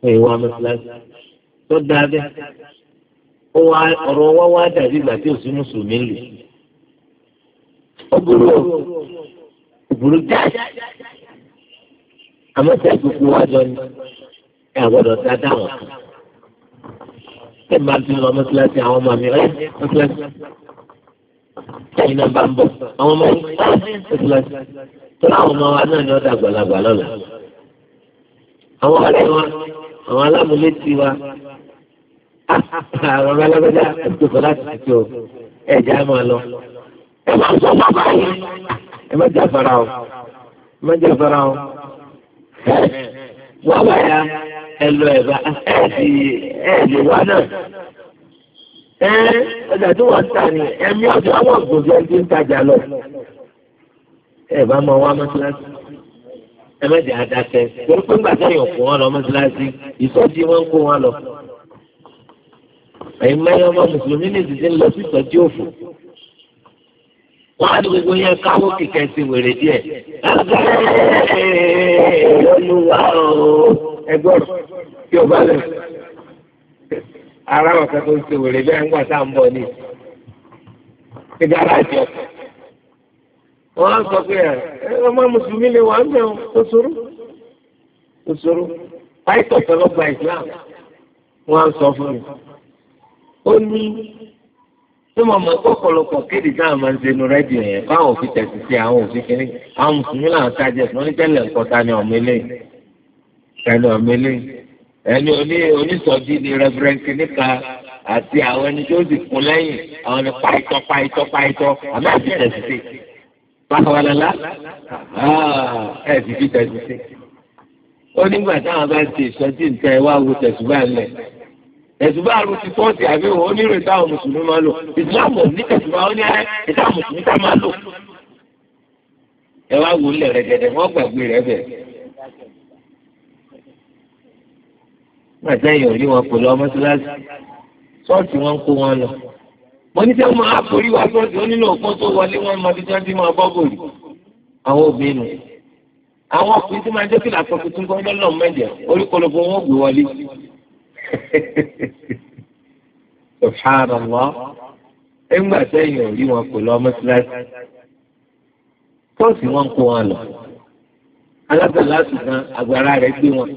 fún ìwà mọ́sálásí tó dáa bẹ́ẹ̀ ọ̀rọ̀ wa wá dàbí ìgbà tí òsínmùsùlùmí lù sí ọgbọ̀rọ̀ òbúrú jáde àmọ́ tẹ́ gbogbo wa jọ ni ẹ àgbọ̀dọ̀ dáadáa wọn kan ẹ máa bí wọn mọ́tíláṣí àwọn ọmọ mi ẹ mọ́tíláṣí ẹ̀yin náà bá ń bọ̀ àwọn ọmọ yìí mọ́tíláṣí tó láwọn ọmọ wa náà ni wọ́n dàgbà làgbà lọ́la àwọn ọ̀rẹ́ wa àwọn alámúlétí wa ah, ah, àwọn ọmọ alágbádá ẹ̀dùnkọ̀ láti ṣètò ẹ̀já máa lọ ẹ máa sọ bàbá yẹn ẹ má jáfara o ẹ má jáfara o wọ́n bá ya ẹ lọ ẹ bá ẹ sì ẹ lè wá náà ẹ ọjà tí wọ́n ń tà ní ẹ̀mí ọjà wọn kò jẹ́ ẹni tí ń tajà lọ ẹ bá mọ wá mọ́tíláṣí ẹ má jẹ́ adákẹ́ torí pé ńgbà sẹ́yìn ọ̀pọ̀ wọn lọ mọ́tíláṣí ìsọ́jí wọn ń kó wọn lọ ẹ̀yin mẹ́rin ọmọ mùsùlùmí ní ìdíje ń lọ sí ìsọ́jí òfò wọ́n á ní gbogbo yẹn káwọ́ kìkẹ́ sí wèrè díẹ̀. olùwà o ẹgbọ́n tí o bá lẹ̀ ara ọ̀sẹ̀ tó ń wèrè bẹ́ẹ̀ ń tá à ń bọ̀ ni ìgbàlá jẹ. wọ́n á sọ pé ọmọ mùsùlùmí lè wà ń bẹ̀ tó sòrò tó sòrò báyìí tọ̀tọ̀ lọ́gbà ìsìlámù wọ́n á sọ fún mi. ó ní tí mo mọ̀ kọ́kọ́lọ́kọ́ kéde tí àwọn máa ń senu rẹ́díò yẹn báwọn òfin tẹ̀sí sí àwọn òfin kínní àwọn mùsùlùmí làwọn tajà wọn ní tẹ́lẹ̀ nǹkan ta ni ọ̀mọ eléyìí ẹni ọ̀mọ eléyìí ẹni oní onísọ̀dí ni rẹ́fúrẹ́ǹsì níka àti àwọn ẹni tó sì kún lẹ́yìn àwọn ni pàìtọ́ pàìtọ́ pàìtọ́ àmì àti tẹ̀sí sí báwalala ẹ̀ sì fi tẹ̀sí sí. ó nígbà táwọn bá ti ìsọjí nǹkan ẹ wá wo tẹ̀sí báyìí ẹ̀sùbá àrùn ti fọ́ọ̀sì àbíwọ̀n onírò ìtàwọn mùsùlùmí máa lò ìsìláàmù ní tẹ̀sùbá ó ní ìtàwọn mùsùlùmí tá máa lò. ẹ wá wò ó lẹ̀ rẹ̀gẹ̀dẹ̀ wọ́n gbàgbé rẹ̀ bẹ̀. màtẹ́yìn ò rí wọn pẹ̀lú ọmọ síláàsì ṣọ́ọ̀ṣì wọn kó wọn lọ. mo ní sẹ́ wọn á forí wa ṣọ́ọ̀ṣì ó nílò òpó tó wọlé wọn mọ bí sọ́ọ̀ṣì máa bọ́ gòlì. àwọn obìnrin àwọn ọkùnrin tí máa jẹ́ kí làkọ̀ọ́ tuntun gbọ́dọ̀ lọ́ọ̀ mẹ́jẹ̀ orí kọlọ́bọ wọn gbé wọlé subhanallah ẹgbà sẹ́yìn ò rí wọn kò lọ mọ́síláṣí pọ́ọ̀sì wọn kó wọn lọ alágbàlá ṣùgbọ́n agbára rẹ̀ gbé wọn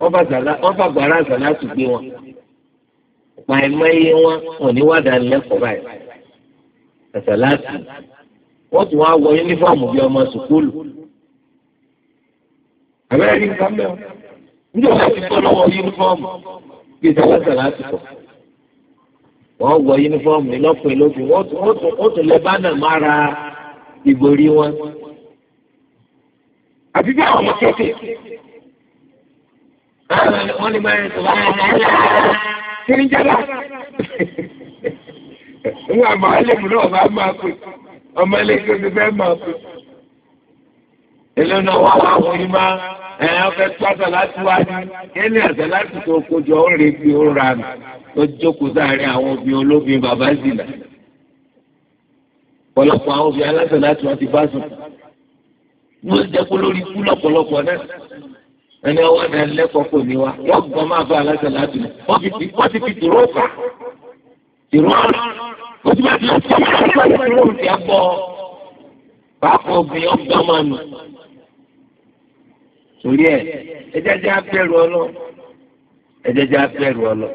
wọ́n bá gbàrà àgbàlá ṣùgbọ́n gbé wọn pàìmọ́yé wọn wọn ní wàdà lẹ́kọ̀ọ́ báyìí àṣàláṣì wọ́n tún wá wọ yúnífọ̀mù bíi ọmọ sùkúlù àbẹ́rẹ́ ní nǹkan mẹ́wàá. Ní ọ̀sẹ̀ ti tọ́ lọ́wọ́ yúnífọ́ọ̀mù bí ìtàlásà láti kọ̀. wọ yúnífọ́ọ̀mù lọ́kùnrin lókun, wọ́n tún lẹ bánà mára ìgbòrí wọn. Àbí bí àwọn ọmọ kẹ́kẹ́. Wọ́n ní báyìí tó bá ya ni jábà. Ń wà máa lè mú náà bá máa pè. Ọmọ ilé ìgbésí fẹ́ máa pè. Èlé náà wà ẹ ọfẹ pàṣẹ láti wá ní ẹni àṣẹ láti tó kojú ọ rè bí ó ra nù tó jókòó sáàrin àwọn obìnrin olóbìnrin bàbá zìlà ọ̀pọ̀lọpọ̀ àwọn obìnrin aláṣẹ láti wọn ti bá sùn wọn jẹ kó lórí ikú lọ́pọ̀lọpọ̀ náà ẹni ọwọ́ náà lẹ́kọ̀ọ́ kò ní wa wọn gbọ́n máa bá aláṣẹ láti wọn fi wọn ti fi tìró kà tìró ọ̀rọ̀ ojú bá ti lọ sí ọmọ ọmọ ìlú ti ẹ bọ pàápàá obìnrin ọgbà máa nù torí ẹ ẹjẹjẹ abẹ̀rù ọlọ ẹjẹjẹ abẹ̀rù ọlọ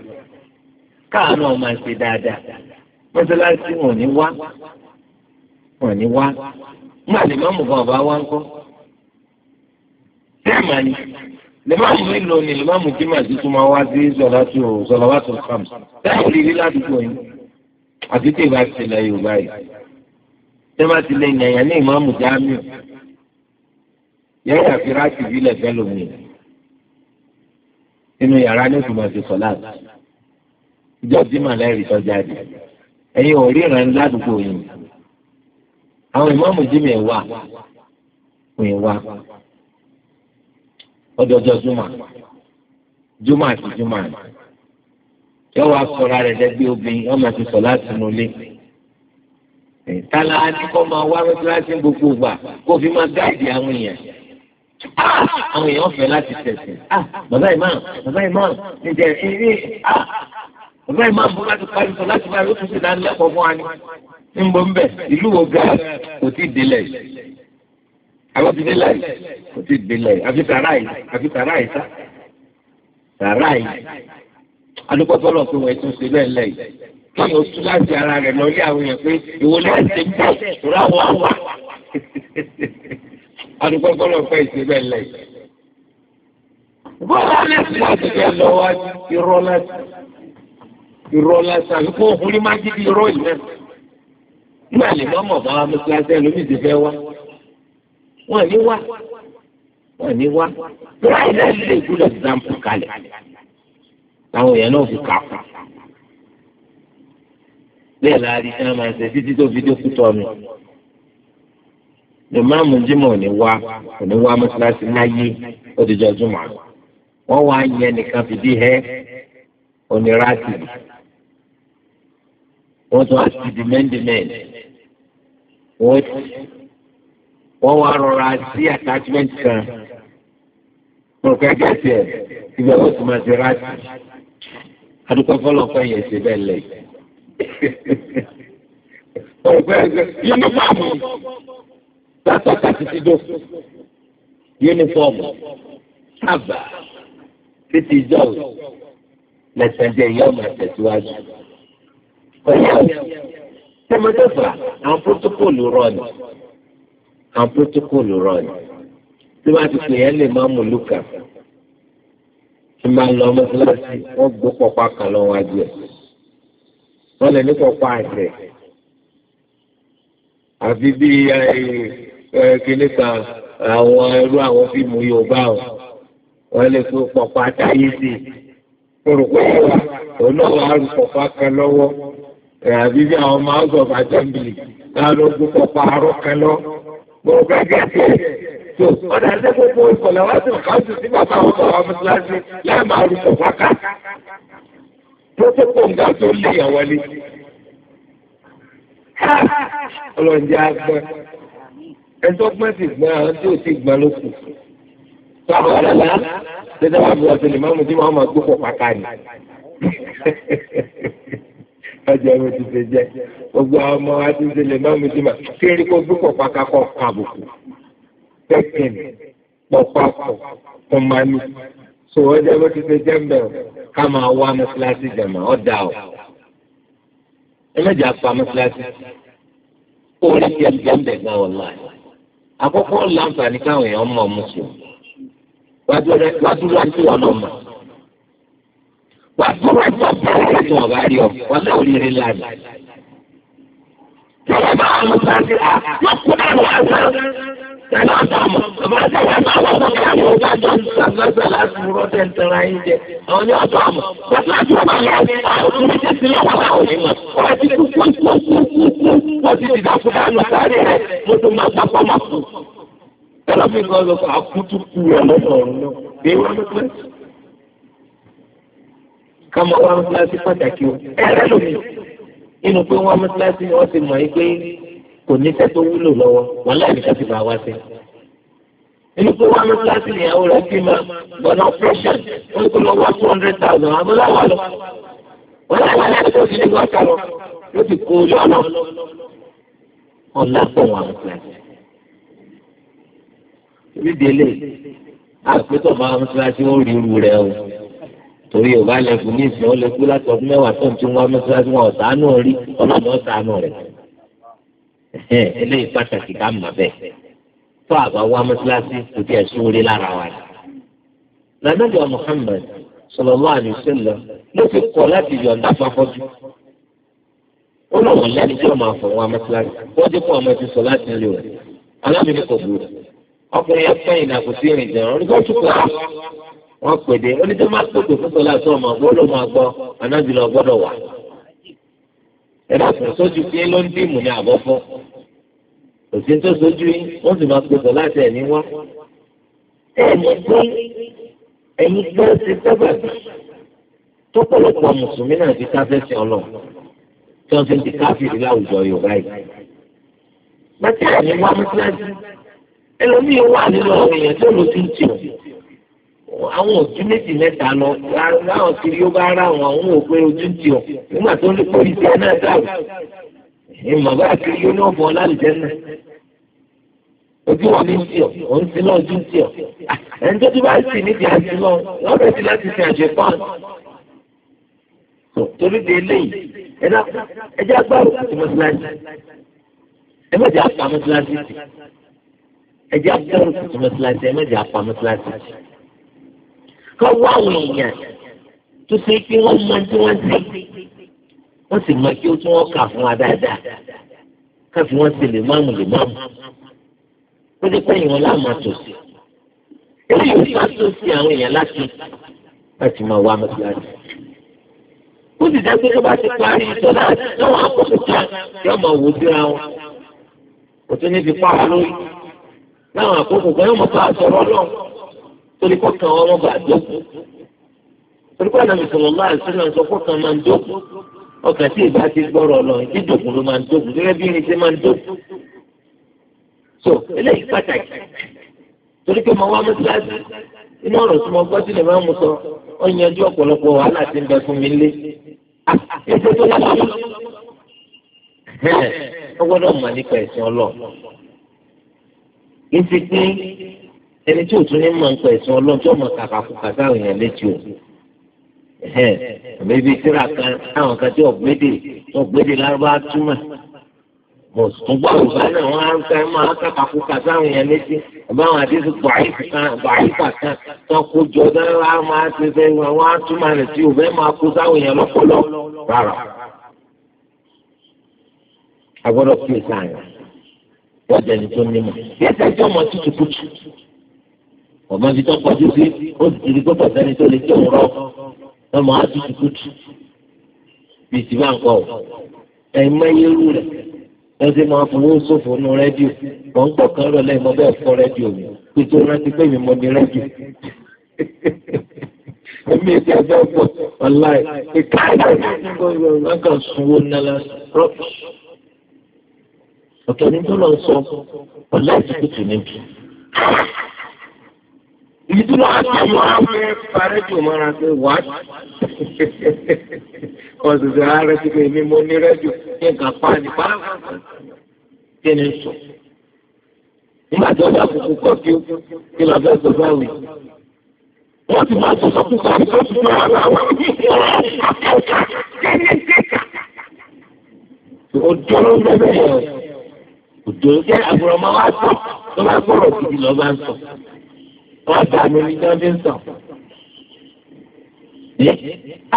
káàánú ọmọ ẹsẹ dáadáa mọ́sálásí wọn ò ní wá wọn ò ní wá má lè má mú kan ọba wá ńkọ́ tẹ́ẹ̀mà ni lè má mú ìlò ni lè má mú jimá tuntun máa wá sí sọlátù sọlọ́wátù kàmù tẹ́ẹ̀mù lè rí ládùúgbò yín àti tẹ́ẹ̀bà tilẹ̀ Yorùbá yìí tẹ́ẹ̀mà tilẹ̀ ìyànyàn ní ìmáàmù jámíù yẹ́n kà fi ráàtì bílẹ̀ fẹ́ lómi nínú yàrá ní ìfúnmọ̀ ti sọ̀ láti ìjọ dímà lẹ́rìí tó jáde ẹ̀yin ò ríran ládùúgbò yìí àwọn ìmọ̀ọ́mù dímà ẹ̀ wà ẹ̀ wà ọdọọdọ jùmọ̀ jùmọ̀ àti jùmọ̀ yọ wá sọ̀rọ̀ rẹ̀ dẹ́gbẹ́ obìnrin yọ máa ti sọ̀ láti nulẹ̀ tala ni kọ́ máa wá mẹ́tíláṣí gbogbo gbà kó fi máa gáàdì àwọn èèyàn àwọn èèyàn fẹ́ láti tẹ̀sìn ah, bàbá ìmọ̀ bàbá ìmọ̀ níjẹ̀ ilé bàbá ìmọ̀ bó láti parí sọ láti máa lókun sí ìdánilẹ́kọ̀ọ́ fún wa ni ń bọ̀ ń bẹ̀ ìlú wo ga kò tí ì délẹ̀ àwọn ti délẹ̀ kò tí ì délẹ̀ àfi tààrà yìí àfi tààrà yìí sá tààrà yìí adúgbò tó lọ pé wọ́n ti ń ṣe bẹ́ẹ̀ lẹ́yìn kí o tún láti ara rẹ̀ lọ ilé àwọn èèyàn pé ìwọlé àti ìgbà ìtura wà wà adúgbò gbọ́dọ̀ fẹ́ ìṣẹ̀lẹ̀ lẹ̀. bọ́lá ní ìsìn àti ìfẹ́ lọ wá irọ́ láti irọ́ láti àdúgbò òfurufú máa jí irọ́ yìí náà. nígbà lè má mọ̀ bá wa mú kíláṣí ẹlòmí ti fẹ́ wá. wọ́n ní wá wọ́n ní wá. láì láì lè gbúdọ̀ dàmpù kalẹ̀. táwọn èèyàn náà fi kà á bẹ́ẹ̀ la rí sáà máa ń ṣe títí tó fi dókítọ̀ mi ìmáàmù jimoh ò ní wá ò ní wá mọ́ṣáláṣí láyé ó ti jọ jùmọ̀ àná wọ́n wá yẹn nìkan fìdí hẹ́ onírásì wọ́n tún á di mẹ́ndìmẹ́ndì wọ́n wọ́n wá rọra sí attachment kan wọ́n fẹ́ gẹ̀ẹ́sì ẹ̀ ibẹ̀ wọ́n ti máa ti rásì adúpẹ́ fọlọ́fẹ́ yẹn ṣe bẹ́ẹ̀ lẹ̀ yìí. wọ́n fẹ́ yìí ló máa mú látọ̀ka títí dó yúnífọ́ọ̀mù àbá títí jọ́ọ̀ lẹ́sẹ̀jẹ̀ ìyá ọmọ àtẹ̀síwájú. Pẹ̀lú tẹmọtẹ́fà àwọn pótókòlù rọ̀nì àwọn pótókòlù rọ̀nì tí wọ́n ti pè é lè máa mú lùkà tí máa lọ mọ́tíláṣí wọ́n gbó pọ̀pá kan lọ wájú ẹ̀ wọ́n lè ní pọ̀pá àgbẹ̀ àfi bíi kíní kan àwọn irú àwọn fíìmù Yorùbá o wọ́n lè fi pọ̀pọ̀ àtàyè sí i orúkọ yìí wà òun náà wà á rú pọ̀pọ̀ kan lọ́wọ́ àbí bí àwọn ọmọ house of assembly náà ló gbé pọ̀pọ̀ àárọ̀ kan lọ gbọ́dọ̀ bá gẹ̀ẹ́sì tó ọ̀dà ẹ̀sẹ̀ gbogbo ìkọ̀lẹ̀ wá sí ọ̀káńtù sí bàbá àwọn ọmọ ọmọ láì máa rú pọ̀pọ̀ ká tó tó pọ̀ nígbà tó lé ìyàwó ni. ọlọ́njẹ́ á ẹjọ́ pẹ́ sì gbọ́n àwọn tí ò ti gbọ́n ló kù. Sọ́kọ̀ ọ̀làlá tẹ́tẹ́ wà bí ọ̀sẹ̀ lè máa mú tí wọ́n máa gbókò pàkà ni. Ọjọ́ ẹ̀rọ ti ṣe jẹ́ gbogbo àwọn ọmọ wa ti ṣe lè máa mú tí mà kéré kó gbókò pàkà kọ̀ kàbùkù. Pẹ́kìn pọ̀pọ̀pọ̀ kò máa ní. Sọ ọjọ́ ẹ̀rọ ti ṣe jẹ́ mbẹ̀ ká máa wá mọ́síláṣí jàmà ọ̀dà ọ̀. Ẹ mẹ́jà pa mọ́síláṣí. Ó rí ti ẹ̀ àkọ́kọ́ láǹfààní káwọn èèyàn mọ̀ mùsùlùmí wàdúrà tí wọn lọ mọ̀ wàdúrà tó bẹ̀rẹ̀ tí wọn bá rí ọ wọn náà rí rí lánàá. Tẹ̀lé bá wọn lọ sáà sí à yóò kú náà wọ́n sá. Tẹ̀lé ọ̀tọ̀ mọ̀ ọ̀bá ṣe wọ́n náà wọ́n mọ̀ kí àwọn ọ̀gá jọ sàgbàgbà láti rọ́ tẹ̀ntẹ̀rẹ̀ ayé jẹ. Àwọn ní ọ̀tọ̀ mọ̀ wàdúrà tí wọ́n bá lọ àwọn ọ̀tún ti ti lọ́wọ́ láwọn onímọ̀ wọ́n ti kú kú kú kú kú wọ́n ti dìdá kú dáná sá bá lọ pé àkútù kú ọlọ́pàá ọ̀run náà bí wọ́n lọ pẹ́. kámọ́ wá mọ́sálásí pàtàkì o ẹ̀rẹ́ lómi nínú pé wọ́n mọ́sálásí ni wọ́n ti mọ̀ yí pé kò ní sẹ́ tó wúlò lọ́wọ́ wọn láì níṣẹ́ ti bá wá sí. nínú pé wọ́n mọ́sálásí ni àwọn rẹ̀ fi máa gbọ́nà pẹ́ṣẹ̀ wọ́n kò lọ́wọ́ two hundred thousand abúláwà lọ. wọ́n láì wá láti tó fi ní lọ nídìí lè àpótò máa ń fúnra tí wọ́n rí irú rẹ̀ o torí yorùbá lẹ́kùn ní ìsìn ó lè kú láti ọdún mẹ́wàá tó ń tún wá mẹ́fúnra tí wọ́n ọ̀sánú rí ọlọ́run ọ̀sánú rẹ̀ eléyìí pàtàkì ká mọ̀ bẹ́ẹ̀ tó àbá wá mẹ́fúnraṣí kò tí ẹ̀ sún orí lára wa ni. nàdàbí Muhammad sallallahu alaihi wasallam ló fi kọ̀ láti yọ̀ǹda fáfọ́jú ó lọ́wọ́ lẹ́ni tí wọ́n máa fọ̀ wá mẹ́fúnraṣí wọ́n ti kọ́ ọkùnrin yẹn fẹ́ ìnà kò sí ìrìn jẹun oníkó tukọ̀ wọn pèdè oníjẹ́ máa pèpè fún sọlá tó ọmọ ọgbọ́n ló máa gbọ́ anájùlọ gbọ́dọ̀ wà. ẹ dàpọ̀ sójú pé ló ń dìmú ní àbọ̀ fún òsín tó sójú yín wọ́n sì máa pèsè láti ẹ̀ ní wá. ẹ̀yin pé ẹ̀yin pé ó ti dábàbí tó pọ̀lọpọ̀ mùsùlùmí náà ti káfẹ́ sí ọlọ tí wọ́n ti ń di káfíìrì láwùjọ Yorùbá yìí. bàtí àmì wá mọ́tíláṣí ẹlòmíì wà nínú àwọn èèyàn tí olùsí ń tì ọ́ àwọn òjú méjì mẹ́ta lọ láwọn kiri ó bá rà wọn àwọn òpin ojú ń tì nígbà tó lè kórìí ti náà dáhùn ẹ mọ̀ bá kiri yóò náà bọ̀ láǹjẹ́ náà ojú wọn ní sí ọ òun sí lọ ojú sí ọ ẹni tó ti bá sì níbi àti lọ lọ́dọ̀ sí láti fi àjẹ pọ́n torí de eléyìí ẹjẹ agbárò mọ́sálásí ẹ mọ̀jẹ̀ àpá mọ́sálásí ẹjẹ akẹ́rù tuntun mọ́tíláṣí ẹ̀mẹ́jẹ apá mọ́tíláṣí. kọ́ wá àwọn èèyàn tó ṣe pé wọ́n mọ tí wọ́n ṣe wọ́n sì mọ kí ó tún wọ́n kà fún wa dáadáa ká fi wọ́n ṣe lè máàmù lè máàmù. ó dé pẹ́yìn wọn láàmú àtòsí. èyí ò bá tó sí àwọn èèyàn láti láti máa wá mọ́tíláṣí. ó sì dá pé tó bá ti parí ìtọ́lá lọ́wọ́ àkókò yóò máa wò ó síra wọn. kò tún ní fi pààrọ̀ lórí láwọn àkókò kan yóò mọ̀ bá àtọ̀rọ̀ ọlọ́run torí kó kan ọmọ bá dókú torí kó àdàmì sọ̀rọ̀ bá àìsàn náà sọ kó kan máa ń dókú ọkàn tí ìbá ti gbọ́rọ̀ lọ dídòkú ló máa ń dókú gẹ́gẹ́ bí irin ṣe máa ń dókú. so eléyìí pàtàkì torí pé mo wá mú síláàsì inú ọ̀rọ̀ tí mo gbọ́ sílẹ̀ máa ń mu sọ ó yanjú ọ̀pọ̀lọpọ̀ wàhálà tí ń bẹ fún mi lé ah, ẹgbẹ́ tó wá lọ́wọ́ ọgbọ́dọ̀ mọ̀ nípa ẹ̀sìn ọlọ́ọ̀ kì í ṣe pé ẹni tí òtún ní mọ̀ ń pẹ̀ sọ ọlọ́jọ́ mọ̀ kàkàkùkà táwọn èèyàn létí o àmì ibi tíra kan táwọn kan tí ọ̀gbẹ́dẹ ọ̀gbẹ́dẹ lárúbá túmọ̀ mọ̀tòkúgbà òbá náà wọ́n á ń fẹ́ máa kàkàkùkà táwọn èèyàn létí àbáwọn àdéhùn bàáyífà kan tó kó jọ dáná máa ṣe fẹ́ wọn á túmọ̀ rẹ̀ tí òbẹ́ máa kó táwọn èèyàn lọ́pọ̀lọ́ rárá. agbọ́dọ̀ fi ọjà ẹni tó nímọ̀ bí ẹsẹ̀ tí ọmọ tutù kutù ọmọ ibi tó pọ̀jù sí ó sì ti gbọ́dọ̀ sẹ́ni tó lè tí òun rọ ọmọ á tutù kutù bí ti bá ń kọ́ ẹ̀mọ iye rú rẹ̀ lọ́sẹ̀ máa fowó ṣòfò nù rẹ́díò wọ́n ń gbọ́ kan rọ̀ lẹ́yìn bẹ́ẹ̀ fọ́ rẹ́díò mi pé tó rántí pé mi mọ́ ní rẹ́díò èmi ti ẹgbẹ́ pọ̀ ọ̀la ẹ̀ ká ẹ̀ ẹ̀ ọ̀tọ̀ ní tó lọ sọ ọ̀la ìsìkìtì níbi. Ìdí tí wọ́n á ti mọ àwọn parí tó mọ́ra pé wá. Wọ́n sì sọ ààrẹ tí mi mo ní rẹ́díò ní nǹkan pàdé pàápàá. Kí ni sọ? Nígbà tí wọ́n bá kókó kọ́ kí ó kí lọ fẹ́ sọ báwì. Wọ́n ti máa sọ sọ́kùnkọ́ àti tó ti máa wà wọ́n ní ìwọ̀n àkọ́kọ́. Ó dúró lẹ́bẹ̀ẹ́ òjò jẹ́ àbúrọ̀mọ́ wa sọ tó bá gbọ́rọ̀ gidi lọ bá ń sọ wọ́n dà mí ní jọ́ndé ń sọ.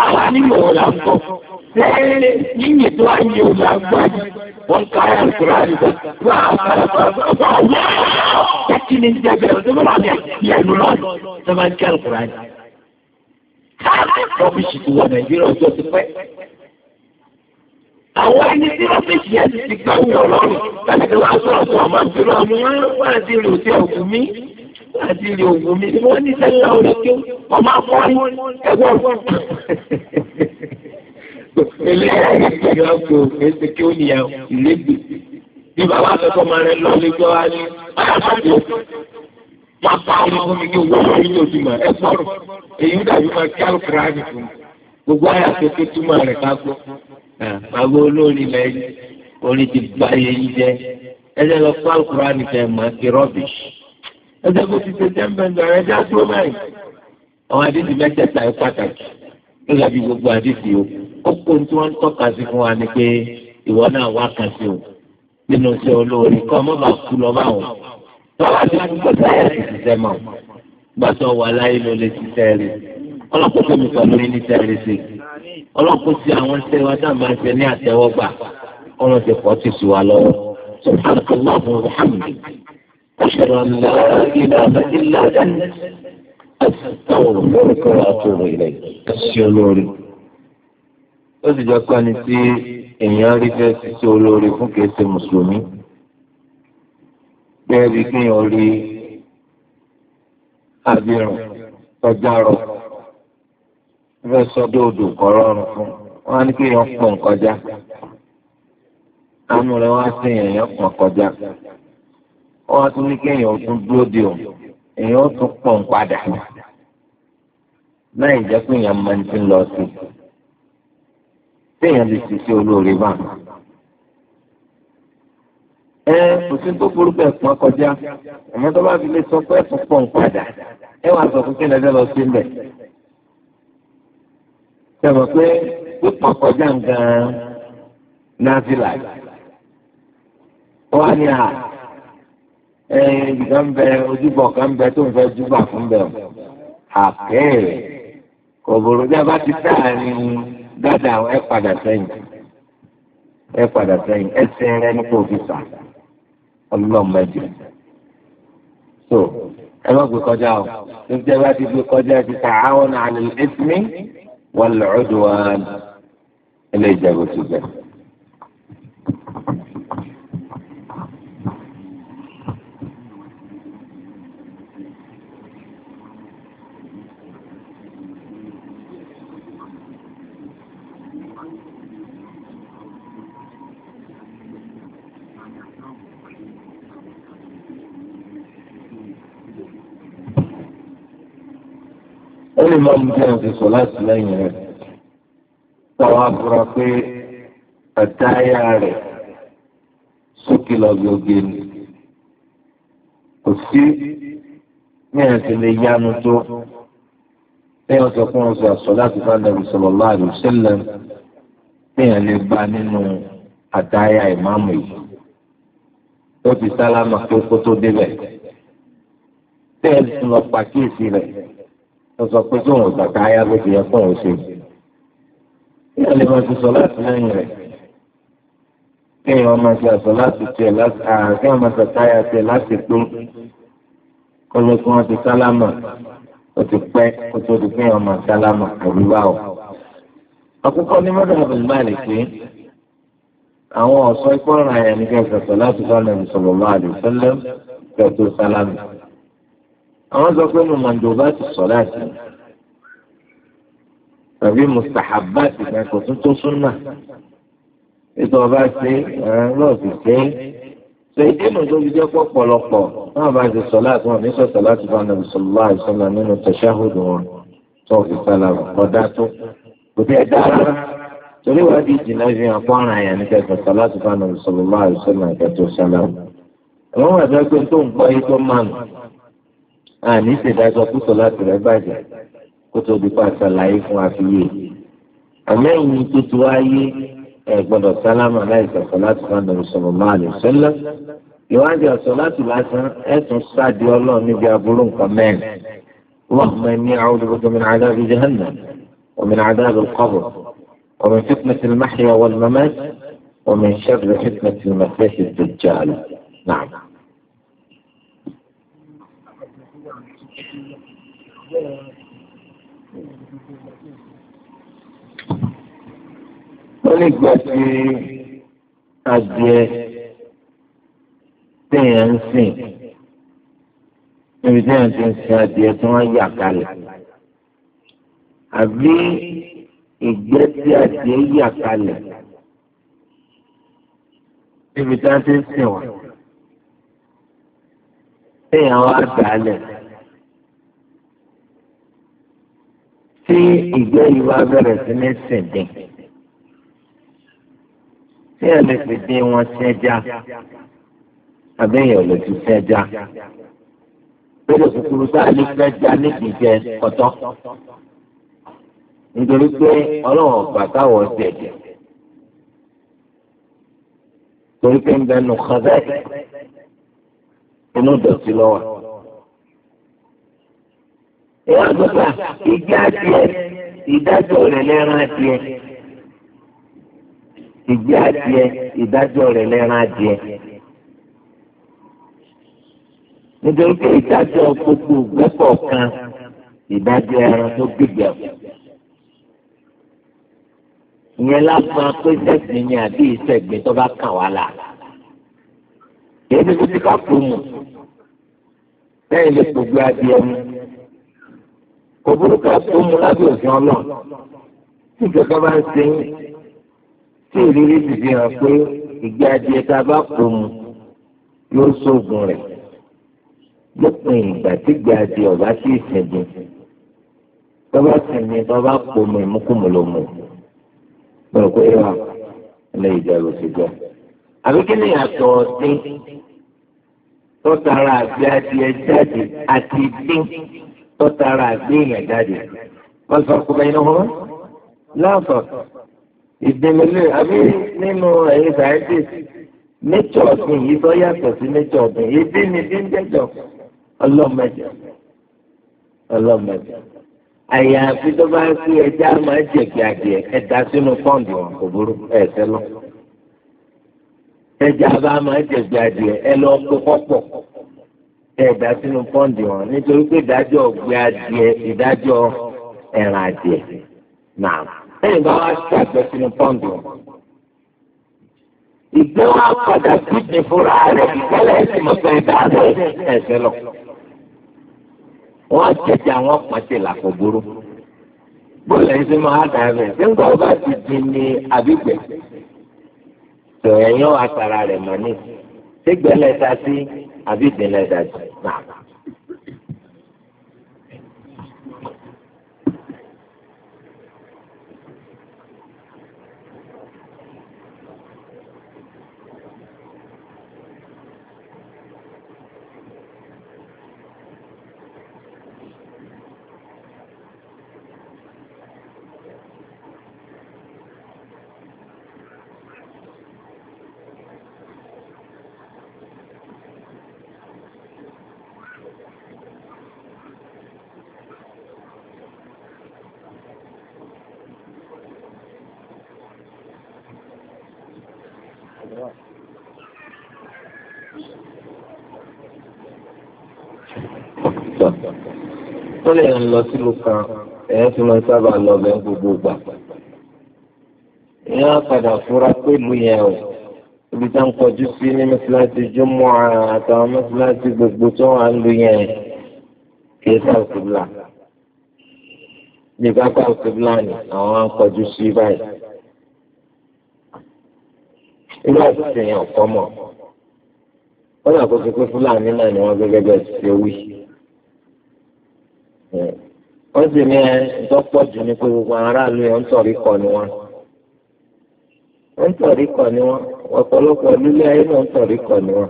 Àwa nínú wọn là ń bọ̀. Lẹ́yìn níyìn tó wáyé o là ń gbọ́ yìí. Wọ́n ká yà ń kúrò àdìgbà. Wọ́n á fara fara fara wọ́n. Tẹ́tí ni ń ọ̀dọ́ bá wà ní ẹnu lọ́dún. bá ń kẹ́ àlùkùrọ̀ àdìgbà. Káàkiri ọ̀bí ti wọ Nàìjíríà ọjọ́ ti pẹ́ àwọn ẹni tí wọ́n fèsì yẹn ti gbá mi ọlọ́run láti wá sọ̀rọ̀ sọ̀rọ̀ ọmọ ìbílẹ̀ ọmọ wọn àti rí òsì ògùn mi àti rí ògùn mi ni wọ́n ní sẹ́yìn àwọn ọ̀rẹ́ kí ọmọ akọrin ẹgbẹ́ ọ̀gbọ́n. ilé ìgbà kò fèsì kí ó nìyà ìlégbè bí bàbá akẹ́kọ̀ọ́ máa rẹ lọ lẹ́jọ́ wa ní pátápátó máa pa ọmọ mi kí owó mi ní àwọn olórin ilẹ̀ yìí orin ti bá yẹ yìí jẹ́ ẹjẹ́ lọ fún àkùrá nìkan mọ̀ ti rọ́bìṣì ẹjẹ́ kó ti ṣe jẹ́mbẹ̀ndọ̀ rẹ̀ já dúró báyìí àwọn àdìsí mẹ́tẹ̀ẹ̀ta ẹ̀ pàtàkì nígbà bí gbogbo àdìsí o ó kó tí wọ́n ń tọ́ka sí fún wa ni pé ìwọ náà wá kan sí o nínú iṣẹ́ olórin kọ́ mọ́ bá kú lọ báwọn tọ́wọ́ ti gbogbo sáyà ti ṣiṣẹ́ mọ́ ọlọ́run kò sí àwọn ṣẹ́ wa tá a máa ṣe ní àtẹ́wọ́gbà ọlọ́run ti pọ̀ ti sùn wa lọ́wọ́ سبحانك اللهم وبحمدك أشهد أن لا إله إلا أنت أستغفرك وأتوب ó sì jẹ́ pé tí èèyàn rí fẹ́ sí sí olóore fún kìí ṣe mùsùlùmí bẹ́ẹ̀ bí kéèyàn rí abirùn tọ́jà rọ̀. fẹ́ sọdọ́ odò kọ́ ọrụ fún wọn á kí èèyàn pọ̀ nkọjá àánú rẹ̀ wá sí èèyàn pọ̀ nkọjá wọn tún ní kí èèyàn tún dúró de èèyàn tún pọ̀ pé èèyàn máa ń ti lọ sí i lè ṣiṣẹ́ olóore bá ẹ sọ pé pọ̀ sọ fún kí ẹ sọ̀rọ̀ pé pípọ̀ kọjá nǹkan nàfìlà wọ́n ní à ìgbà ń bẹ ojúbọ kan bẹ tó ń fẹ́ júbà fún bẹ o àkẹ́rẹ́ kòbòrò bí a bá ti dá àárín dáadáa ẹ padà sẹ́yìn ẹ padà sẹ́yìn ẹsẹ̀ rẹ ní kò sà ọlọ́mọdé so ẹ má gbé kọjá o tó ń tẹ́ bá ti gbé kọjá ti sà áwọn àlè ẹ́sìmí wal udwan ẹlẹ́jà bó ti jẹ́. lè máa mú jẹun ti sọ láti lẹ́yìn rẹ̀ táwọn afura pé àtàyà rẹ̀ sókè lọ́gbẹ̀ oge ni kò sí ní ẹ̀sìn lè yánu tó lẹ́yìn ọ̀sẹ̀ fún ọ̀sẹ̀ àṣọ láti bá nàbì sallallahu alaihi wasallam lẹ́yìn lè bá nínú àtàyà ìmáàmù yìí ó ti sálámà pé kó tó débẹ̀ bẹ́ẹ̀ ló lọ pàkíyèsí rẹ̀ sọsọ pé kí òun gbàtà ayá bó ti yẹ kó òun ṣe yóò lè máa ti sọ láti lẹ́yìn rẹ̀ kéèyàn máa ti àṣọ láti tiẹ̀ láti kéèyàn máa tẹ̀ka ayá tiẹ̀ láti pé kó ló kí wọ́n ti sálámà ó ti pẹ́ kó tó di kéèyàn máa sálámà àríwá o. àkọ́kọ́ ní mọ́tò àbẹ̀lẹ̀ máa pé àwọn ọ̀ṣọ́ ìkọ́ra ẹ̀yàn kẹsàn-án láti bá nàìjíríà sọ̀rọ̀ máa lè fẹ́lẹ́ kẹ́ tó sálámà àwọn sọ pé mọ̀mọ́dọ̀bá ti sọ láti tàbí mùsàhábà ti fẹ́ kò tún tó súnà ètò ọba ṣe lọ́ọ̀sì ṣe ṣe ìdínà tó fi jẹ́ pọ̀pọ̀lọpọ̀ náà bá ti sọ láti wọn ní sọ̀tọ̀ láti bá nàbì sọ̀lá àìsọ̀lá nínú tẹ̀síáhùdù wọn tó fi sálà kọ́dá tó kò tẹ́ dára torí wàá di ìjìnlá fi hàn fọ́nrán àyà ní kẹsàn-án láti bá nàbì sọ̀lá àní ìṣèdájọ́ kúsọ̀ láti rẹ̀ bàjẹ́ kó tó di pàṣẹ láyé fún àfiyè àmọ́ ẹ̀yin tó ti wáyé ẹ̀ gbọ́dọ̀ sálámà láì sọ̀tọ̀ láti fún àdàlù sọ̀rọ̀ máa lè sẹ́lẹ̀ ìwádìí ọ̀sọ̀ láti lásán ẹ̀sùn sáàdì ọlọ́run níbi aburú nǹkan mẹ́rin wọ́n mọ ẹni àwọn olùkọ́ min adhabi jahannam wa min adhabi al-qabr wa min fitnati al-mahya wal-mamat wa min sharri fitnati al-masih ad-dajjal na'am. ó lè gbà adìẹ téèyàn ń sìn níbi téèyàn ti ń sin adìẹ tí wọ́n yà kalẹ̀ àbí ìgbẹ́ tí adìẹ yà kalẹ̀ níbi tí wọ́n ti ń sìn wọ́n téèyàn wá dálẹ̀ tí ìgbẹ́ yìí wá bẹ̀rẹ̀ sí ní sìndín tí ẹ̀ lè pèsè wọn ṣẹ́já àbẹ́yẹ̀ lè fi ṣẹ́já lórí kúkúrú sáà lè ṣẹ́já nídìí jẹ ọ̀tọ̀ nítorí pé ọlọ́run ọ̀gbà táwọn ọ̀sẹ̀ jẹ torí pé ń bẹnu xọ́bẹ́ẹ̀ inú dọ̀tí lọ́wọ́. ìwà gbọ́dọ̀ ìjà tiẹ̀ ìdájọ́ rẹ̀ lẹ́ran tiẹ̀ ìjà tiẹ̀ ìdájọ́ rẹ̀ lẹ́ran tiẹ̀. nítorí pé ìdájọ́ gbogbo gbẹ́pọ̀ kan ìdájọ́ ẹran tó gbìgbẹ́ ọ̀. ìyẹn lásán pé sẹ́gbìn ni àbí ìsẹ̀gbìn tó bá kàn wá là èyí tó ti ká kú mu bẹ́ẹ̀ lè gbogbo adìẹ mu kò burú ká kú mu lábẹ́ òfin ọlọ́run tí ìjọba bá ń ṣe ń tí ìrírí ti fi hàn pé ìgbé adìẹ tá a bá kú mu yóò sóògùn rẹ̀ lópin ìgbà tí ìgbé adìẹ ọ̀bá sí ìsìnkú tọ́ba sìnkú tọ́ba kú mu ìmúkùmùlùmù lọ́kọ́ ìwà ilé ìjọba òṣèjọ́ àbíkí ni àtọ̀ ọ̀sìn tọ́tara àgbé adìẹ jáde àti dín tọ́tara àgbé èèyàn jáde. wọ́n sọ pé inú wọn láàbọ̀ ìdílé àbí nínú ẹ̀yìn scientist nature ọ̀sìn yìí sọ yàtọ̀ sí nature ọ̀gbìn ebi ni bí ń jẹjọ ọlọ́mọdé ọlọ́mọdé àyàfi tó bá ń sí ẹja máa ń jẹ̀kí adìẹ ẹ̀dá sínú pọ́ǹdì wọn kò burú ẹ̀ẹ́sẹ̀ lọ. ẹja bá máa jẹ̀bi adìẹ ẹ lọ kó sínú wọn nítorí pé ìdájọ́ ọ̀gbẹ adìẹ ìdájọ́ ẹ̀ràn adìẹ náà ẹ̀yìn bá wá ṣàgbẹ́ sínú wọn. ìgbẹ́ wa padà kíjì fúnra rẹ̀ ìgbẹ́lẹ̀ ẹ̀sìn rẹ̀ ẹ̀sẹ̀ lọ. wọ́n pàṣẹ ẹ̀sìn máa dà rẹ̀ bá ti di ní tòun yẹn wà sára rẹ̀ mọ́ ní. ṣé gbẹ́lẹ̀ ta sí àbí ìdílé dàjú sọ ó lè ń lọ sílùú kan ẹ̀yẹ́ tí wọ́n sábà lọ bẹ́ ń gbogbo gbà. ìyá padà fura pé yẹn o ibi tá ń kọjú sí ní mẹ́sàlásì júmọ́ àtàwọn mẹ́sàlásì gbogbo tó wà ń lu yẹn kìí sá òkúbla. bí pápá òkúbla ni àwọn ń kọjú sí báyìí. irú àtúnṣe yẹn ọ̀pọ̀ mọ̀. ó yà kó fi pé fúlàní náà ni wọ́n gẹ́gẹ́ bẹ́ẹ̀ ti ṣe sì ní ẹ jù ní pé gbogbo aráàlú yẹn kọ ni wọn. ń tọ̀rí kọ ni wọn ọ̀pọ̀lọpọ̀ nílé ayé náà ń tọ̀rí kọ ni wọn.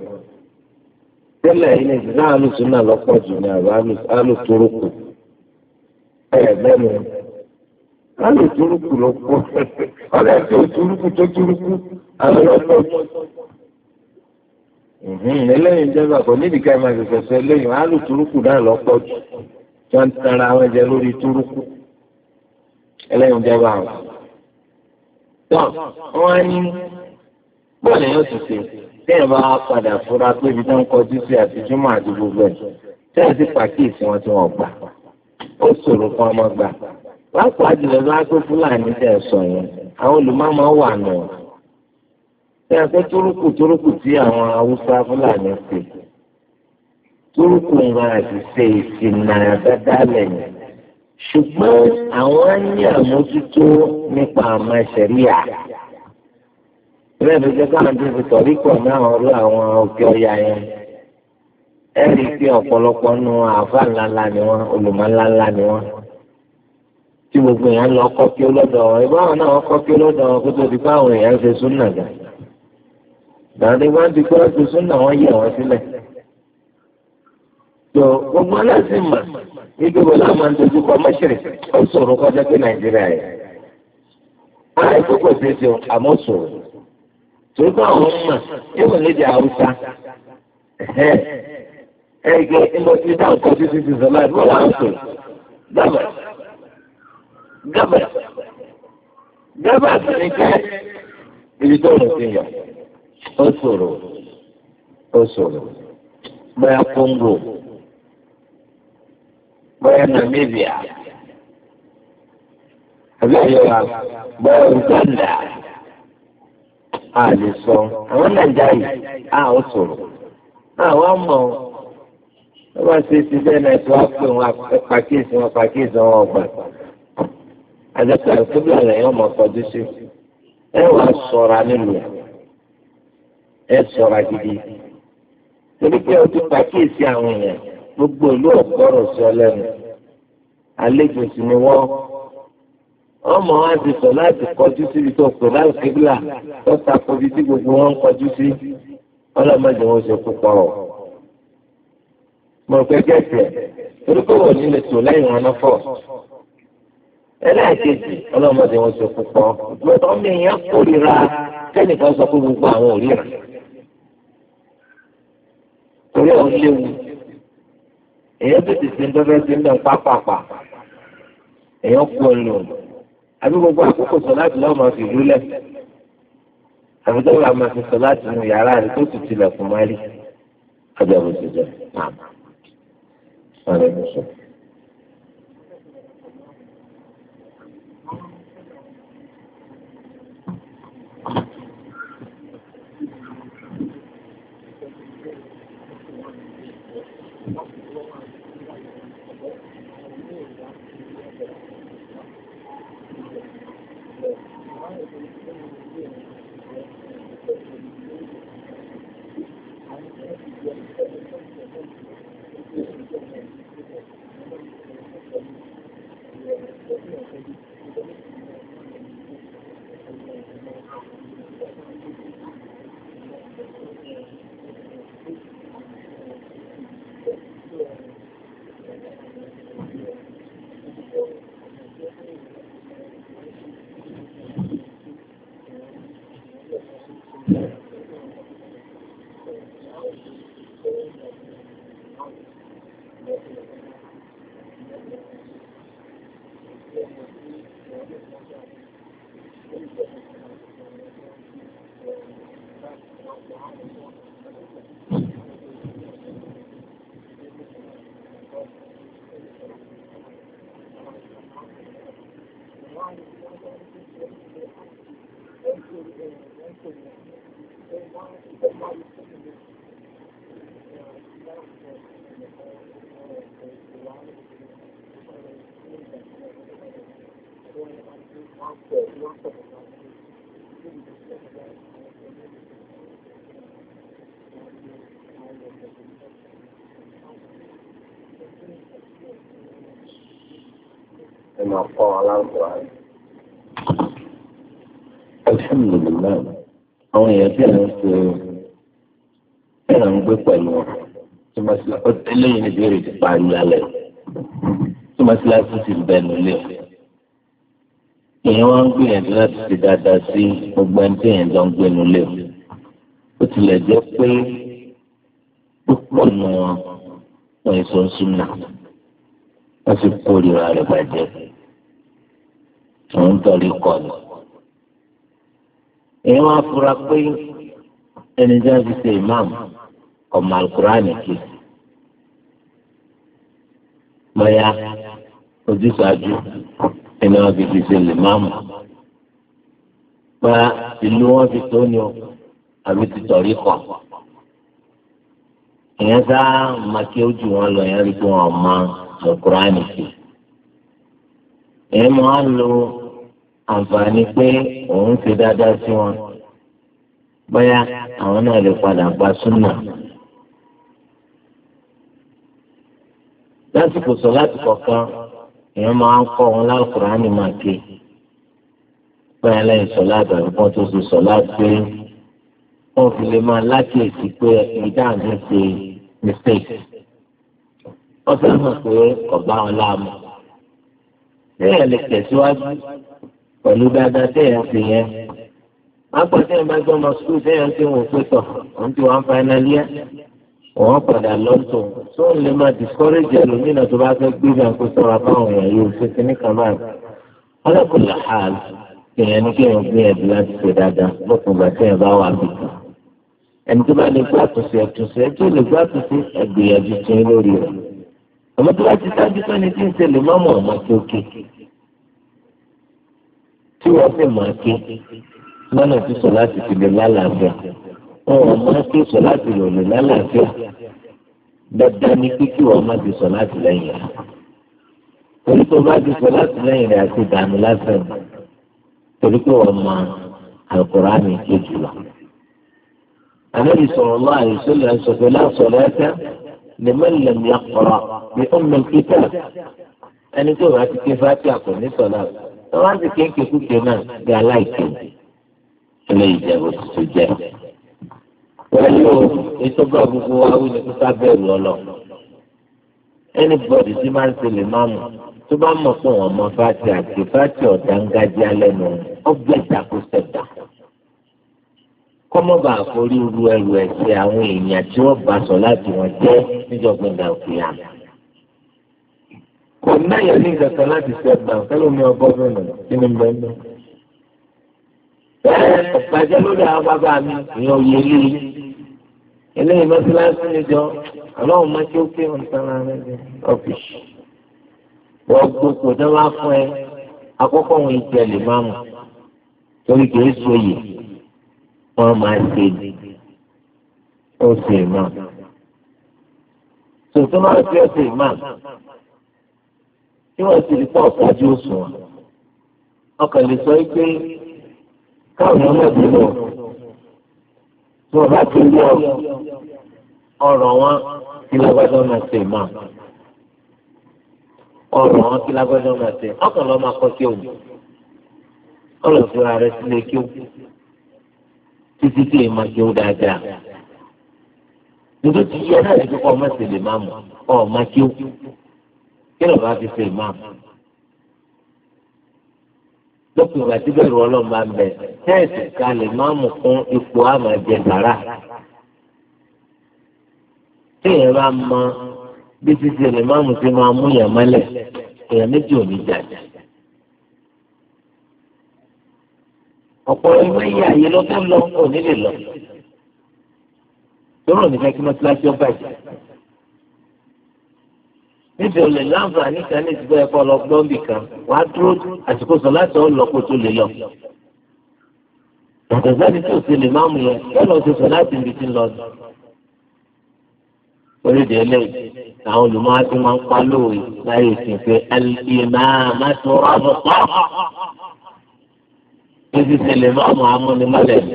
tẹ́lẹ̀ yìí ní ìdílé àlùsùn náà lọ́pọ̀ jù ní àbá àlùtúrùkù. ẹ̀ bẹ́ẹ̀ni àlùtúrùkù ló pọ̀ ọ̀rẹ́ tó túrùkù tó túrùkù jẹ́ bàbá onídìí ká tí wọ́n ń tanra àwọn ẹ̀jẹ̀ lórí túrúkù ẹlẹ́yìn ìjọba àwọn. tó wọ́n á ní bọ́ọ̀lù yóò ti ṣe tẹ́yìn bá padà fura pé ibi tó ń kọjú sí àtijọ́mọ́ àti gbogbo ẹ̀ tẹ́yìn sì pàkíyèsí wọn tí wọ́n gbà ó ṣòro fún ọmọ gbà. wọ́n pa jùlọ bá tó fúlàní tẹ̀ sọ yẹn àwọn olùmọ́mọ́ wà nù. tẹ́yìn pé túrúkù túrúkù tí àwọn haúsá fúlàní ṣe lórúkọ máa ti ṣe ìsìnà dáadáa lẹ́yìn ṣùgbọ́n àwọn á ní àmójútó nípa àmọ́ ṣẹ̀ríà. ìwé ìbùjẹ́ káwọn tó ti tọ̀rí pọ̀ náà ọ̀rọ̀ àwọn òkè ọ̀yà yẹn. ẹ rí i pé ọ̀pọ̀lọpọ̀ nu àáfà ńláńlá ni wọ́n olùmọ̀ ńláńlá ni wọ́n. tí gbogbo èèyàn lọ kọ́ kí ó lọ́dọ̀ ìbá àwọn náà wọ́n kọ́ kí ó lọ́dọ̀ kó tó di pé àwọn èèyàn ń ṣe súnà gà. dàdé wọn ti gbọ́ ṣe n'o gbogbo náà mà níbi wo la máa ń dojú kọ mọ́ṣẹ̀rẹ̀ ó ṣòro kọjá pé nàìjíríà yẹ. láì tó kò ṣeé ṣe àmọ́ ṣòro tó bá àwọn mà yóò lédè haúsá ẹ ẹ gẹ ìmọ̀tí dáhùn kan títí ti sọ láì bọ́lá sì ibi tó rùn sí yọ ó ó bóyá Namibia abẹ́yẹwà bóyá Uganda a lè sọ àwọn Nàìjíríà a ò sọ̀rọ̀ àwọn mọ̀ wọ́n bá ṣe ti bẹ́ẹ̀ náà tí wọ́n pè wọ́n pàkíyèsí wọn pàkíyèsí wọn ọgbà àjọpọ̀ àkúbíà lẹ́yìn ọmọ kọjú sí ẹ wà ṣọ́ra nínú ẹ ṣọ́ra gidi torí pé o ti pàkíyèsí àwọn èèyàn gbogbo ìlú ọ̀gbọ́rọ̀ sí ọ lẹ́nu àlejò sì ni wọ́n ọmọ wa ti sọ láti kọjú síbi tó pè láì kíbla tó takò ibi tí gbogbo wọn ń kọjú sí ọlọ́mọdé wọn ṣe púpọ̀ ọ̀. mo fẹ́ gẹ̀ẹ́sì orúkọ wò ní lè tò lẹ́yìn wọn fọ̀. ẹlẹ́ẹ̀kejì ọlọ́mọdé wọn ṣe púpọ̀ gbọ́dọ̀ mi yẹn kórìíra kẹ́nìkan sọ pé gbogbo àwọn ò ríra. torí àwọn léwu èyàn tètè sí ǹdọ́fẹ́ sí ǹdọ́ pápápá èyàn kú ọ̀nà àbí gbogbo àkókò sọ láti lọ́ọ́ máa fi rúlẹ̀ àbí tó wà máa fi sọ láti nu yàrá rẹ̀ tó ti tilẹ̀kùn máa rí ọjọ́ bó ti jẹ́ àmà. aláǹfààní. alhamdulilayi àwọn èèyàn tí a ń ṣe ẹ̀ ń gbé pẹ̀lú eléyìí ni ìbéèrè ti parí lálẹ́ tí mọ́síláṣí ti bẹ̀nu lé èèyàn wá ń gbìyànjú láti ṣe dáadáa sí gbogbo ẹni tí èèyàn jọ ń gbénu lé ó tilẹ̀ jẹ́ pé púpọ̀ nù wọn wọn èso ń súnmọ́ wọ́n sì kórìíra rẹ̀ bàjẹ́ òun tọ̀lé kọ̀ ni. èyí wá fura pé ẹni tí wọ́n fi ṣe ìmáàmù ọmọ alukurani kì í. mọ́yá ojúṣàájú ẹni wọ́n fi fi ṣe ìmáàmù. gba ìlú wọn fi tó ni o àbí ti tọ̀rí kọ̀. ìyẹn sáà máa kí ojú wọn lọ yẹn rí pé wọn máa alukurani kì ẹ̀ máa lo àǹfààní pé òun ti dáadáa sí wọn bóyá àwọn náà lè padà gba súnà. lásìkò sọ láti kọ̀ọ̀kan èèyàn máa ń kọ́ wọn lálùkùránì máa ké bóyá lẹ́yìn sọ láti àdúgbò tó ti sọ láti pé wọ́n fi lè máa lákèésí pé ìdáhùn ti mistake. wọ́n fẹ́ràn pé ọ̀gá wọn láàmú téèyàn lè tẹ̀síwájú pẹ̀lú dáadáa téèyàn sì yẹn. Àpò téèyàn bá gbọ́ ọmọ sùkúl téèyàn ti wò pé tọ̀ wọ́n ti wọ́n fainali yá. Wọ́n padà lọ́tọ̀ tó ń lè máa discourage ẹlòmínà tó bá fẹ́ gbé bá kó sọ̀rọ̀ fáwọn èèyàn yóò ṣe kíní kan báyìí. Ọlọ́kùnrin làhàl èèyàn ní kéèyàn gbé ẹ̀dù láti ṣe dáadáa lókun ìgbà téèyàn bá wà àmọ́ tó bá ti sáájú sẹ́ni tí ń tẹ̀lé mọ́mọ́ ọmọ tó ké tí wọ́n sì máa ké lọ́nà tí sọ láti fi lè lálàáfíà wọn ò máa ké sọ láti lò lè lálàáfíà dáadáa ní kíkí wọn máa ti sọ láti lẹ́yìn rẹ̀ torí tó bá ti sọ láti lẹ́yìn rẹ̀ àti dànù lásán torí pé wọn máa àkùrá mi ké jùlọ. àlẹ́ ìsọ̀rọ̀ lọ́wọ́ àìsílẹ̀ sọ̀tẹ̀ láṣọ̀rọ̀ ẹ̀tẹ́. لمن لم يقرأ بأم الكتاب ẹni tó bá ti ké fati àpò ní sọlá tó bá ti kéńké kúkè náà bí aláìké ilé ìjẹ̀bù tuntun jẹ. pẹ̀lú ètò bá gbogbo awí ni kúta bẹ̀rù ọlọ. ẹni bọ́dì tí máa ń ṣe lè máa mọ̀ tó bá mọ̀ fún ọmọ fati àti fati ọ̀dàǹgájá lẹ́nu ọgbẹ́ta kó sẹ̀dá kọ́mọ́bà àforí ru ẹrù ẹ̀ṣẹ̀ àwọn èèyàn tí wọ́n bá sọ láti wọ́n jẹ́ níjọba ìdàkúyà. kò náyà ní ìdàkọ láti ṣe ẹgbà fẹlẹmi ọgọ́rùn nínú mẹnu. ọ̀pàjẹ́ lórí àwọn bàbá mi ìyàn òye lé eléyìí mọ́sálásí ni jọ ọlọ́run máa ṣe ó pé wọn tán ara rẹ ọ́fíìsì. wọ́n gbogbo dáná fún ẹ akọ́kọ́ wọn ìjẹ lè máa wọ́n máa ṣe ó ṣe ìmọ̀. Tòótọ́ máa fi ọ̀sẹ̀ ìmọ̀ tí wọ́n ti rí pọ̀ ṣáájú òṣùwọ̀n. Ọkàn lè sọ pé káwọn ọlọ́dún lọ tí wọ́n bá ti rí ọ̀rọ̀ wọn kí lágbájọ́ máa ṣe ìmọ̀. Ọ̀rọ̀ wọn kí lágbájọ́ máa ṣe ọkàn lọ́ máa kọ́ sí òun. Ọlọ́dún ara rẹ̀ sílé kí ó kú títí tí èèmọ ṣe ó dáadáa nítorí tí yíyá náà ti kọ́ ọmọ ìṣẹ̀lẹ̀ máa mọ̀ ọ́ ọmọ kí ó kí lọ́ba fi ṣe ìmáàmù lópin ìgbà tí bẹ́ẹ̀ rú ọlọ́run bá ń bẹ̀ tẹ́ẹ̀sì ká lè máa mú fún ipò àmàjẹ sàrà. téèyàn bá mọ bí títí lè máa mú sí máa mú yàn mọ́lẹ̀ ò ní jàjà. ọ̀pọ̀ ìwé ìyá yìí ló fẹ́ lọ òní lè lọ lóró nìkan kí mọ́tíláṣí ó bàjẹ́ níbi olè láǹfààní kan ní ìdìbò ẹ̀kọ́ ọlọ́gbọ́n bì kan wàá dúró àsìkò sọ láti ọ̀ lọ́pọ̀ tó lè lọ. Yàtọ̀ sẹ́ni tó ti lè máa mú yẹn kí ọlọ́ọ̀ ti sọ láti ibi tí ń lọ sí. Oríṣi eléyìí àwọn olùmọ̀ọ́ ti máa pa lóore láyé ìsìn pé ẹlẹ́màá ní ṣíṣe lè máa mọ amúnimálẹ̀ ni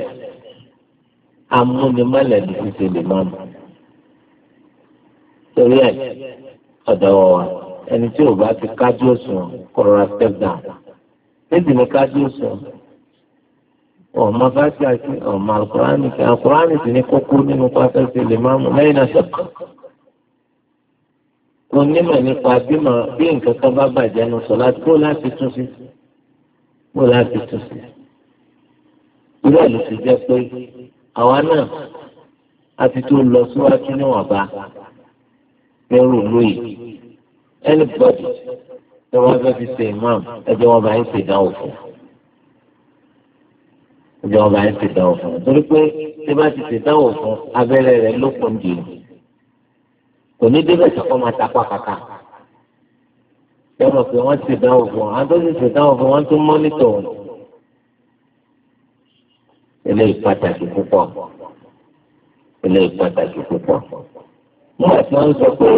amúnimálẹ̀ ní ṣíṣe lè máa mọ. torí ẹ̀ ọ̀dọ̀ wa ẹni tí ò bá ti kájú òṣùwọ̀n kọ̀ọ̀rọ̀ ra step down níbi ní kájú òṣùwọ̀n ọmọ bá ti àti ọmọ alukurani ti alukurani ti ní kókó nínú pàtàkì lè máa mú lẹ́yìn náà sọ̀kọ̀. onímọ̀ nípa bímọ bí nǹkan kan bá bàjẹ́ nu sọ láti kó láti tún sí kó láti tún sí bẹ́ẹ̀ ló ti jẹ́ pé àwa náà a ti tó lọ síwájú níwọ̀nba lẹ́rù lóye anybody tí wọ́n fẹ́ fi ṣe imam ẹjọ́ wọn bá ń ṣe ìdánwò fún ẹjọ́ wọn bá ń ṣe ìdánwò fún torí pé tí bá ti ṣe ìdánwò fún abẹ́rẹ́ rẹ̀ ló pọ̀ jù kò ní débẹ̀ sọ́kọ́ máa ta pàkàkà yọ̀rọ̀ pé wọ́n ti ṣe ìdánwò fún àwọn tó ti ṣe ìdánwò fún wọn tó mọ́nítọ̀ wọn eléyìí pàtàkì púpọ̀ eléyìí pàtàkì púpọ̀. nígbà tí wọ́n ń sọ pé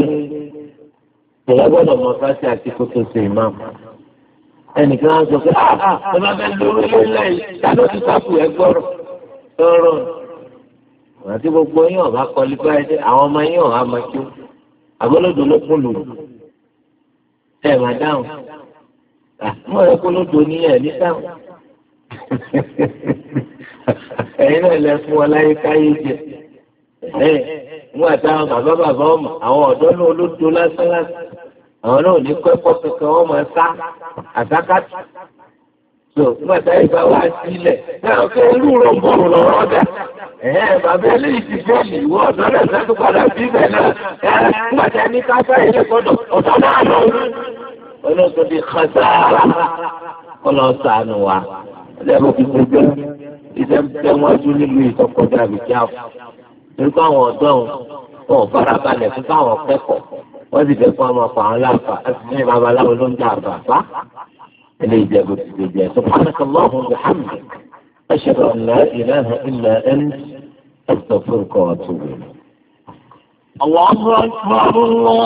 ìyá gbọ́dọ̀ mọ fásitì àti kótó sí ìmọ̀ ẹnìkan á sọ pé ah, ah, ẹ bá fẹ́ lórí ilé ìdáná ti sáfù ẹ gbọ́rọ̀ lọ́rọ̀ àti gbogbo yín ọ̀bá kọlífà ẹ̀dẹ́ àwọn ọmọ yín ọ̀há máa kí ó àbọ̀lódò ló kún lòlù ẹ̀ máa dáhùn àmọ́ ẹ̀ kó lódò ní ẹ̀ ní dáhùn. ẹ̀yìn náà lẹ fún ọ láyé káyé jẹ ẹ̀ wọ́n àtàwọn bàbá bàbá ọmọ àwọn ọ̀dọ́ náà olódo lásán lásán àwọn náà ò ní kọ́ ẹ̀kọ́ kankan wọ́n máa sá àsákàtì so nígbàtà ìgbà wá sílẹ̀ náà fẹ́ irú rọ̀mọ̀rọ̀ lọ́rọ̀ ọ̀dà ẹ̀ẹ́ bàbá eléyìí ti fẹ́ ìwọ ọ̀dọ́ náà sẹ́tù padà síbẹ̀ náà nígbàtà ní káfá ilé gbọ́dọ̀ ọ̀dọ́ náà lọ. olóòtú di kọ́sára kọ́ lọ sànù wa lẹ́nu ti ṣe jẹ́ iṣẹ́ ń tẹ́ wájú nílùú ìtọ́kọjá àbíkí àfọ̀ nípa àwọn ọ̀dọ́ wọn ò fara balẹ̀ fún báwọn kẹ́kọ̀ọ́ wọ́n sì fẹ́ fún ọmọ àwọn láǹfà láti ní babaláwo ló ń dá àbàbá ilé ìjẹ̀bù ti ṣe jẹ́ سبحانك اللهم وبحمدك أشهد أن لا إله إلا أنت أستغفرك وأتوب إليك الله أكبر الله